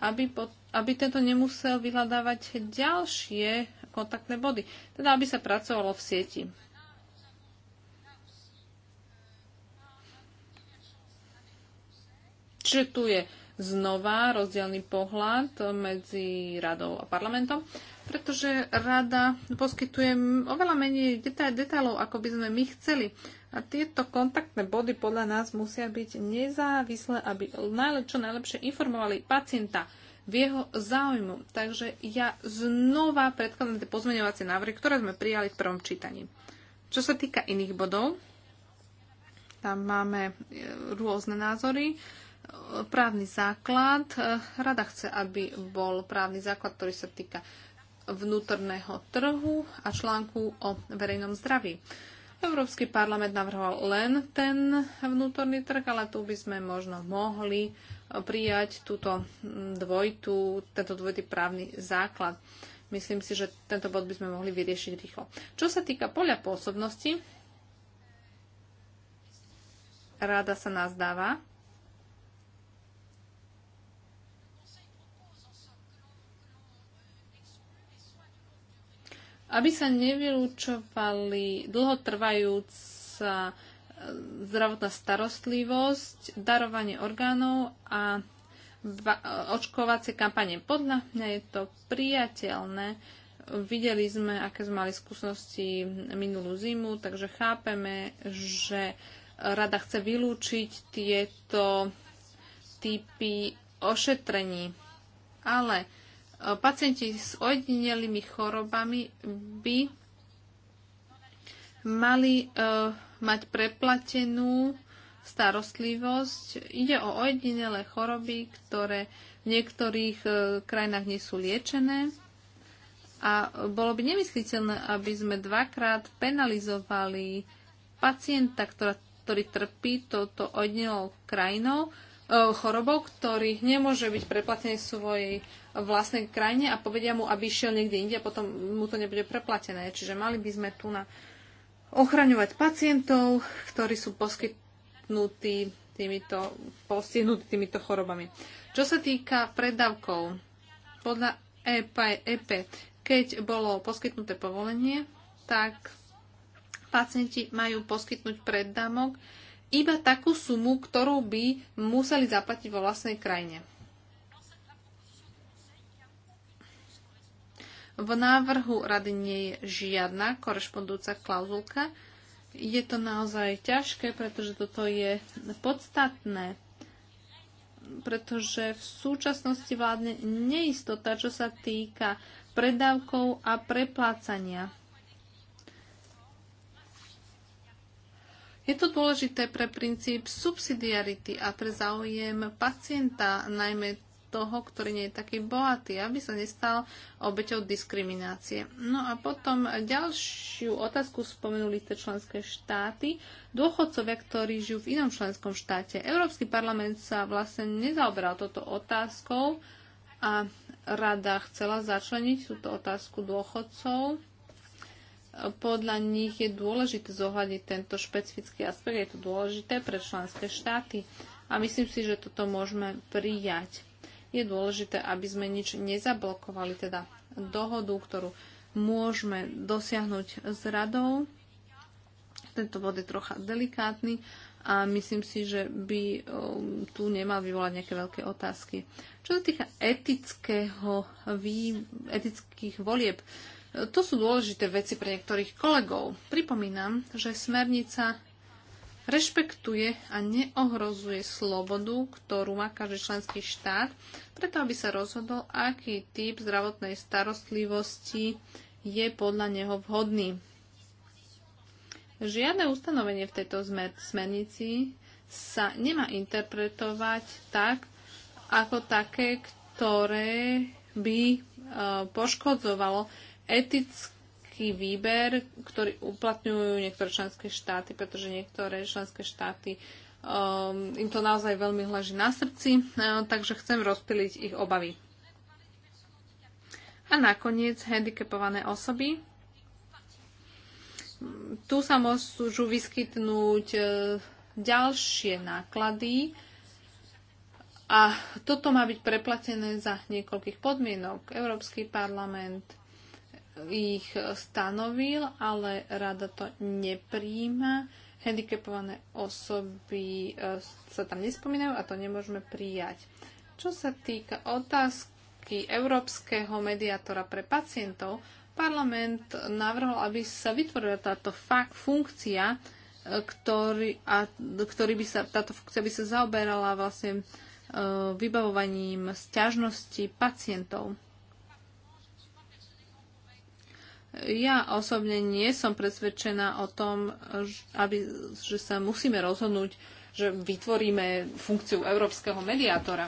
aby, po, aby tento nemusel vyhľadávať ďalšie kontaktné body, teda aby sa pracovalo v sieti. Čiže tu je znova rozdielný pohľad medzi radou a parlamentom, pretože rada poskytuje oveľa menej detailov, ako by sme my chceli. A tieto kontaktné body podľa nás musia byť nezávislé, aby čo najlepšie informovali pacienta v jeho záujmu. Takže ja znova predkladám tie pozmeňovacie návrhy, ktoré sme prijali v prvom čítaní. Čo sa týka iných bodov, tam máme e, rôzne názory právny základ. Rada chce, aby bol právny základ, ktorý sa týka vnútorného trhu a článku o verejnom zdraví. Európsky parlament navrhoval len ten vnútorný trh, ale tu by sme možno mohli prijať túto dvojtu, tento dvojitý právny základ. Myslím si, že tento bod by sme mohli vyriešiť rýchlo. Čo sa týka poľa pôsobnosti, ráda sa nás dáva, aby sa nevylúčovali dlhotrvajúca eh, zdravotná starostlivosť, darovanie orgánov a eh, očkovacie kampanie. Podľa mňa je to priateľné. Videli sme, aké sme mali skúsenosti minulú zimu, takže chápeme, že rada chce vylúčiť tieto typy ošetrení. Ale E, pacienti s ojedinelými chorobami by mali e, mať preplatenú starostlivosť. Ide o ojedinelé choroby, ktoré v niektorých e, krajinách nie sú liečené. A bolo by nemysliteľné, aby sme dvakrát penalizovali pacienta, ktorá, ktorý trpí touto ojedinelou krajinou, E, chorobou, ktorý nemôže byť preplatený v svojej vlastnej krajine a povedia mu, aby išiel niekde inde a potom mu to nebude preplatené. Čiže mali by sme tu na ochraňovať pacientov, ktorí sú poskytnutí týmito, postihnutí týmito chorobami. Čo sa týka predávkov, podľa EP, EP keď bolo poskytnuté povolenie, tak pacienti majú poskytnúť preddamok iba takú sumu, ktorú by museli zaplatiť vo vlastnej krajine. V návrhu rady nie je žiadna korešpondujúca klauzulka. Je to naozaj ťažké, pretože toto je podstatné pretože v súčasnosti vládne neistota, čo sa týka predávkov a preplácania. Je to dôležité pre princíp subsidiarity a pre záujem pacienta, najmä toho, ktorý nie je taký bohatý, aby sa nestal obeťou diskriminácie. No a potom ďalšiu otázku spomenuli ste členské štáty. Dôchodcovia, ktorí žijú v inom členskom štáte. Európsky parlament sa vlastne nezaoberal toto otázkou a rada chcela začleniť túto otázku dôchodcov podľa nich je dôležité zohľadiť tento špecifický aspekt, je to dôležité pre členské štáty a myslím si, že toto môžeme prijať. Je dôležité, aby sme nič nezablokovali, teda dohodu, ktorú môžeme dosiahnuť s radou. Tento bod je trocha delikátny a myslím si, že by um, tu nemal vyvolať nejaké veľké otázky. Čo sa týka etického, etických volieb, to sú dôležité veci pre niektorých kolegov. Pripomínam, že smernica rešpektuje a neohrozuje slobodu, ktorú má každý členský štát, preto aby sa rozhodol, aký typ zdravotnej starostlivosti je podľa neho vhodný. Žiadne ustanovenie v tejto smernici sa nemá interpretovať tak, ako také, ktoré by e, poškodzovalo etický výber, ktorý uplatňujú niektoré členské štáty, pretože niektoré členské štáty um, im to naozaj veľmi leží na srdci, um, takže chcem rozpiliť ich obavy. A nakoniec handicapované osoby. Tu sa môžu vyskytnúť e, ďalšie náklady, a toto má byť preplatené za niekoľkých podmienok. Európsky parlament ich stanovil, ale rada to nepríjima. Handicapované osoby e, sa tam nespomínajú a to nemôžeme prijať. Čo sa týka otázky európskeho mediátora pre pacientov, parlament navrhol, aby sa vytvorila táto funkcia, e, ktorý, a, ktorý by sa, táto funkcia by sa zaoberala vlastne e, vybavovaním sťažnosti pacientov. Ja osobne nie som presvedčená o tom, aby, že sa musíme rozhodnúť, že vytvoríme funkciu európskeho mediátora.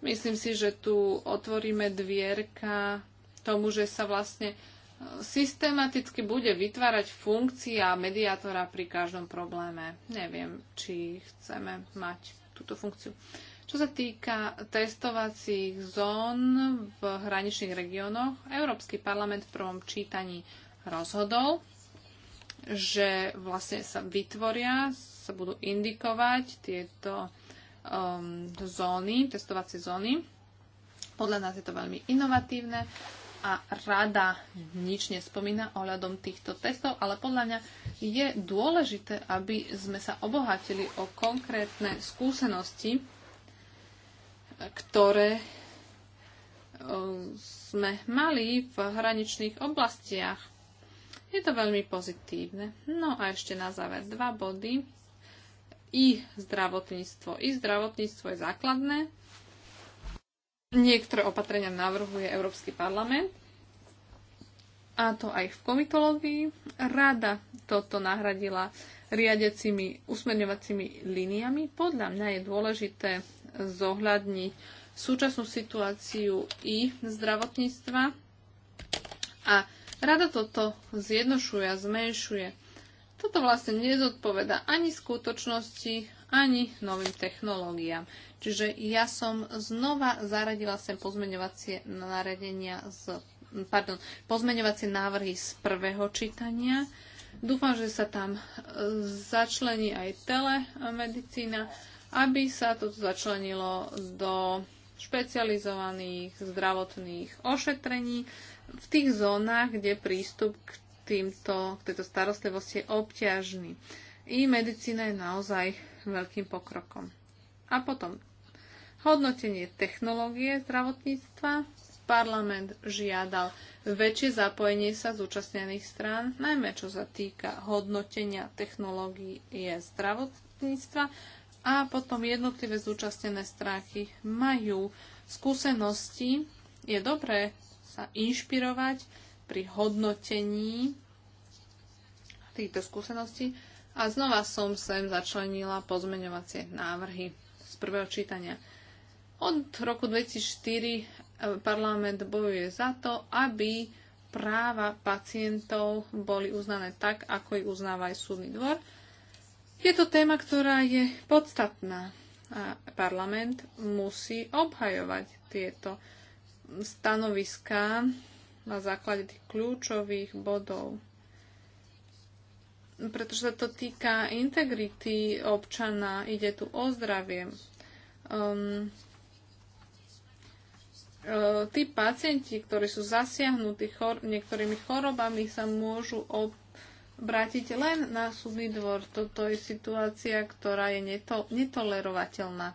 Myslím si, že tu otvoríme dvierka tomu, že sa vlastne e, systematicky bude vytvárať funkcia mediátora pri každom probléme. Neviem, či chceme mať túto funkciu. Uh, čo sa týka testovacích zón v hraničných regiónoch, Európsky parlament v prvom čítaní rozhodol, že vlastne sa vytvoria, sa budú indikovať tieto um, zóny, testovacie zóny. Podľa nás je to veľmi inovatívne a rada nič nespomína ohľadom týchto testov, ale podľa mňa je dôležité, aby sme sa obohatili o konkrétne skúsenosti ktoré e, sme mali v hraničných oblastiach. Je to veľmi pozitívne. No a ešte na záver dva body. I zdravotníctvo. I zdravotníctvo je základné. Niektoré opatrenia navrhuje Európsky parlament a to aj v komitológii. Rada toto nahradila riadecimi usmerňovacími líniami. Podľa mňa je dôležité zohľadniť súčasnú situáciu i zdravotníctva a rada toto zjednošuje a zmenšuje. Toto vlastne nezodpoveda ani skutočnosti, ani novým technológiám. Čiže ja som znova zaradila sem pozmeňovacie naredenia z, pardon, pozmeňovacie návrhy z prvého čítania. Dúfam, že sa tam e, začlení aj telemedicína aby sa toto začlenilo do špecializovaných zdravotných ošetrení v tých zónach, kde prístup k, týmto, k tejto starostlivosti je obťažný. I medicína je naozaj veľkým pokrokom. A potom hodnotenie technológie zdravotníctva. Parlament žiadal väčšie zapojenie sa zúčastnených strán, najmä čo sa týka hodnotenia technológií zdravotníctva a potom jednotlivé zúčastnené strachy majú skúsenosti. Je dobré sa inšpirovať pri hodnotení týchto skúseností a znova som sem začlenila pozmeňovacie návrhy z prvého čítania. Od roku 2004 eh, parlament bojuje za to, aby práva pacientov boli uznané tak, ako ich uznáva aj súdny dvor je to téma, ktorá je podstatná a parlament musí obhajovať tieto stanoviská na základe tých kľúčových bodov. Pretože sa to týka integrity občana, ide tu o zdravie. Um, tí pacienti, ktorí sú zasiahnutí chor- niektorými chorobami, sa môžu ob- vrátiť len na súdny dvor. Toto je situácia, ktorá je neto- netolerovateľná.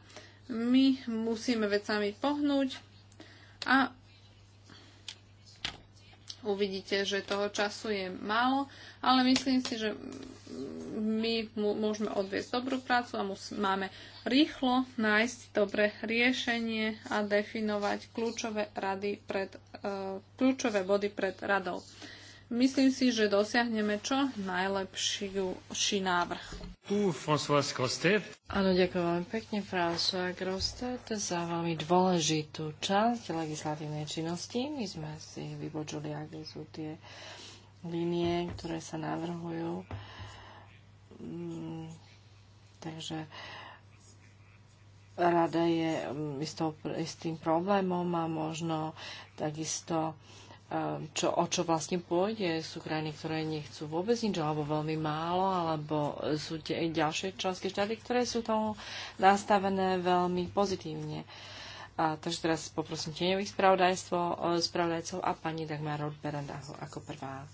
My musíme vecami pohnúť a uvidíte, že toho času je málo, ale myslím si, že my môžeme odviesť dobrú prácu a máme rýchlo nájsť dobré riešenie a definovať kľúčové, rady pred, e, kľúčové body pred radou. Myslím si, že dosiahneme čo najlepší návrh. Áno, ďakujem pekne, François Grostet, za veľmi dôležitú časť legislatívnej činnosti. My sme si vypočuli, aké sú tie línie, ktoré sa navrhujú. Mm, takže rada je mm, s, tým problémom a možno takisto Ehm, čo, o čo vlastne pôjde. Sú krajiny, ktoré nechcú vôbec nič, alebo veľmi málo, alebo sú tie ďalšie členské štáty, ktoré sú tomu nastavené veľmi pozitívne. A, takže teraz poprosím tieňových spravodajstvo, e, spravodajcov a pani Dagmar Rodberend ako prvá.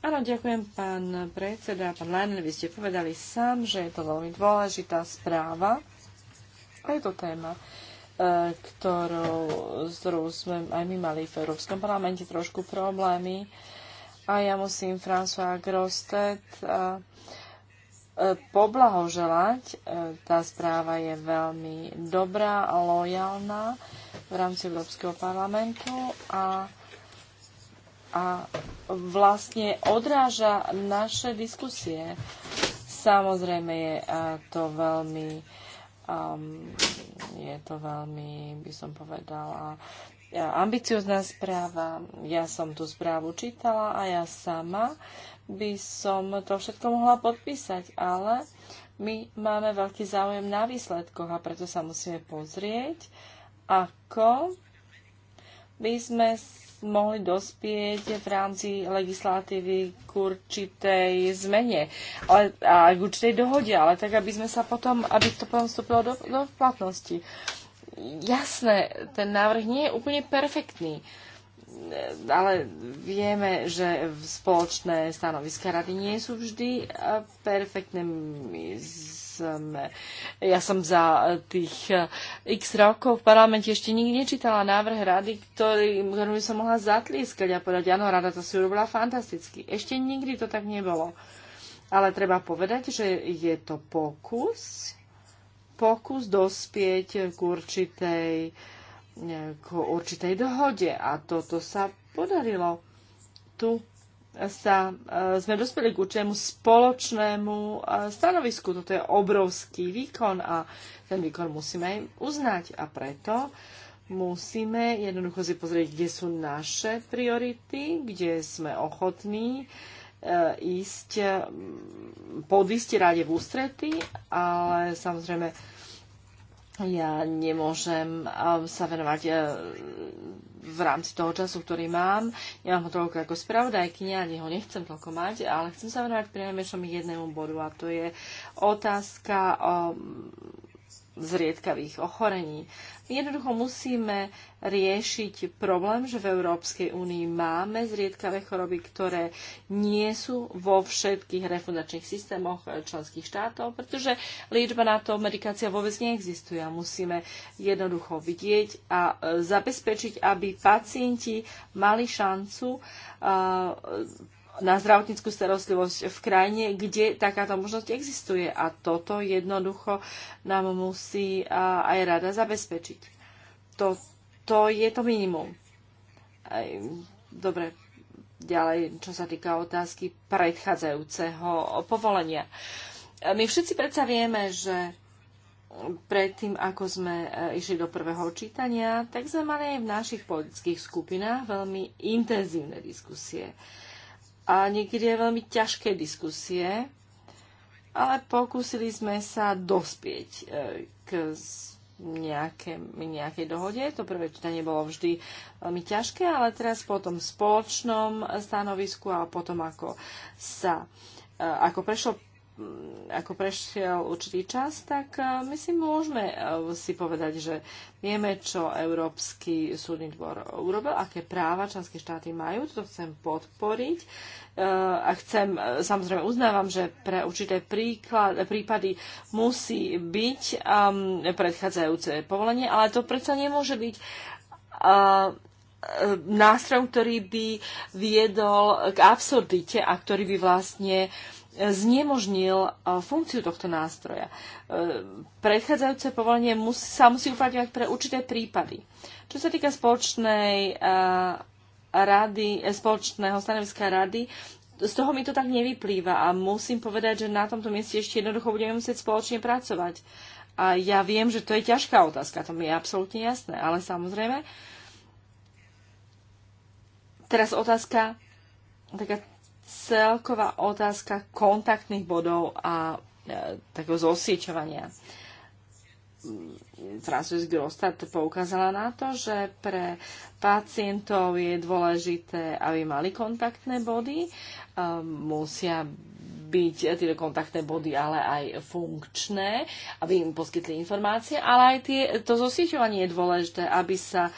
Áno, ďakujem, pán predseda. Pán Lenin, vy ste povedali sám, že je to veľmi dôležitá správa. A je to téma, E, ktorou, s ktorou sme aj my mali v Európskom parlamente trošku problémy. A ja musím François Grostet e, e, poblahoželať. Tá správa je veľmi dobrá a lojálna v rámci Európskeho parlamentu a, a vlastne odráža naše diskusie. Samozrejme je to veľmi Um, je to veľmi, by som povedala, ambiciozná správa. Ja som tú správu čítala a ja sama by som to všetko mohla podpísať, ale my máme veľký záujem na výsledkoch a preto sa musíme pozrieť, ako by sme mohli dospieť v rámci legislatívy k určitej zmene ale, a k určitej dohode, ale tak, aby sme sa potom, aby to potom vstúpilo do, do platnosti. Jasné, ten návrh nie je úplne perfektný, ale vieme, že spoločné stanoviska rady nie sú vždy eh, perfektné. My sme, ja som za eh, tých eh, x rokov v parlamente ešte nikdy nečítala návrh rady, ktorý, by som mohla zatlískať a povedať, áno, rada to si urobila fantasticky. Ešte nikdy to tak nebolo. Ale treba povedať, že je to pokus, pokus dospieť k určitej, eh, k určitej dohode. A toto sa podarilo tu sa, e, sme dospeli k určitému spoločnému e, stanovisku. Toto je obrovský výkon a ten výkon musíme aj uznať a preto musíme jednoducho si pozrieť, kde sú naše priority, kde sme ochotní e, ísť, podísť ráde v ústrety, ale samozrejme ja nemôžem sa venovať v rámci toho času, ktorý mám. Nemám ho toľko ako spravodajkynia, ani ho nechcem toľko mať, ale chcem sa venovať prinajmenšom jednému bodu a to je otázka o um, zriedkavých ochorení. My jednoducho musíme riešiť problém, že v Európskej únii máme zriedkavé choroby, ktoré nie sú vo všetkých refundačných systémoch eh, členských štátov, pretože liečba na to medikácia vôbec neexistuje a musíme jednoducho vidieť a eh, zabezpečiť, aby pacienti mali šancu eh, na zdravotníckú starostlivosť v krajine, kde takáto možnosť existuje. A toto jednoducho nám musí aj rada zabezpečiť. To, to je to minimum. Dobre, ďalej, čo sa týka otázky predchádzajúceho povolenia. My všetci predsa vieme, že predtým, ako sme e, išli do prvého čítania, tak sme mali aj v našich politických skupinách veľmi intenzívne diskusie. Uh, a niekedy je veľmi ťažké diskusie, ale pokúsili sme sa dospieť e, k nejaké, nejakej dohode. To prvé čítanie bolo vždy veľmi ťažké, ale teraz po tom spoločnom stanovisku a potom ako sa e, ako prešlo Mm, ako prešiel určitý čas, tak e, my si môžeme e, si povedať, že vieme, čo Európsky súdny dvor urobil, aké práva členské štáty majú, to chcem podporiť e, a chcem, samozrejme uznávam, že pre určité príklad, prípady musí byť um, predchádzajúce povolenie, ale to predsa nemôže byť uh, nástroj, ktorý by viedol k absurdite a ktorý by vlastne uh, znemožnil e, funkciu tohto nástroja. E, predchádzajúce povolenie sa musí uplatňovať pre určité prípady. Čo sa týka spoločnej e, rady, spoločného stanoviska rady, z toho mi to tak nevyplýva a musím povedať, že na tomto mieste ešte jednoducho budeme musieť spoločne pracovať. A ja viem, že to je ťažká otázka, to mi je absolútne jasné, ale samozrejme. Teraz otázka taká celková otázka kontaktných bodov a e, takého zosieťovania. Francis Grostat poukázala na to, že pre pacientov je dôležité, aby mali kontaktné body. E, musia byť tieto kontaktné body ale aj funkčné, aby im poskytli informácie, ale aj tie, to zosieťovanie je dôležité, aby sa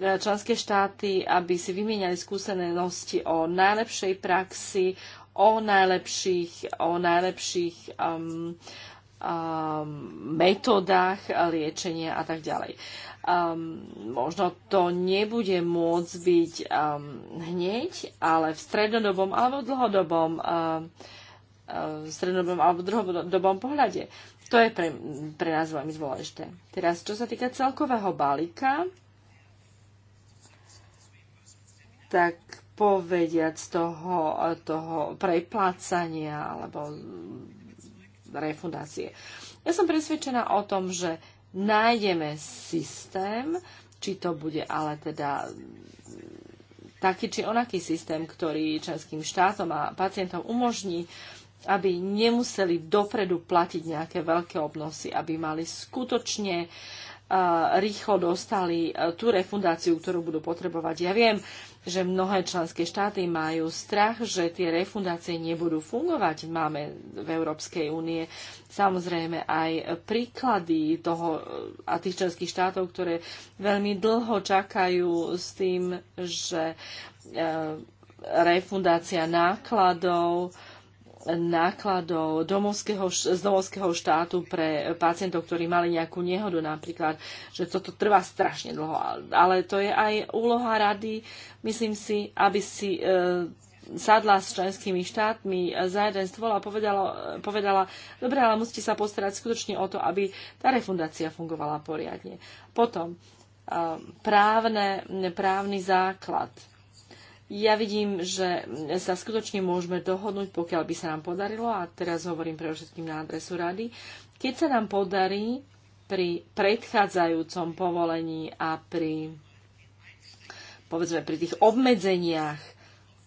E, členské štáty, aby si vymieniali skúsenosti o najlepšej praxi, o najlepších, o najlepších um, um, metodách liečenia a tak ďalej. Um, možno to nebude môcť byť um, hneď, ale v strednodobom alebo dlhodobom, um, um v strednodobom alebo dlhodobom pohľade. To je pre, pre nás veľmi dôležité. Teraz, čo sa týka celkového balíka, tak povediať z toho, toho preplácania alebo refundácie. Ja som presvedčená o tom, že nájdeme systém, či to bude ale teda taký či onaký systém, ktorý členským štátom a pacientom umožní, aby nemuseli dopredu platiť nejaké veľké obnosy, aby mali skutočne uh, rýchlo dostali tú refundáciu, ktorú budú potrebovať. Ja viem, že mnohé členské štáty majú strach, že tie refundácie nebudú fungovať. Máme v Európskej únie samozrejme aj príklady toho eh, a tých členských štátov, ktoré veľmi dlho čakajú s tým, že eh, refundácia nákladov nákladov domovského, z domovského štátu pre pacientov, ktorí mali nejakú nehodu napríklad, že toto trvá strašne dlho. Ale to je aj úloha rady, myslím si, aby si e, sadla s členskými štátmi za jeden stôl a povedala, povedala dobre, ale musíte sa postarať skutočne o to, aby tá refundácia fungovala poriadne. Potom, e, právne, právny základ ja vidím, že sa skutočne môžeme dohodnúť, pokiaľ by sa nám podarilo, a teraz hovorím pre všetkým na adresu rady, keď sa nám podarí pri predchádzajúcom povolení a pri, povedzme, pri tých obmedzeniach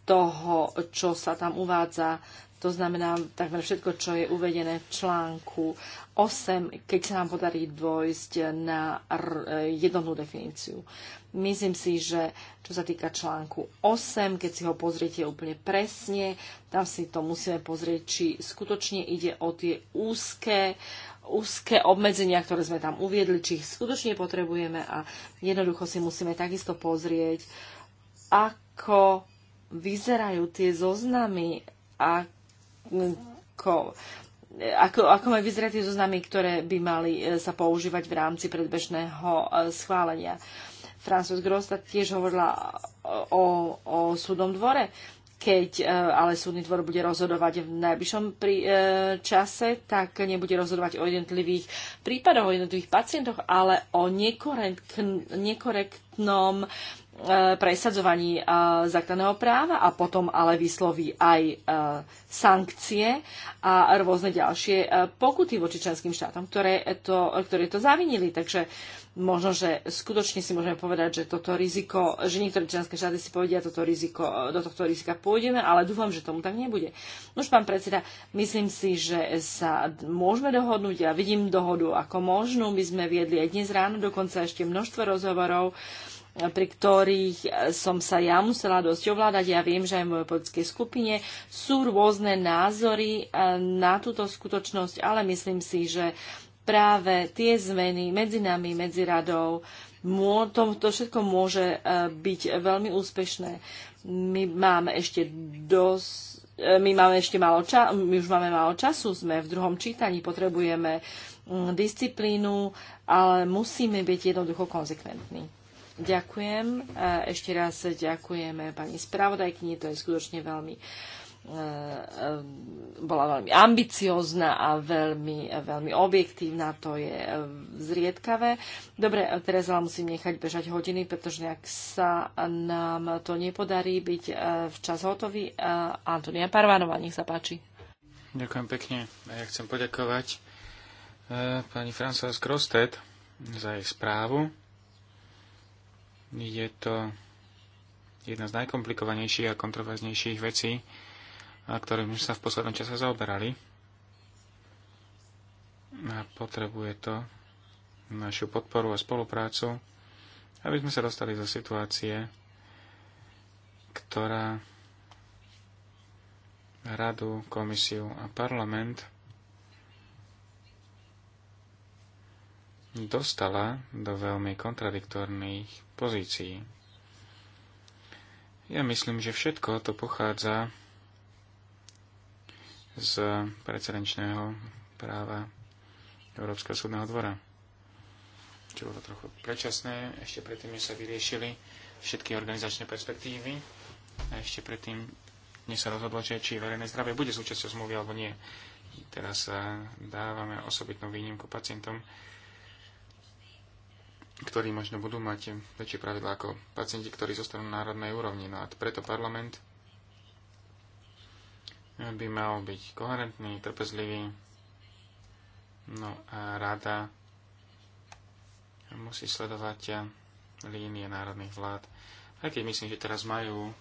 toho, čo sa tam uvádza, to znamená takmer všetko, čo je uvedené v článku 8, keď sa nám podarí dôjsť na e, jednotnú definíciu. Myslím si, že čo sa týka článku 8, keď si ho pozriete úplne presne, tam si to musíme pozrieť, či skutočne ide o tie úzke úzke obmedzenia, ktoré sme tam uviedli, či ich skutočne potrebujeme a jednoducho si musíme takisto pozrieť, ako vyzerajú tie zoznamy, ak ko, Ako, ako majú vyzerať tie zoznamy, ktoré by mali e, sa používať v rámci predbežného e, schválenia? Francis Grosta tiež hovorila e, o, o súdom dvore. Keď ale súdny dvor bude rozhodovať v najbližšom pri, e, čase, tak nebude rozhodovať o jednotlivých prípadoch, o jednotlivých pacientoch, ale o nekorektnom E, presadzovaní e, základného práva a potom ale vysloví aj e, sankcie a rôzne ďalšie pokuty voči členským štátom, ktoré to, ktoré to zavinili. Takže možno, že skutočne si môžeme povedať, že toto riziko, že niektoré členské štáty si povedia, toto riziko, do tohto rizika pôjdeme, ale dúfam, že tomu tak nebude. Už pán predseda, myslím si, že sa môžeme dohodnúť. Ja vidím dohodu ako možnú. My sme viedli aj dnes ráno dokonca ešte množstvo rozhovorov. Uh, pri ktorých som sa ja musela dosť ovládať. Ja viem, že aj v mojej politickej skupine sú rôzne názory eh, na túto skutočnosť, ale myslím si, že práve tie zmeny medzi nami, medzi radou, to, to všetko môže eh, byť veľmi úspešné. My máme ešte dosť eh, my máme ešte malo ča- my už máme málo času, sme v druhom čítaní, potrebujeme mm, disciplínu, ale musíme byť jednoducho konzekventní. Ďakujem. Ešte raz ďakujeme pani spravodajkyni, to je skutočne veľmi e, e, bola veľmi ambiciozná a veľmi, veľmi objektívna, to je e, zriedkavé. Dobre, teraz vám musím nechať bežať hodiny, pretože ak sa nám to nepodarí byť včas hotový, Antonia Parvanova, nech sa páči. Ďakujem pekne a ja chcem poďakovať pani Françoise Grosted za jej správu. Je to jedna z najkomplikovanejších a kontroverznejších vecí, ktorými sa v poslednom čase zaoberali. A potrebuje to našu podporu a spoluprácu, aby sme sa dostali do situácie, ktorá radu, komisiu a parlament dostala do veľmi kontradiktorných pozícií. Ja myslím, že všetko to pochádza z precedenčného práva Európskeho súdneho dvora. Čo bolo trochu predčasné, ešte predtým, než sa vyriešili všetky organizačné perspektívy a ešte predtým, než sa rozhodlo, že či verejné zdravie bude súčasťou zmluvy alebo nie. Teraz eh, dávame osobitnú výnimku pacientom, ktorí možno budú mať väčšie pravidlá ako pacienti, ktorí zostanú na národnej úrovni. No a preto parlament by mal byť koherentný, trpezlivý. No a rada musí sledovať línie národných vlád, aj keď myslím, že teraz majú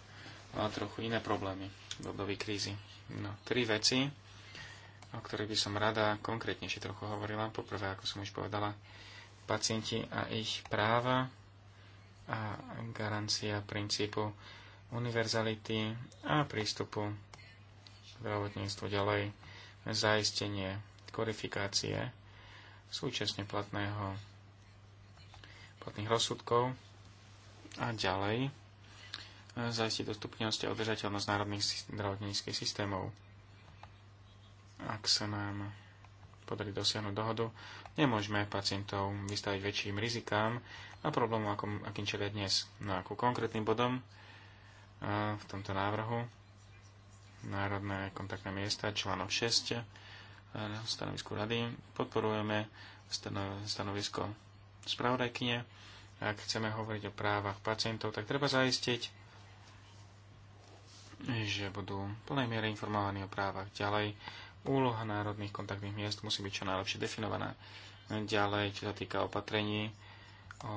trochu iné problémy v období krízy. No, tri veci, o ktorých by som rada konkrétnejšie trochu hovorila. Poprvé, ako som už povedala, pacienti a ich práva a garancia princípu univerzality a prístupu zdravotníctvu ďalej zaistenie kodifikácie súčasne platného platných rozsudkov a ďalej e, zaistiť dostupnosť a udržateľnosť národných zdravotníckých systémov. Ak sa nám podarí dosiahnuť dohodu, nemôžeme pacientov vystaviť väčším rizikám a problémom, akým, akým čelia dnes. No a ku konkrétnym bodom v tomto návrhu Národné kontaktné miesta, článok 6, stanovisku rady, podporujeme stanovisko spravodajkyne. Ak chceme hovoriť o právach pacientov, tak treba zaistiť, že budú plnej miere informovaní o právach ďalej Úloha národných kontaktných miest musí byť čo najlepšie definovaná. Ďalej, čo sa týka opatrení o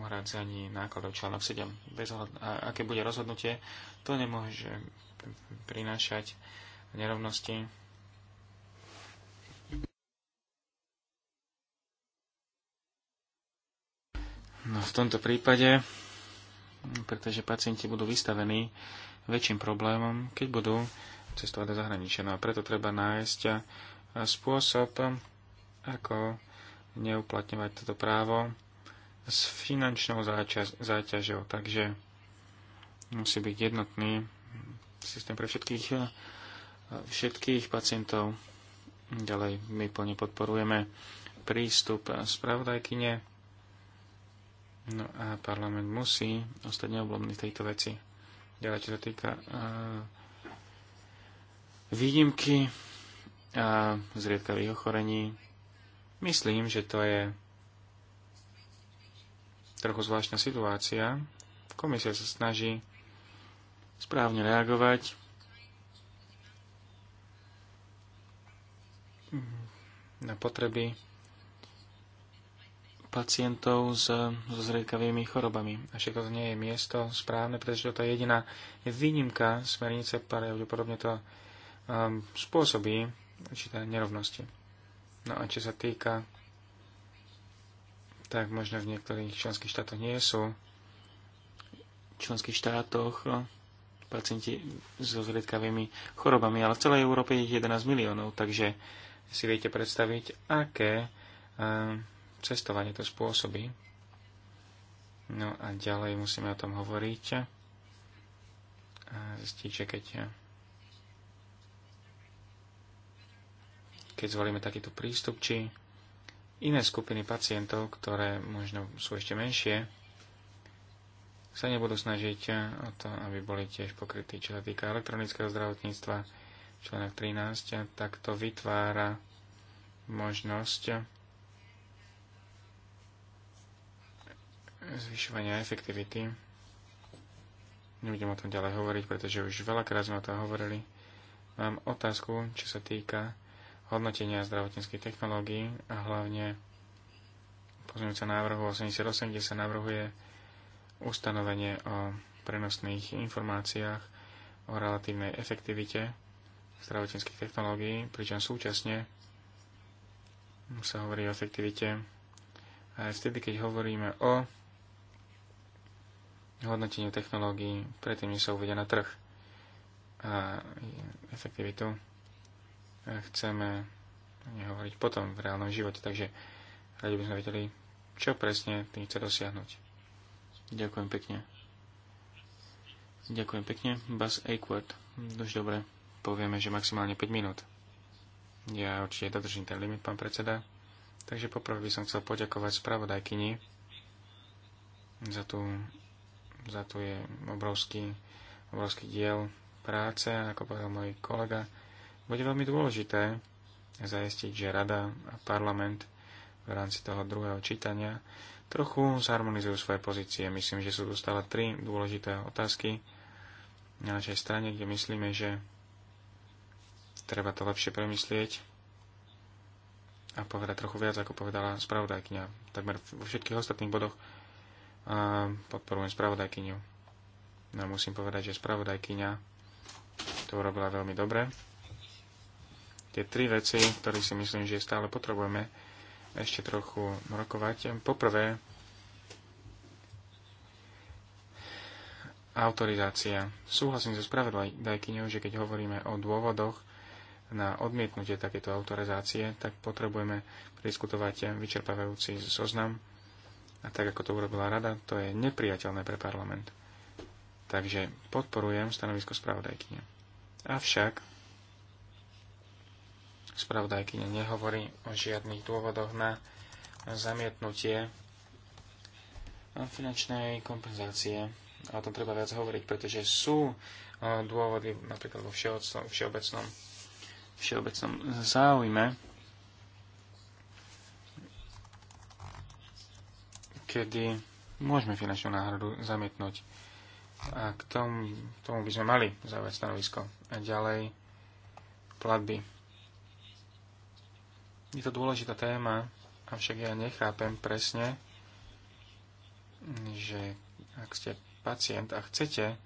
uhradzaní nákladov článok 7. Bez a aké bude rozhodnutie, to nemôže prinášať nerovnosti. No v tomto prípade, pretože pacienti budú vystavení väčším problémom, keď budú cestovať do zahraničia. No a preto treba nájsť spôsob, ako neuplatňovať toto právo s finančnou záťaž, záťažou. Takže musí byť jednotný systém pre všetkých, všetkých pacientov. Ďalej my plne podporujeme prístup spravodajkyne. No a parlament musí ostať neoblomný v tejto veci. Ďalej, čo sa týka uh, výnimky a zriedkavých ochorení. Myslím, že to je trochu zvláštna situácia. Komisia sa snaží správne reagovať. na potreby pacientov s, so zriedkavými chorobami. A však to nie je miesto správne, pretože to je jediná výnimka smernice, pravdepodobne to Um, spôsobí určité nerovnosti. No a čo sa týka, tak možno v niektorých členských štátoch nie sú v členských štátoch uh, pacienti so zriedkavými chorobami, ale v celej Európe je 11 miliónov, takže si viete predstaviť, aké um, cestovanie to spôsobí. No a ďalej musíme o tom hovoriť. Zistiť, že keď keď zvolíme takýto prístup, či iné skupiny pacientov, ktoré možno sú ešte menšie, sa nebudú snažiť o to, aby boli tiež pokrytí. Čo sa týka elektronického zdravotníctva, článok 13, tak to vytvára možnosť zvyšovania efektivity. Nebudem o tom ďalej hovoriť, pretože už veľakrát sme o tom hovorili. Mám otázku, čo sa týka hodnotenia zdravotníckých technológií a hlavne pozmeňujúca návrhu 88, kde sa navrhuje ustanovenie o prenosných informáciách o relatívnej efektivite zdravotníckých technológií, pričom súčasne sa hovorí o efektivite aj vtedy, keď hovoríme o hodnotení technológií predtým, než sa uvedia na trh a efektivitu chceme hovoriť potom v reálnom živote. Takže radi by sme vedeli, čo presne tým chce dosiahnuť. Ďakujem pekne. Ďakujem pekne. Bas Aykwood. Už dobre, povieme, že maximálne 5 minút. Ja určite dodržím ten limit, pán predseda. Takže poprvé by som chcel poďakovať spravodajkyni za tú, za tú je obrovský, obrovský diel práce, ako povedal môj kolega bude veľmi dôležité zajistiť, že Rada a parlament v rámci toho druhého čítania trochu zharmonizujú svoje pozície. Myslím, že sú tu stále tri dôležité otázky na našej strane, kde myslíme, že treba to lepšie premyslieť a povedať trochu viac, ako povedala spravodajkyňa. Takmer vo všetkých ostatných bodoch podporujem spravodajkyňu. No musím povedať, že spravodajkyňa to urobila veľmi dobre tie tri veci, ktoré si myslím, že stále potrebujeme ešte trochu rokovať. Poprvé, autorizácia. Súhlasím so spravodajkyňou, že keď hovoríme o dôvodoch na odmietnutie takéto autorizácie, tak potrebujeme prediskutovať vyčerpávajúci zoznam. A tak, ako to urobila rada, to je nepriateľné pre parlament. Takže podporujem stanovisko spravodajkyne. Avšak spravodajkyne nehovorí o žiadnych dôvodoch na zamietnutie finančnej kompenzácie. O tom treba viac hovoriť, pretože sú e, dôvody napríklad vo všeobecnom, všeobecnom, všeobecnom záujme, kedy môžeme finančnú náhradu zamietnúť. A k tomu, k tomu by sme mali zaujať stanovisko. A ďalej platby. Je to dôležitá téma, avšak ja nechápem presne, že ak ste pacient a chcete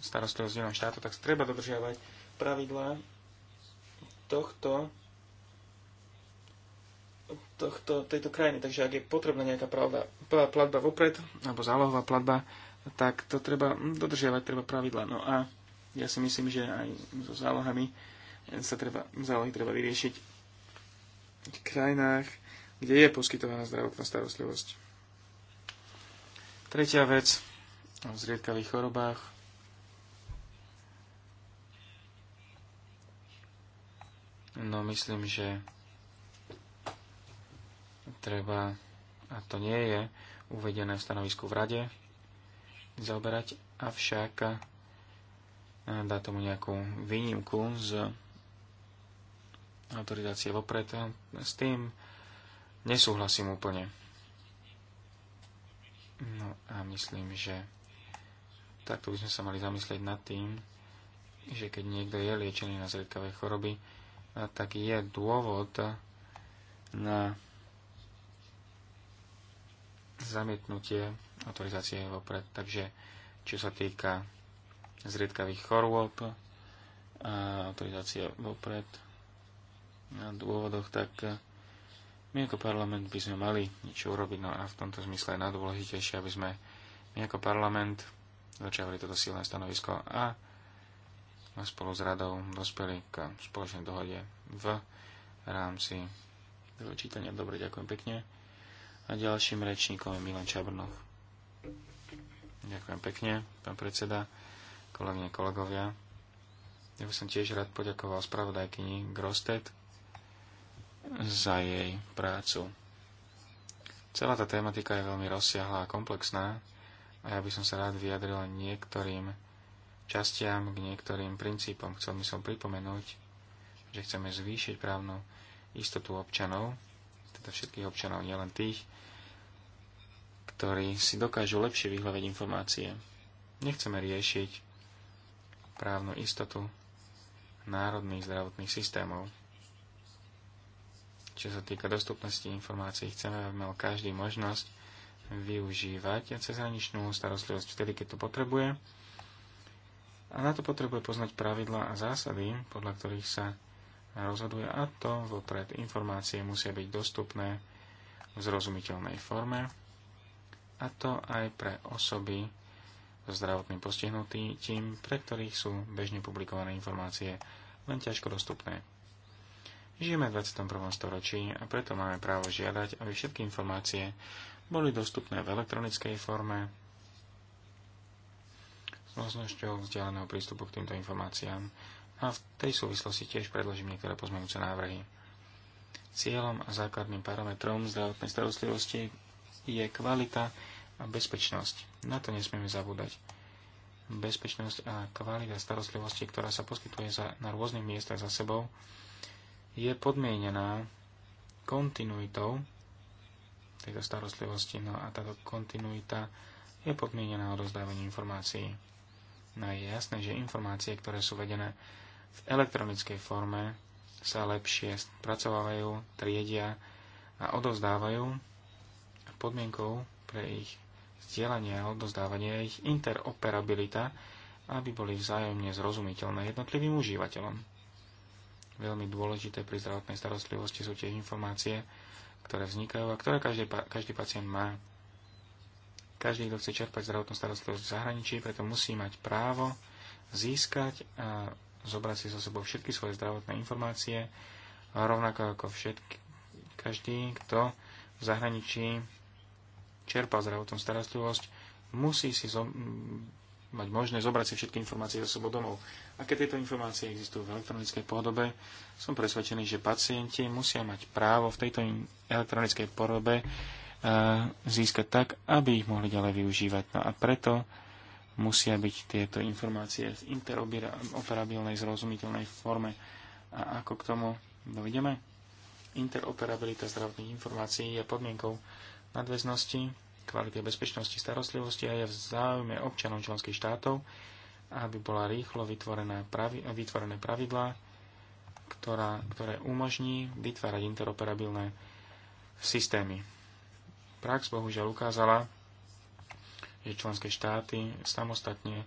starostlivosť v štátu, tak treba dodržiavať pravidlá tohto, tohto, tejto krajiny. Takže ak je potrebná nejaká pravda, platba vopred, alebo zálohová platba, tak to treba dodržiavať, treba pravidla. No a ja si myslím, že aj so zálohami sa treba, zálohy treba vyriešiť v krajinách, kde je poskytovaná zdravotná starostlivosť. Tretia vec o zriedkavých chorobách. No myslím, že treba, a to nie je uvedené v stanovisku v rade, zaoberať, avšak eh, dá tomu nejakú výnimku z autorizácie vopred. S tým nesúhlasím úplne. No a myslím, že takto by sme sa mali zamyslieť nad tým, že keď niekto je liečený na zriedkavé choroby, tak je dôvod na zamietnutie autorizácie vopred. Takže čo sa týka zriedkavých chorôb, autorizácie vopred, dôvodoch, tak eh, my ako parlament by sme mali niečo urobiť, no a v tomto zmysle je najdôležitejšie, aby sme my ako parlament začali toto silné stanovisko a spolu s radou dospeli k spoločnej dohode v rámci druhého čítania. Dobre, ďakujem pekne. A ďalším rečníkom je Milan Čabrnov. Ďakujem pekne, pán predseda, kolegyne, kolegovia. Ja by som tiež rád poďakoval spravodajkyni Grostet za jej prácu. Celá tá tematika je veľmi rozsiahla a komplexná a ja by som sa rád vyjadril niektorým častiam, k niektorým princípom. Chcel by som pripomenúť, že chceme zvýšiť právnu istotu občanov, teda všetkých občanov, nielen tých, ktorí si dokážu lepšie vyhľadať informácie. Nechceme riešiť právnu istotu národných zdravotných systémov. Čo sa týka dostupnosti informácií, chceme, aby mal každý možnosť využívať cezhraničnú starostlivosť vtedy, keď to potrebuje. A na to potrebuje poznať pravidla a zásady, podľa ktorých sa rozhoduje a to vopred informácie musia byť dostupné v zrozumiteľnej forme a to aj pre osoby so zdravotným postihnutým, pre ktorých sú bežne publikované informácie len ťažko dostupné. Žijeme v 21. storočí a preto máme právo žiadať, aby všetky informácie boli dostupné v elektronickej forme s možnosťou vzdialeného prístupu k týmto informáciám a v tej súvislosti tiež predložím niektoré pozmeňujúce návrhy. Cieľom a základným parametrom zdravotnej starostlivosti je kvalita a bezpečnosť. Na to nesmieme zabúdať. Bezpečnosť a kvalita starostlivosti, ktorá sa poskytuje za, na rôznych miestach za sebou, je podmienená kontinuitou tejto starostlivosti. No a táto kontinuita je podmienená odozdávaním informácií. No je jasné, že informácie, ktoré sú vedené v elektronickej forme, sa lepšie spracovávajú, triedia a odovzdávajú. Podmienkou pre ich zdieľanie a odozdávanie je ich interoperabilita, aby boli vzájomne zrozumiteľné jednotlivým užívateľom. Veľmi dôležité pri zdravotnej starostlivosti sú tie informácie, ktoré vznikajú a ktoré každý, každý pacient má. Každý, kto chce čerpať zdravotnú starostlivosť v zahraničí, preto musí mať právo získať a zobrať si so sebou všetky svoje zdravotné informácie, rovnako ako všetky, každý, kto v zahraničí čerpa zdravotnú starostlivosť, musí si zo, mať možné zobrať si všetky informácie za sebou domov. A keď tieto informácie existujú v elektronickej podobe, som presvedčený, že pacienti musia mať právo v tejto elektronickej podobe eh, získať tak, aby ich mohli ďalej využívať. No a preto musia byť tieto informácie v interoperabilnej, zrozumiteľnej forme. A ako k tomu dovideme? Interoperabilita zdravotných informácií je podmienkou nadväznosti kvality a bezpečnosti starostlivosti a je v záujme občanov členských štátov, aby bola rýchlo vytvorená pravi, vytvorené pravidlá, ktorá, ktoré umožní vytvárať interoperabilné systémy. Prax bohužiaľ ukázala, že členské štáty samostatne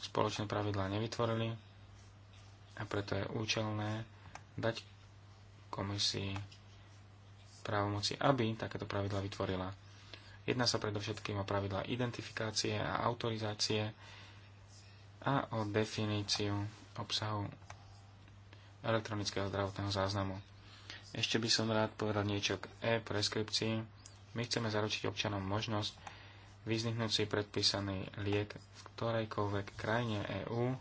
spoločné pravidlá nevytvorili a preto je účelné dať komisii právomoci, aby takéto pravidla vytvorila. Jedná sa predovšetkým o pravidla identifikácie a autorizácie a o definíciu obsahu elektronického zdravotného záznamu. Ešte by som rád povedal niečo k e-preskripcii. My chceme zaručiť občanom možnosť vyzniknúť si predpísaný liek v ktorejkoľvek krajine EÚ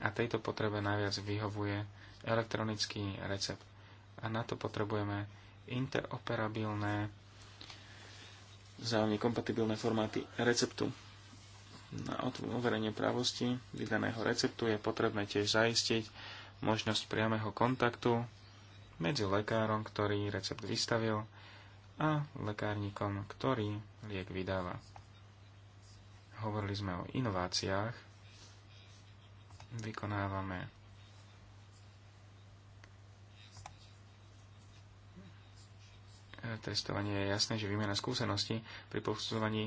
a tejto potrebe najviac vyhovuje elektronický recept. A na to potrebujeme interoperabilné vzájomne kompatibilné formáty receptu. Na overenie právosti vydaného receptu je potrebné tiež zaistiť možnosť priameho kontaktu medzi lekárom, ktorý recept vystavil, a lekárnikom, ktorý liek vydáva. Hovorili sme o inováciách, vykonávame E, testovanie je jasné, že výmena skúseností pri posudzovaní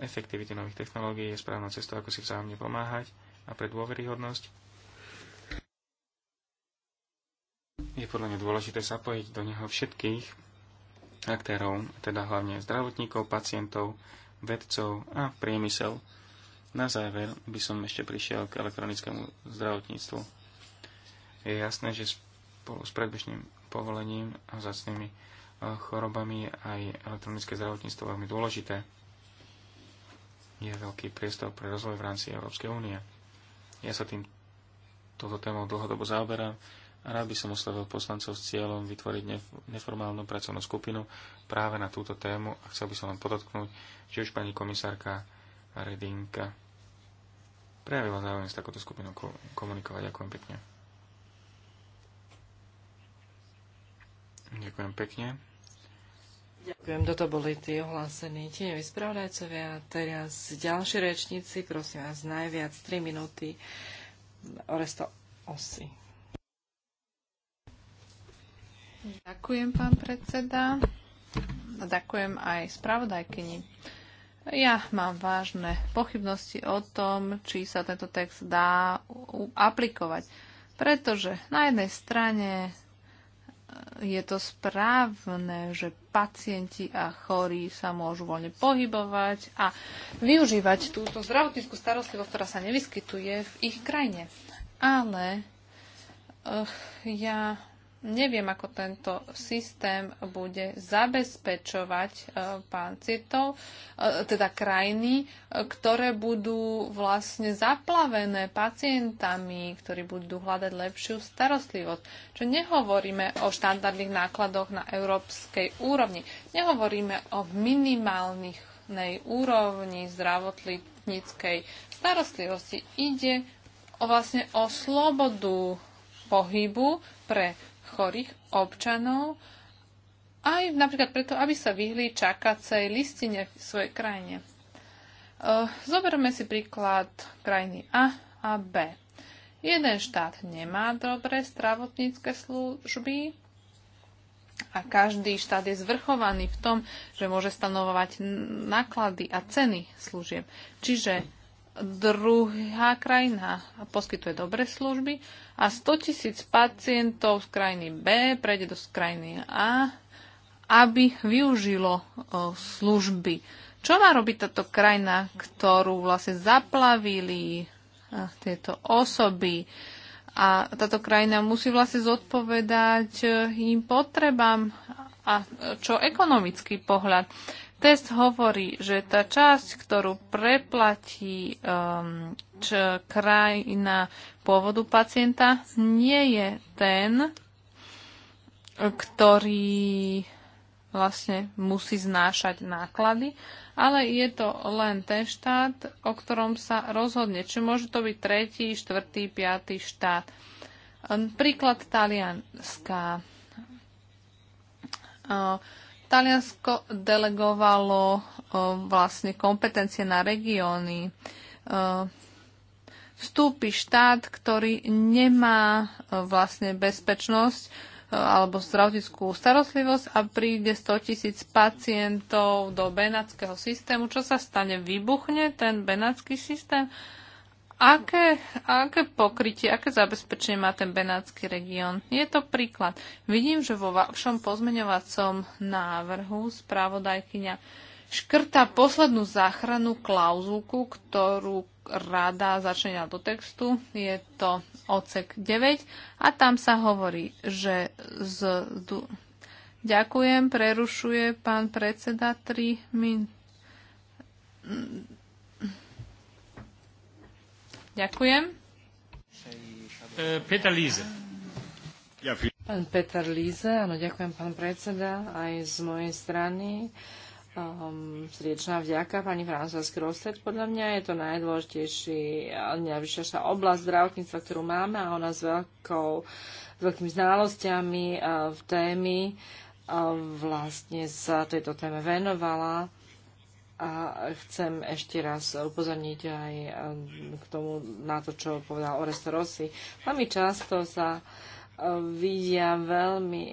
efektivity nových technológií je správna cesta, ako si vzájomne pomáhať a pre dôveryhodnosť je podľa mňa dôležité zapojiť do neho všetkých aktérov, teda hlavne zdravotníkov, pacientov, vedcov a priemysel. Na záver by som ešte prišiel k elektronickému zdravotníctvu. Je jasné, že spolu s predbežným povolením a zácnými chorobami aj elektronické zdravotníctvo veľmi dôležité. Je veľký priestor pre rozvoj v rámci Európskej únie. Ja sa tým toto témou dlhodobo zaoberám a rád by som oslovil poslancov s cieľom vytvoriť neformálnu pracovnú skupinu práve na túto tému a chcel by som len podotknúť, že už pani komisárka Redinka prejavila záujem s takouto skupinou komunikovať. Ďakujem pekne. Ďakujem pekne. Ďakujem, toto boli tie ohlásení tieňoví spravodajcovia. Teraz ďalší rečníci, prosím vás, najviac 3 minúty. Oresto Osi. Ďakujem, pán predseda. a Ďakujem aj spravodajkyni. Ja mám vážne pochybnosti o tom, či sa tento text dá aplikovať. Pretože na jednej strane eh, je to správne, že pacienti a chorí sa môžu voľne pohybovať a využívať túto zdravotnickú starostlivosť, ktorá sa nevyskytuje v ich krajine. Ale uh, ja Neviem, ako tento systém bude zabezpečovať e, pán pancitov, e, teda krajiny, e, ktoré budú vlastne zaplavené pacientami, ktorí budú hľadať lepšiu starostlivosť. Čo nehovoríme o štandardných nákladoch na európskej úrovni. Nehovoríme o minimálnych úrovni zdravotníckej starostlivosti. Ide o vlastne o slobodu pohybu pre chorých občanov, aj napríklad preto, aby sa vyhli čakacej listine v svojej krajine. E, zoberme si príklad krajiny A a B. Jeden štát nemá dobré zdravotnícke služby a každý štát je zvrchovaný v tom, že môže stanovovať náklady a ceny služieb. Čiže druhá krajina poskytuje dobré služby a 100 tisíc pacientov z krajiny B prejde do krajiny A, aby využilo služby. Čo má robiť táto krajina, ktorú vlastne zaplavili tieto osoby? A táto krajina musí vlastne zodpovedať e, im potrebám a čo ekonomický pohľad. Test hovorí, že tá časť, ktorú preplatí um, č, krajina pôvodu pacienta, nie je ten, ktorý vlastne musí znášať náklady, ale je to len ten štát, o ktorom sa rozhodne. Či môže to byť tretí, štvrtý, piatý štát. Um, príklad Uh, Taliansko delegovalo vlastne kompetencie na regióny. Vstúpi štát, ktorý nemá vlastne bezpečnosť alebo zdravotnickú starostlivosť a príde 100 tisíc pacientov do benátskeho systému. Čo sa stane? Vybuchne ten benátsky systém? Uh, Aké, aké pokrytie, aké zabezpečenie má ten Benátsky región? Je to príklad. Vidím, že vo vašom pozmeňovacom návrhu správodajkyňa škrta poslednú záchranu klauzulku, ktorú rada začlenia do textu. Je to odsek 9 a tam sa hovorí, že z... Ďakujem, prerušuje pán predseda 3 min... Ďakujem. Eh, Peter Líze. Pán Peter Líze, áno, ďakujem pán predseda aj z mojej strany. Um, Sriečná vďaka pani Francesca Grosset. Podľa mňa je to najdôležitejší, najvyššia oblasť zdravotníctva, ktorú máme a ona s veľkou, veľkými znalosťami uh, v témy uh, vlastne sa tejto téme venovala a chcem ešte raz upozorniť aj eh, k tomu, na to, čo povedal Orest Rossi. Veľmi často sa eh, vidia veľmi,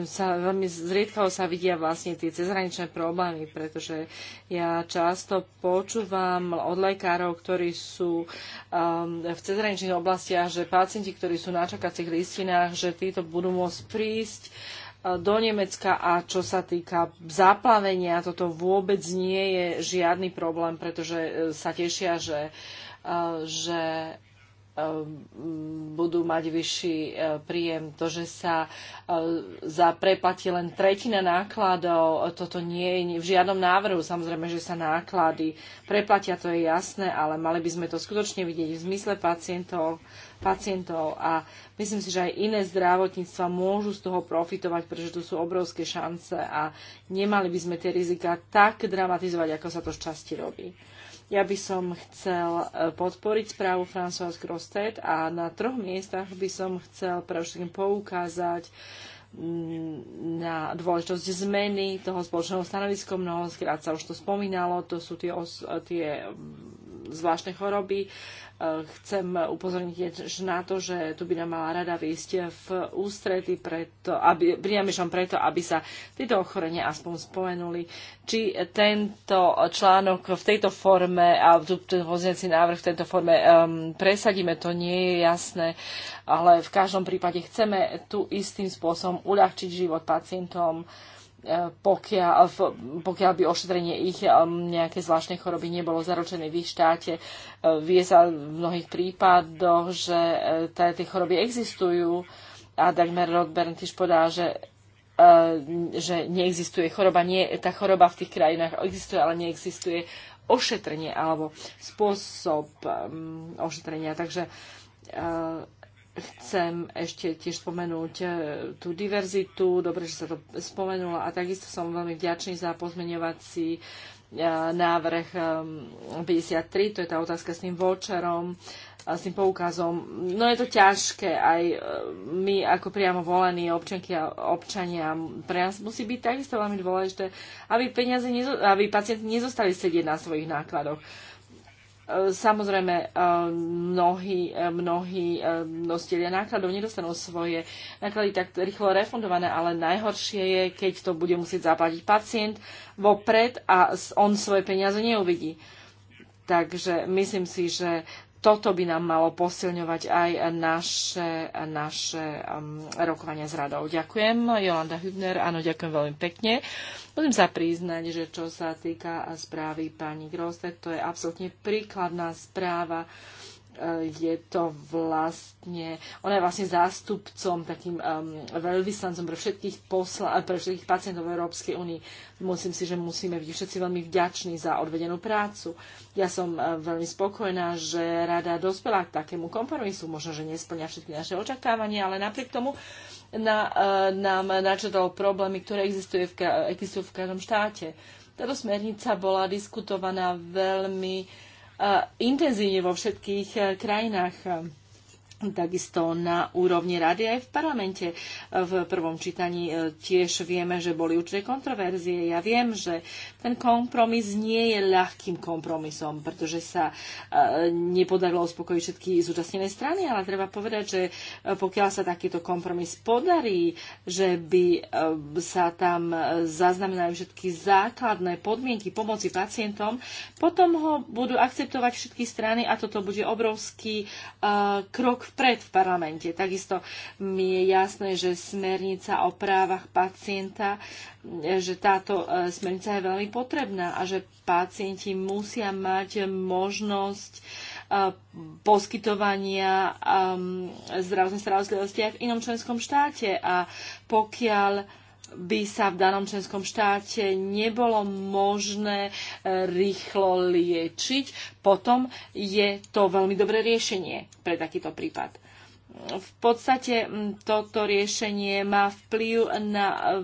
eh, sa, veľmi zriedkavo sa vidia vlastne tie cezhraničné problémy, pretože ja často počúvam od lekárov, ktorí sú um, v cezhraničných oblastiach, že pacienti, ktorí sú na čakacích listinách, že títo budú môcť prísť uh, do Nemecka a čo sa týka zaplavenia, toto vôbec nie je žiadny problém, pretože e, sa tešia, že, e, že E, budú mať vyšší e, príjem. To, že sa e, za preplatí len tretina nákladov, toto nie je v žiadnom návrhu. Samozrejme, že sa náklady preplatia, to je jasné, ale mali by sme to skutočne vidieť v zmysle pacientov, pacientov a myslím si, že aj iné zdravotníctva môžu z toho profitovať, pretože tu sú obrovské šance a nemali by sme tie rizika tak dramatizovať, ako sa to časti robí. Ja by som chcel e, podporiť správu François Grostet a na troch miestach by som chcel pre všetkým poukázať mm, na dôležitosť zmeny toho spoločného stanoviska. Mnohokrát sa už to spomínalo, to sú tie, os, tie zvláštne choroby. E, chcem upozorniť tiež na to, že tu by nám mala rada výjsť v ústrety, preto, aby, preto, aby sa tieto ochorenia aspoň spomenuli. Či tento článok v tejto forme a ten hozneci návrh v tejto forme um, presadíme, to nie je jasné, ale v každom prípade chceme tu istým spôsobom uľahčiť život pacientom, pokiaľ, pokiaľ by ošetrenie ich um, nejaké zvláštnej choroby nebolo zaručené v ich štáte. Uh, vie sa v mnohých prípadoch, že uh, tie choroby existujú a Dagmar Rodbern tiež podá, že uh, že neexistuje choroba. Nie, tá choroba v tých krajinách existuje, ale neexistuje ošetrenie alebo spôsob um, ošetrenia. Takže uh, chcem ešte tiež spomenúť e, tú diverzitu, dobre, že sa to spomenula a takisto som veľmi vďačný za pozmeňovací e, návrh 53, e, to je tá otázka s tým voucherom, s tým poukazom. No je to ťažké, aj my ako priamo volení občanky a občania, pre nás musí byť takisto veľmi dôležité, aby, peniaze nezo- aby pacienti nezostali sedieť na svojich nákladoch Samozrejme, eh, mnohí, eh, mnohí eh, nositeľia nákladov nedostanú svoje náklady tak rýchlo refundované, ale najhoršie je, keď to bude musieť zaplatiť pacient vopred a on svoje peniaze neuvidí. Takže myslím si, že toto by nám malo posilňovať aj naše, naše um, rokovania s radou. Ďakujem, Jolanda Hübner, áno, ďakujem veľmi pekne. Budem sa priznať, že čo sa týka správy pani Grostek, to je absolútne príkladná správa je to vlastne, ona je vlastne zástupcom, takým um, veľvyslancom pre všetkých, posla, pre všetkých pacientov v Európskej únii. Myslím si, že musíme byť všetci veľmi vďační za odvedenú prácu. Ja som uh, veľmi spokojná, že rada dospela k takému kompromisu. Možno, že nesplňa všetky naše očakávania, ale napriek tomu na, uh, nám načetol problémy, ktoré existujú v, existujú v každom štáte. Táto smernica bola diskutovaná veľmi intenzívne vo všetkých eh, krajinách Takisto na úrovni rady aj v parlamente v prvom čítaní e, tiež vieme, že boli určité kontroverzie. Ja viem, že ten kompromis nie je ľahkým kompromisom, pretože sa e, nepodarilo uspokojiť všetky zúčastnené strany, ale treba povedať, že e, pokiaľ sa takýto kompromis podarí, že by sa tam zaznamenali všetky základné podmienky pomoci pacientom, potom ho budú akceptovať všetky strany a toto bude obrovský krok v vpred v parlamente. Takisto mi je jasné, že smernica o právach pacienta, e, že táto e, smernica je veľmi potrebná a že pacienti musia mať možnosť e, poskytovania zdravotnej starostlivosti aj v inom členskom štáte. A pokiaľ by sa v danom členskom štáte nebolo možné e, rýchlo liečiť, potom je to veľmi dobré riešenie pre takýto prípad. V podstate toto riešenie má vplyv na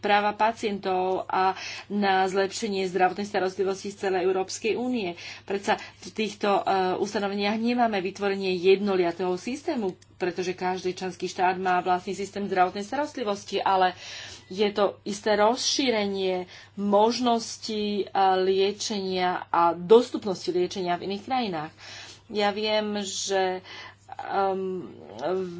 práva pacientov a na zlepšenie zdravotnej starostlivosti z celej Európskej únie. Predsa v týchto e, ustanoveniach nemáme vytvorenie jednoliatého systému, pretože každý členský štát má vlastný systém zdravotnej starostlivosti, ale je to isté rozšírenie možností e, liečenia a dostupnosti liečenia v iných krajinách. Ja viem, že um,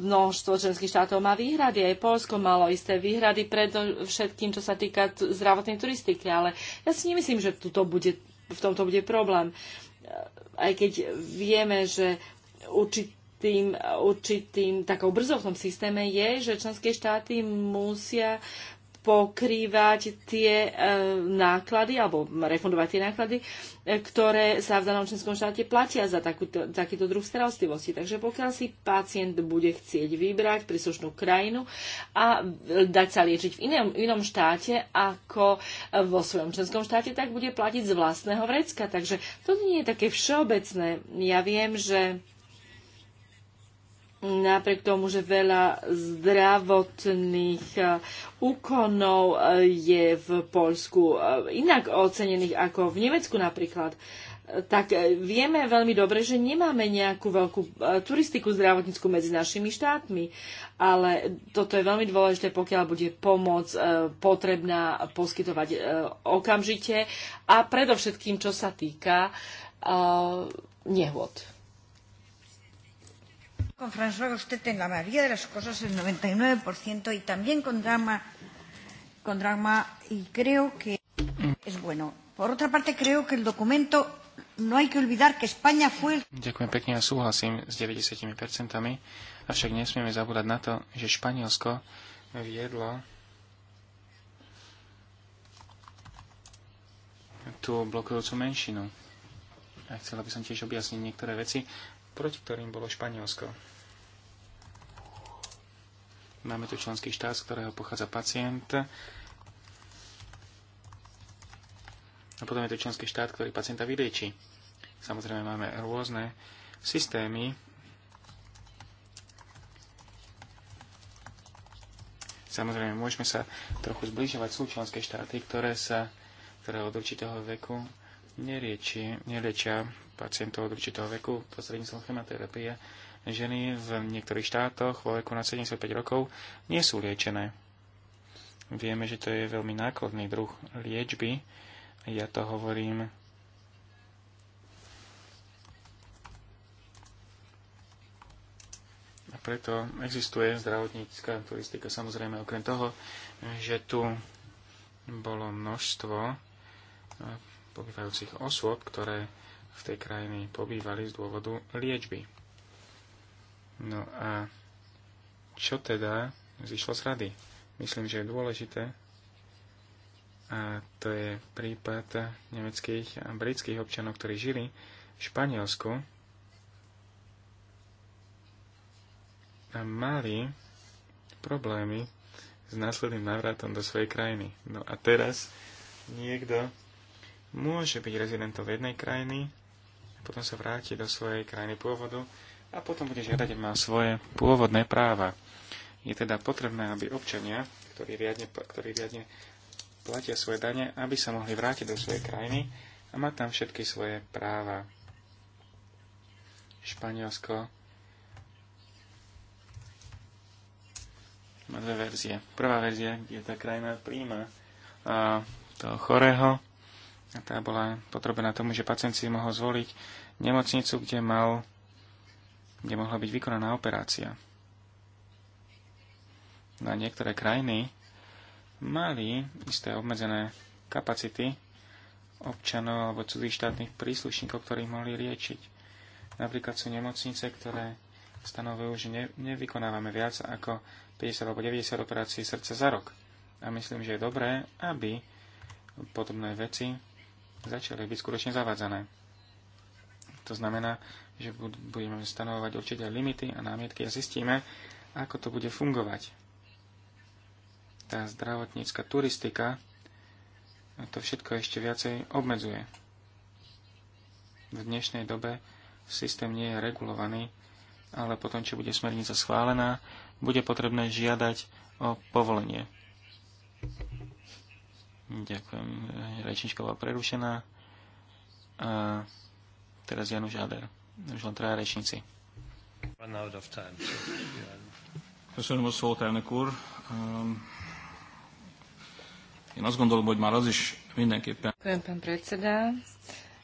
množstvo členských štátov má výhrady. Aj Polsko malo isté výhrady pred všetkým, čo sa týka zdravotnej turistiky, ale ja si nemyslím, že tuto bude, v tomto bude problém. Aj keď vieme, že určitým, určitým takou brzovnom v tom systéme je, že členské štáty musia uh, pokrývať tie e, náklady alebo refundovať tie náklady, e, ktoré sa v danom členskom štáte platia za takúto, takýto druh starostlivosti. Takže pokiaľ si pacient bude chcieť vybrať príslušnú krajinu a dať sa liečiť v inom, inom štáte ako e, vo svojom členskom štáte, tak bude platiť z vlastného vrecka. Takže to nie je také všeobecné. Ja viem, že napriek tomu, že veľa zdravotných eh, úkonov eh, je v Poľsku eh, inak ocenených ako v Nemecku napríklad, tak vieme veľmi dobre, že nemáme nejakú veľkú turistiku zdravotníckú medzi našimi štátmi, ale toto je veľmi dôležité, pokiaľ bude pomoc potrebná poskytovať okamžite a predovšetkým, čo sa týka nehôd. Con François usted en la mayoría de las cosas el 99% y también con drama, con drama y creo que mm. es bueno. Por otra parte creo que el documento no hay que olvidar que España fue... el... Ďakujem pekne a súhlasím s 90%, avšak nesmieme zabúdať na to, že Španielsko viedlo tú blokujúcu menšinu. A chcela by som tiež objasniť niektoré veci, proti ktorým bolo Španielsko. Máme tu členský štát, z ktorého pochádza pacient. A potom je to členský štát, ktorý pacienta vylieči. Samozrejme máme rôzne systémy. Samozrejme môžeme sa trochu zbližovať sú členské štáty, ktoré sa ktoré od určitého veku nerieči, neliečia pacientov od určitého veku prostredníctvom chemoterapie. Ženy v niektorých štátoch vo veku na 75 rokov nie sú liečené. Vieme, že to je veľmi nákladný druh liečby. Ja to hovorím a preto existuje zdravotnícká turistika. Samozrejme, okrem toho, že tu bolo množstvo pobývajúcich osôb, ktoré v tej krajine pobývali z dôvodu liečby. No a čo teda zišlo z rady? Myslím, že je dôležité, a to je prípad nemeckých a britských občanov, ktorí žili v Španielsku a mali problémy s následným návratom do svojej krajiny. No a teraz niekto môže byť rezidentom jednej krajiny, a potom sa vráti do svojej krajiny pôvodu a potom bude žiadať, aby mal svoje pôvodné práva. Je teda potrebné, aby občania, ktorí riadne, ktorí riadne platia svoje dane, aby sa mohli vrátiť do svojej krajiny a mať tam všetky svoje práva. Španielsko má dve verzie. Prvá verzia, kde tá krajina príjma toho chorého tá bola potrebená tomu, že pacient si mohol zvoliť nemocnicu, kde, mal, kde mohla byť vykonaná operácia. Na no niektoré krajiny mali isté obmedzené kapacity občanov alebo cudzích štátnych príslušníkov, ktorých mohli riečiť. Napríklad sú nemocnice, ktoré stanovujú, že ne, nevykonávame viac ako 50 alebo 90 operácií srdca za rok. A myslím, že je dobré, aby podobné veci začali byť skutočne zavádzané. To znamená, že budeme stanovovať určite limity a námietky a zistíme, ako to bude fungovať. Tá zdravotnícka turistika to všetko ešte viacej obmedzuje. V dnešnej dobe systém nie je regulovaný, ale potom, čo bude smernica schválená, bude potrebné žiadať o povolenie. Ďakujem. Rečnička bola prerušená. A teraz Janu Žáder. Už len traja rečníci. Köszönöm a szót, elnök úr. Én azt gondolom, hogy már az is mindenképpen... Köszönöm, pán predseda.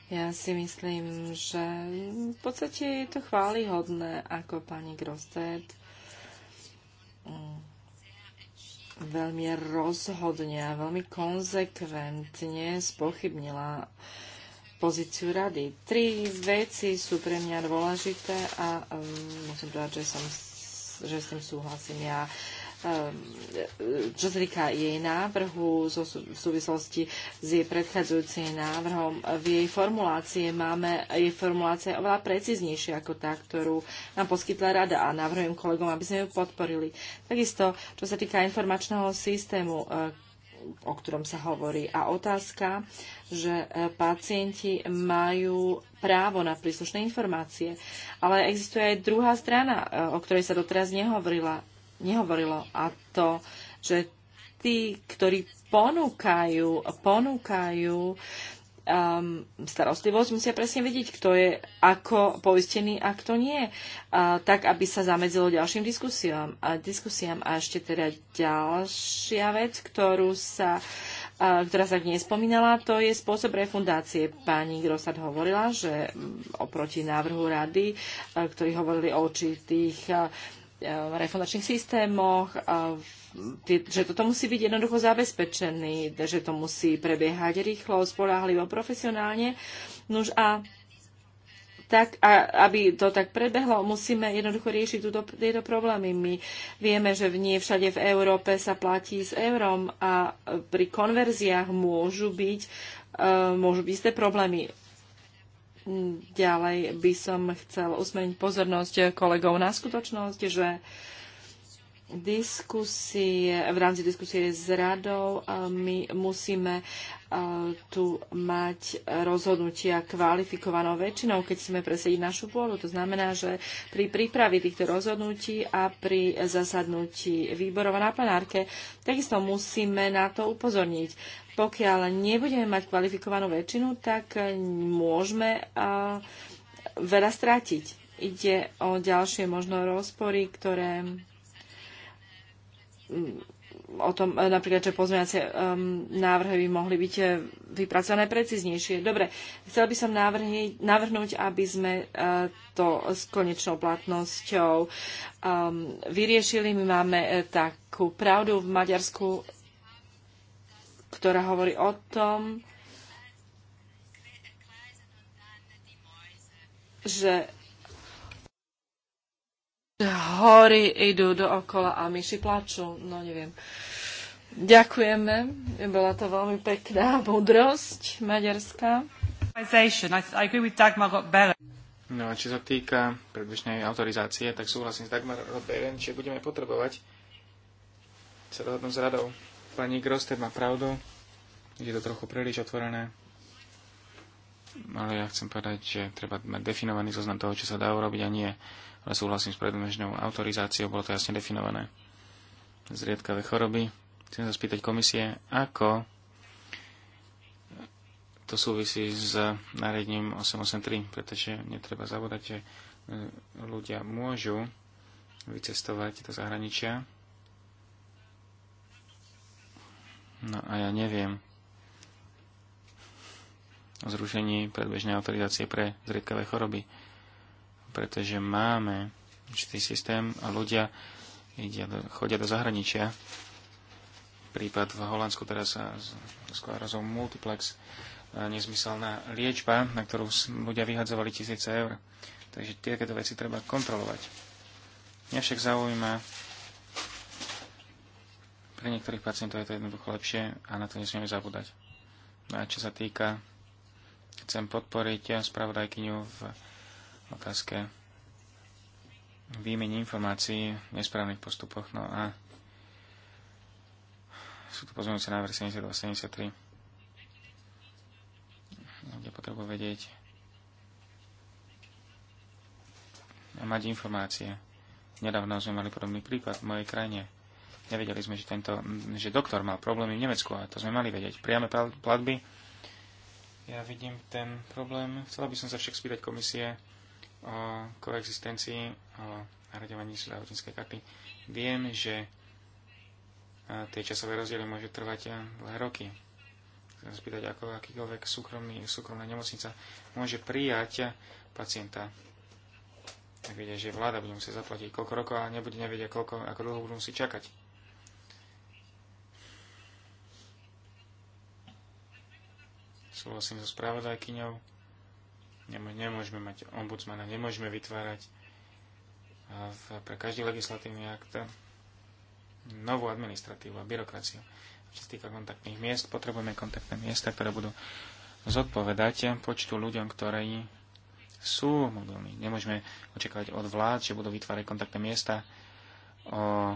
Ja si myslím, že v podstate je to chválihodné, ako pani Grosted hm, veľmi rozhodne a veľmi konzekventne spochybnila pozíciu rady. Tri veci sú pre mňa dôležité a um, musím povedať, že, som, že s tým súhlasím. Ja uh, Ehm, čo sa týka jej návrhu v súvislosti s jej predchádzajúcim návrhom, v jej formulácie máme, jej formulácia je oveľa preciznejšia ako tá, ktorú nám poskytla rada a navrhujem kolegom, aby sme ju podporili. Takisto, čo sa týka informačného systému, ehm, o ktorom sa hovorí. A otázka, že e, pacienti majú právo na príslušné informácie. Ale existuje aj druhá strana, e, o ktorej sa doteraz nehovorila, nehovorilo a to, že tí, ktorí ponúkajú, ponúkajú um, starostlivosť, musia presne vedieť, kto je ako poistený a kto nie, uh, tak aby sa zamedzilo ďalším diskusiám. A, diskusiám. a ešte teda ďalšia vec, ktorú sa, uh, ktorá sa nespomínala, to je spôsob refundácie. Pani Grosad hovorila, že mm, oproti návrhu rady, uh, ktorí hovorili o určitých uh, refundačných systémoch, že toto musí byť jednoducho zabezpečený, že to musí prebiehať rýchlo, spolahlivo, profesionálne. Nož a tak, a aby to tak prebehlo, musíme jednoducho riešiť túto, tieto problémy. My vieme, že nie všade v Európe sa platí s eurom a pri konverziách môžu byť, e, môžu byť isté problémy Ďalej by som chcel usmeniť pozornosť kolegov na skutočnosť, že diskusie, v rámci diskusie s radou my musíme tu mať rozhodnutia kvalifikovanou väčšinou, keď chceme presediť našu pôdu. To znamená, že pri prípravi týchto rozhodnutí a pri zasadnutí výborov na plenárke takisto musíme na to upozorniť pokiaľ nebudeme mať kvalifikovanú väčšinu, tak e, môžeme veľa stratiť. Ide o ďalšie možno rozpory, ktoré mm, o tom, e, napríklad, že pozmeňacie um, e, návrhy by mohli byť vypracované preciznejšie. Dobre, chcel by som návrhy, navrhnúť, aby sme uh, to s konečnou platnosťou um, vyriešili. My máme uh, takú pravdu v Maďarsku ktorá hovorí o tom, že hory idú okola a myši plačú. No neviem. Ďakujeme. Bola to veľmi pekná múdrosť maďarská. No a čo sa týka predbežnej autorizácie, tak súhlasím s Dagmar Rothberen, že budeme potrebovať sa dohodnúť s radou. Pani Groster má pravdu. Je to trochu príliš otvorené. Ale ja chcem povedať, že treba mať definovaný zoznam toho, čo sa dá urobiť a nie. Ale súhlasím s predmežnou autorizáciou, bolo to jasne definované. Zriedkavé choroby. Chcem sa spýtať komisie, ako to súvisí s nariadením 883, pretože netreba zabúdať, že e, ľudia môžu vycestovať do zahraničia No a ja neviem o zrušení predbežnej autorizácie pre zriedkavé choroby, pretože máme určitý systém a ľudia idia, chodia do zahraničia. Prípad v Holandsku teraz sa sklárazou multiplex e, nezmyselná liečba, na ktorú ľudia vyhadzovali tisíce eur. Takže tieto veci treba kontrolovať. Mňa však zaujíma, pre niektorých pacientov je to jednoducho lepšie a na to nesmieme zabúdať. No a čo sa týka, chcem podporiť ja spravodajkyňu v otázke výmene informácií v nesprávnych postupoch. No a sú tu pozmeňujúce návrhy 72 73. Kde potrebujú vedieť a mať informácie. Nedávno sme mali podobný prípad v mojej krajine. Nevedeli sme, že, tento, že doktor mal problémy v Nemecku a to sme mali vedieť. Priame platby. Ja vidím ten problém. Chcela by som sa však spýtať komisie o koexistencii, o nahradovaní zdravotníckej karty. Viem, že tie časové rozdiely môžu trvať dlhé roky. Chcem spýtať, ako akýkoľvek súkromný, súkromná nemocnica môže prijať pacienta tak vedia, že vláda bude musieť zaplatiť koľko rokov a nebude nevedia, koľko, ako dlho budú musieť čakať. Súhlasím so spravodajkyňou. Nemôžeme mať ombudsmana, nemôžeme vytvárať pre každý legislatívny akt novú administratívu a byrokraciu. Čo sa týka kontaktných miest, potrebujeme kontaktné miesta, ktoré budú zodpovedať počtu ľuďom, ktorí sú mobilní. Nemôžeme očakávať od vlád, že budú vytvárať kontaktné miesta o e,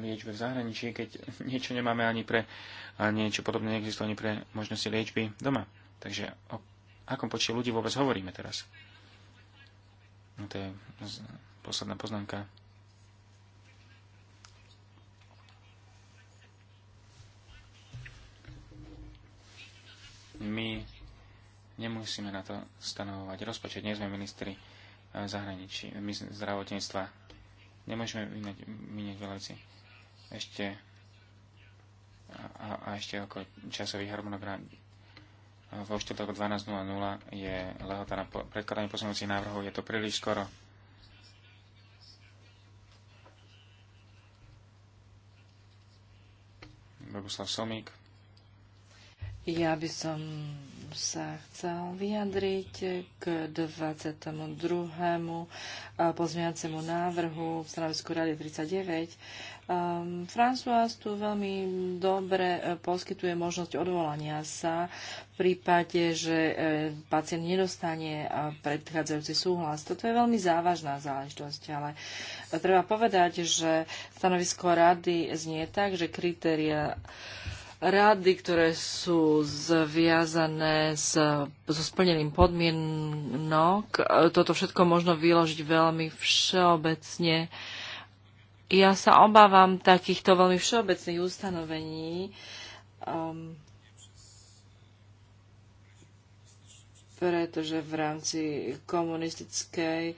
liečbe v zahraničí, keď niečo nemáme ani pre, a niečo podobné neexistuje ani pre možnosti liečby doma. Takže o akom počte ľudí vôbec hovoríme teraz? No to je posledná poznámka. My nemusíme na to stanovovať rozpočet. Nie sme ministri eh, zahraničí, zdravotníctva. Nemôžeme vynieť veľa vecí ešte a, a ešte ako časový harmonogram vo štvrtok 12.00 je lehota na predkladanie posunúcich návrhov. Je to príliš skoro. Boguslav Somík. Ja by som sa chcel vyjadriť k 22. pozmiacemu návrhu v stanovisku Rady 39 Um, François tu veľmi dobre e, poskytuje možnosť odvolania sa v prípade, že e, pacient nedostane e, predchádzajúci súhlas. Toto je veľmi závažná záležitosť, ale treba povedať, že stanovisko rady znie tak, že kritéria rady, ktoré sú zviazané s, so splneným podmienok. Toto všetko možno vyložiť veľmi všeobecne ja sa obávam takýchto veľmi všeobecných ustanovení, um, pretože v rámci komunistickej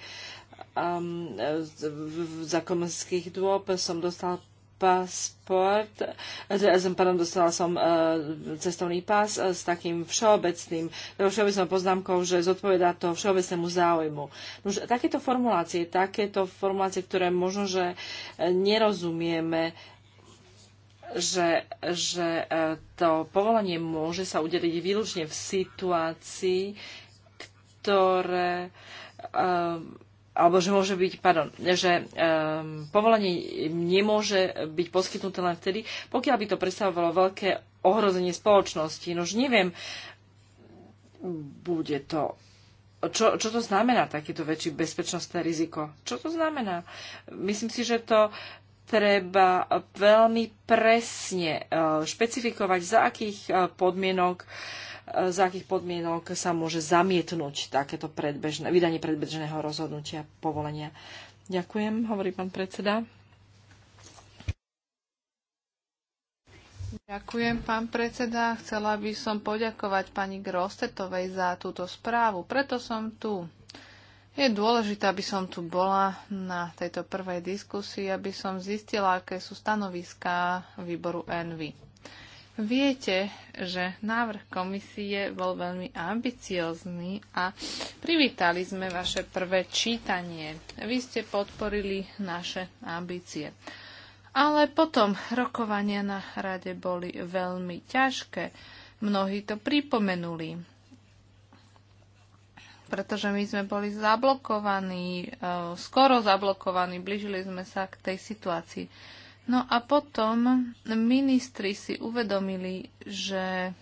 um, za komunistických dôb som dostal pasport, eh, teda, pardon, dostala som eh, cestovný pás eh, s takým všeobecným, všeobecnou poznámkou, že zodpovedá to všeobecnému záujmu. Nož, takéto formulácie, takéto formulácie, ktoré možno, že nerozumieme, že, že to povolanie môže sa udeliť výlučne v situácii, ktoré um, alebo že môže byť, pardon, že um, povolenie nemôže byť poskytnuté len vtedy, pokiaľ by to predstavovalo veľké ohrozenie spoločnosti. Nož neviem, bude to. Čo, čo to znamená takéto väčšie bezpečnostné riziko? Čo to znamená? Myslím si, že to treba veľmi presne eh, špecifikovať, za akých eh, podmienok uh, E, za akých podmienok sa môže zamietnúť takéto predbežné, vydanie predbežného rozhodnutia povolenia. Ďakujem, hovorí pán predseda. Ďakujem, pán predseda. Chcela by som poďakovať pani Grostetovej za túto správu. Preto som tu. Je dôležité, aby som tu bola na tejto prvej diskusii, aby som zistila, aké sú stanoviská výboru ENVY. Viete, že návrh komisie bol veľmi ambiciozný a privítali sme vaše prvé čítanie. Vy ste podporili naše ambície. Ale potom rokovania na rade boli veľmi ťažké. Mnohí to pripomenuli. Pretože my sme boli zablokovaní, eh, skoro zablokovaní, blížili sme sa k tej situácii. No a potom ministri si uvedomili, že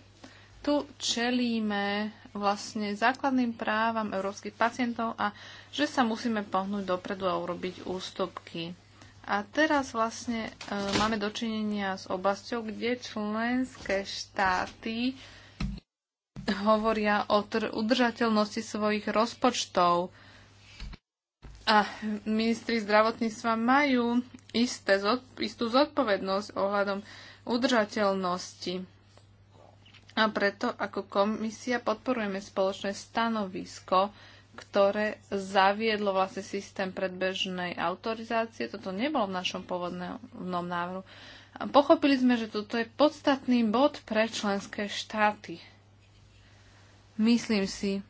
tu čelíme vlastne základným právam európskych pacientov a že sa musíme pohnúť dopredu a urobiť ústupky. A teraz vlastne e, máme dočinenia s oblasťou, kde členské štáty hovoria o udržateľnosti svojich rozpočtov a ministri zdravotníctva majú isté, istú zodpovednosť ohľadom udržateľnosti. A preto ako komisia podporujeme spoločné stanovisko, ktoré zaviedlo vlastne systém predbežnej autorizácie. Toto nebolo v našom pôvodnom návrhu. A pochopili sme, že toto je podstatný bod pre členské štáty. Myslím si,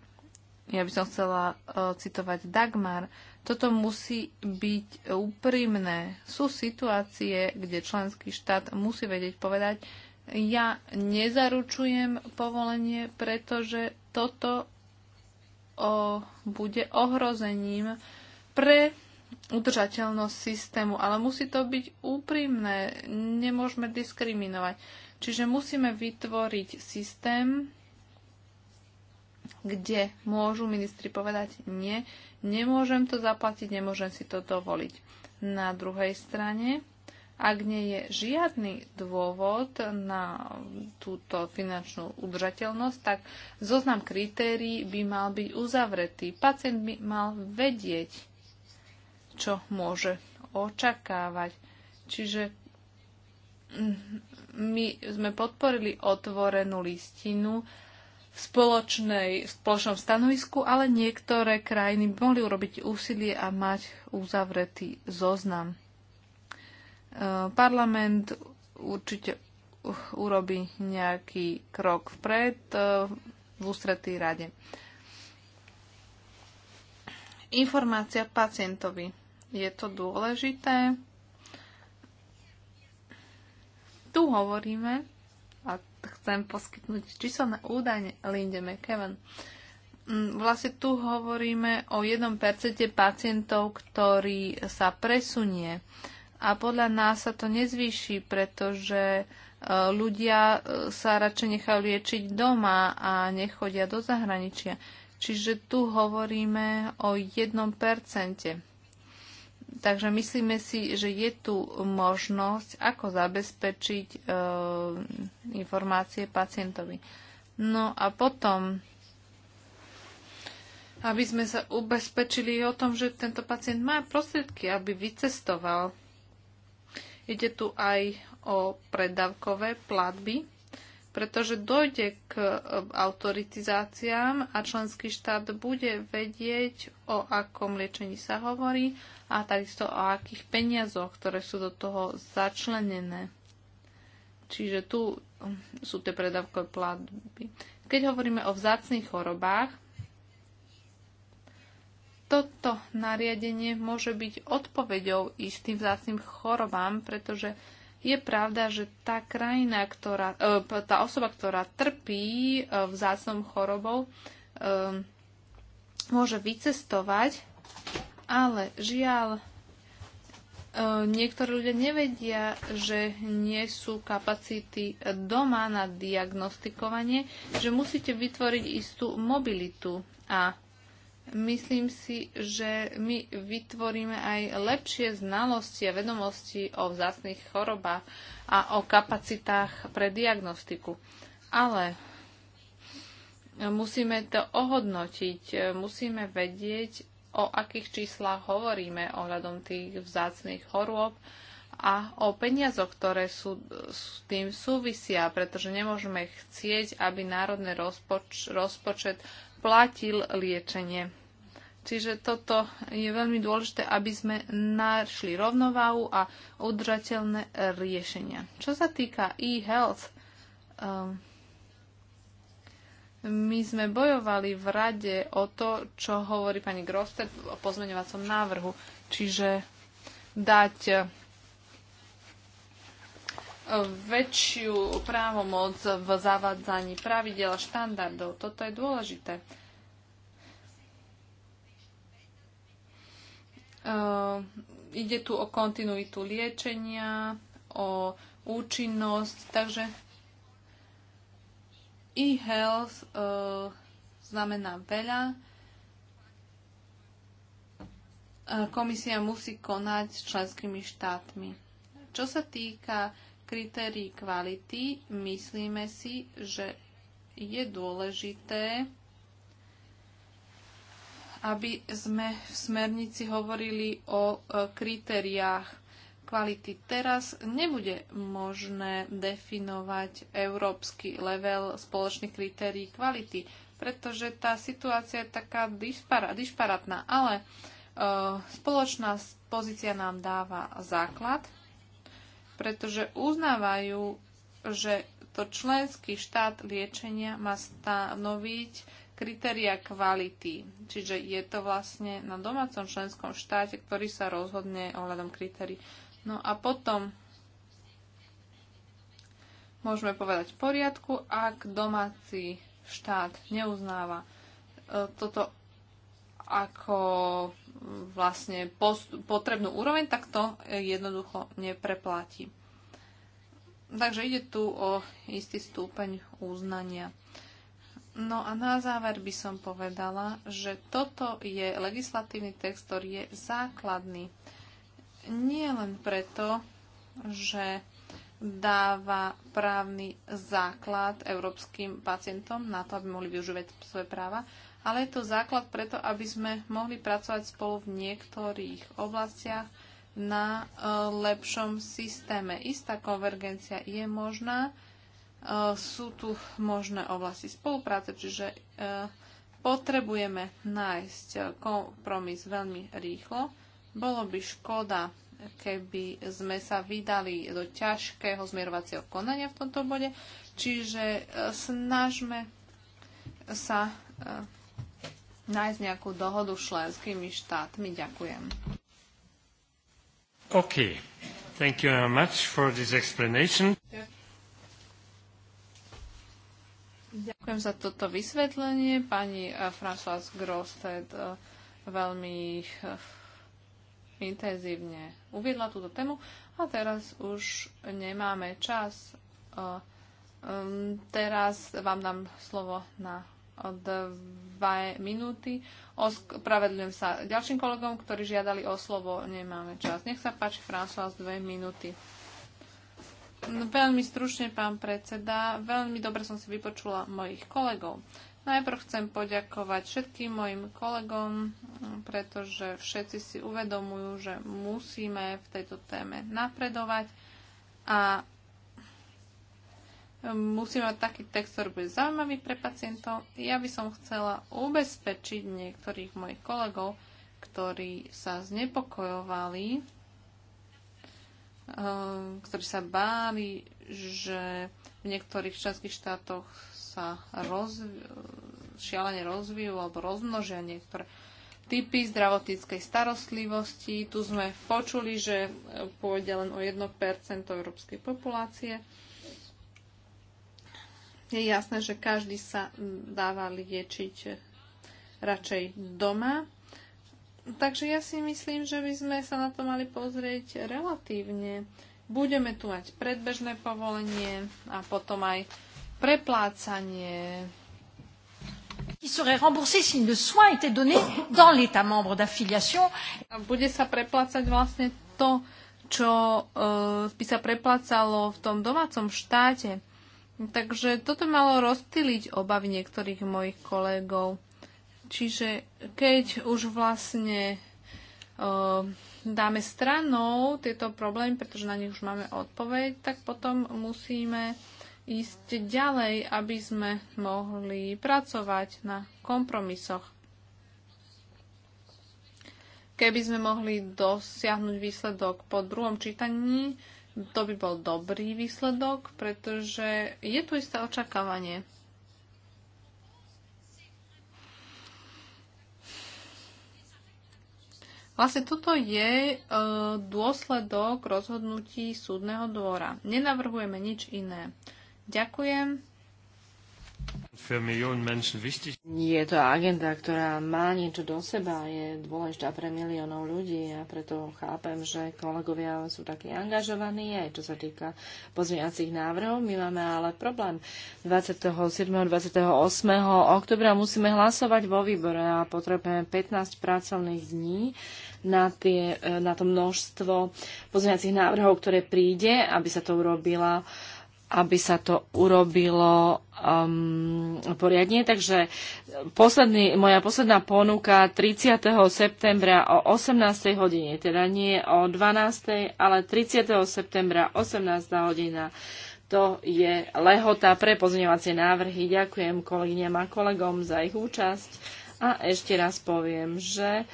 ja by som chcela uh, citovať Dagmar, toto musí byť úprimné. Sú situácie, kde členský štát musí vedieť povedať, ja nezaručujem povolenie, pretože toto o, bude ohrozením pre udržateľnosť systému, ale musí to byť úprimné, nemôžeme diskriminovať. Čiže musíme vytvoriť systém, kde môžu ministri povedať nie, nemôžem to zaplatiť, nemôžem si to dovoliť. Na druhej strane, ak nie je žiadny dôvod na túto finančnú udržateľnosť, tak zoznam kritérií by mal byť uzavretý. Pacient by mal vedieť, čo môže očakávať. Čiže mm, my sme podporili otvorenú listinu, v, spoločnej, v spoločnom stanovisku, ale niektoré krajiny by mohli urobiť úsilie a mať uzavretý zoznam. E, parlament určite urobí nejaký krok vpred e, v ústretí rade. Informácia pacientovi. Je to dôležité? Tu hovoríme chcem poskytnúť číselné údajne Linde McKeven. Mm, vlastne tu hovoríme o 1% pacientov, ktorí sa presunie. A podľa nás sa to nezvýši, pretože e, ľudia e, sa radšej nechajú liečiť doma a nechodia do zahraničia. Čiže tu hovoríme o 1%. Takže myslíme si, že je tu možnosť, ako zabezpečiť e, informácie pacientovi. No a potom, aby sme sa ubezpečili o tom, že tento pacient má prostriedky, aby vycestoval. Ide tu aj o predávkové platby pretože dojde k e, autoritizáciám a členský štát bude vedieť, o akom liečení sa hovorí a takisto o akých peniazoch, ktoré sú do toho začlenené. Čiže tu mm, sú tie predávkové platby. Keď hovoríme o vzácných chorobách, toto nariadenie môže byť odpoveďou istým vzácným chorobám, pretože je pravda, že tá krajina, ktorá, e, tá osoba, ktorá trpí e, vzácnou chorobou, e, môže vycestovať, ale žiaľ, niektorí ľudia nevedia, že nie sú kapacity doma na diagnostikovanie, že musíte vytvoriť istú mobilitu. A myslím si, že my vytvoríme aj lepšie znalosti a vedomosti o vzácných chorobách a o kapacitách pre diagnostiku. Ale musíme to ohodnotiť, musíme vedieť, o akých číslach hovoríme ohľadom tých vzácných chorôb a o peniazoch, ktoré sú, s tým súvisia, pretože nemôžeme chcieť, aby národný rozpoč, rozpočet platil liečenie. Čiže toto je veľmi dôležité, aby sme našli rovnováhu a udržateľné riešenia. Čo sa týka e-health, um, my sme bojovali v rade o to, čo hovorí pani Grosted o pozmeňovacom návrhu, čiže dať väčšiu právomoc v zavádzaní pravidel a štandardov. Toto je dôležité. Ehm, ide tu o kontinuitu liečenia, o účinnosť, takže e-health ehm, znamená veľa. Ehm, komisia musí konať s členskými štátmi. Čo sa týka kritérií kvality myslíme si, že je dôležité, aby sme v smernici hovorili o e, kritériách kvality. Teraz nebude možné definovať európsky level spoločných kritérií kvality, pretože tá situácia je taká disparátna, disparatná, ale e, spoločná pozícia nám dáva základ pretože uznávajú, že to členský štát liečenia má stanoviť kritéria kvality. Čiže je to vlastne na domácom členskom štáte, ktorý sa rozhodne ohľadom kritérií. No a potom môžeme povedať v poriadku, ak domáci štát neuznáva e, toto ako vlastne potrebnú úroveň, tak to eh, jednoducho nepreplatí. Takže ide tu o istý stúpeň uznania. No a na záver by som povedala, že toto je legislatívny text, ktorý je základný. Nie len preto, že dáva právny základ európskym pacientom na to, aby mohli využívať svoje práva, ale je to základ preto, aby sme mohli pracovať spolu v niektorých oblastiach na e, lepšom systéme. Istá konvergencia je možná, e, sú tu možné oblasti spolupráce, čiže e, potrebujeme nájsť kompromis veľmi rýchlo. Bolo by škoda, keby sme sa vydali do ťažkého zmierovacieho konania v tomto bode, čiže snažme sa nájsť nejakú dohodu s členskými štátmi. Ďakujem. OK. Thank you very much for this explanation. Ďakujem za toto vysvetlenie. Pani eh, Françoise Grosted eh, veľmi eh, intenzívne uviedla túto tému a teraz už nemáme čas. Teraz vám dám slovo na dva minúty. Ospravedlňujem sa ďalším kolegom, ktorí žiadali o slovo. Nemáme čas. Nech sa páči, François, dve minúty. No, veľmi stručne, pán predseda. Veľmi dobre som si vypočula mojich kolegov. Najprv chcem poďakovať všetkým mojim kolegom, pretože všetci si uvedomujú, že musíme v tejto téme napredovať a musíme mať taký text, ktorý bude zaujímavý pre pacientov. Ja by som chcela ubezpečiť niektorých mojich kolegov, ktorí sa znepokojovali, eh, ktorí sa báli, že v niektorých členských štátoch sa rozvi- šialene rozvíjú alebo rozmnožia niektoré typy zdravotníckej starostlivosti. Tu sme počuli, že pôjde len o 1% európskej populácie je jasné, že každý sa dáva liečiť radšej doma. Takže ja si myslím, že by sme sa na to mali pozrieť relatívne. Budeme tu mať predbežné povolenie a potom aj preplácanie Bude sa preplácať vlastne to, čo uh, by sa preplácalo v tom domácom štáte. Takže toto malo rozptýliť obavy niektorých mojich kolegov. Čiže keď už vlastne e, dáme stranou tieto problémy, pretože na nich už máme odpoveď, tak potom musíme ísť ďalej, aby sme mohli pracovať na kompromisoch. Keby sme mohli dosiahnuť výsledok po druhom čítaní, to by bol dobrý výsledok, pretože je tu isté očakávanie. Vlastne toto je e, dôsledok rozhodnutí súdneho dvora. Nenavrhujeme nič iné. Ďakujem. Je to agenda, ktorá má niečo do seba, je dôležitá pre miliónov ľudí a preto chápem, že kolegovia sú takí angažovaní aj čo sa týka pozmeňacích návrhov. My máme ale problém. 27. 28. oktobra musíme hlasovať vo výbore a potrebujeme 15 pracovných dní na, tie, na to množstvo pozmeňacích návrhov, ktoré príde, aby sa to urobila aby sa to urobilo um, poriadne. Takže posledný, moja posledná ponuka 30. septembra o 18. hodine, teda nie o 12. ale 30. septembra 18. hodina. To je lehota pre pozňovacie návrhy. Ďakujem kolegyňam a kolegom za ich účasť. A ešte raz poviem, že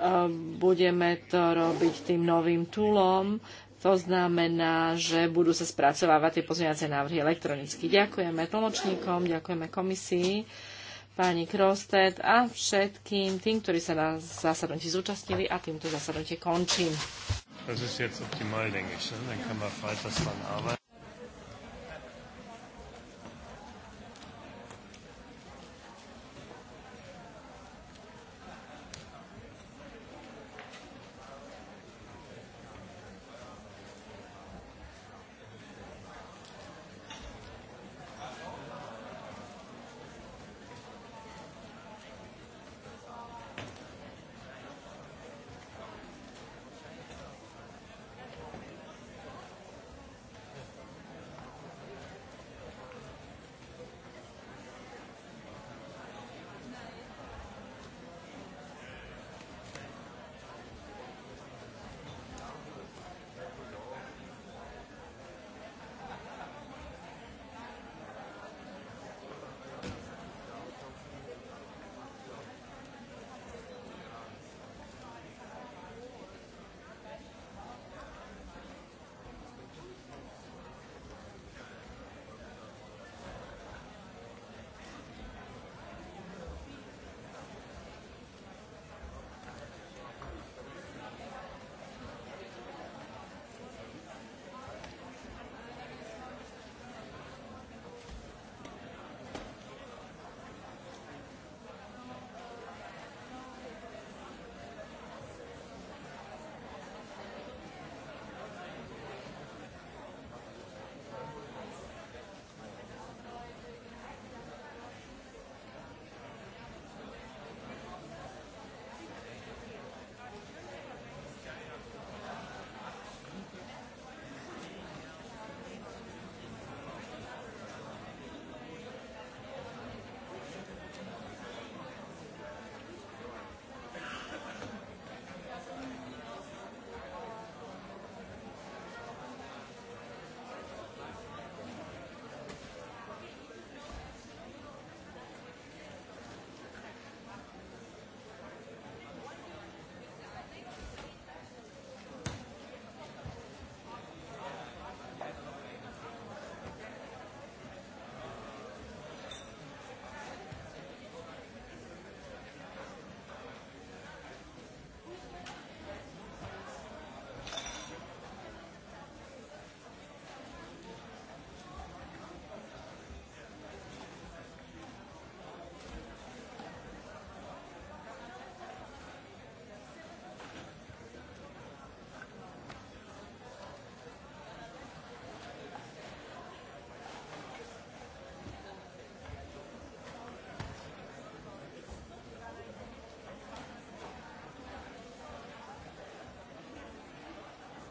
um, budeme to robiť tým novým túlom, to znamená, že budú sa spracovávať tie pozmeňovacie návrhy elektronicky. Ďakujeme tlmočníkom, ďakujeme komisii, pani Krostet a všetkým tým, ktorí sa na zásadnutí zúčastnili a týmto zásadnutie končím. denke ich. Dann kann man freitags dann arbeiten.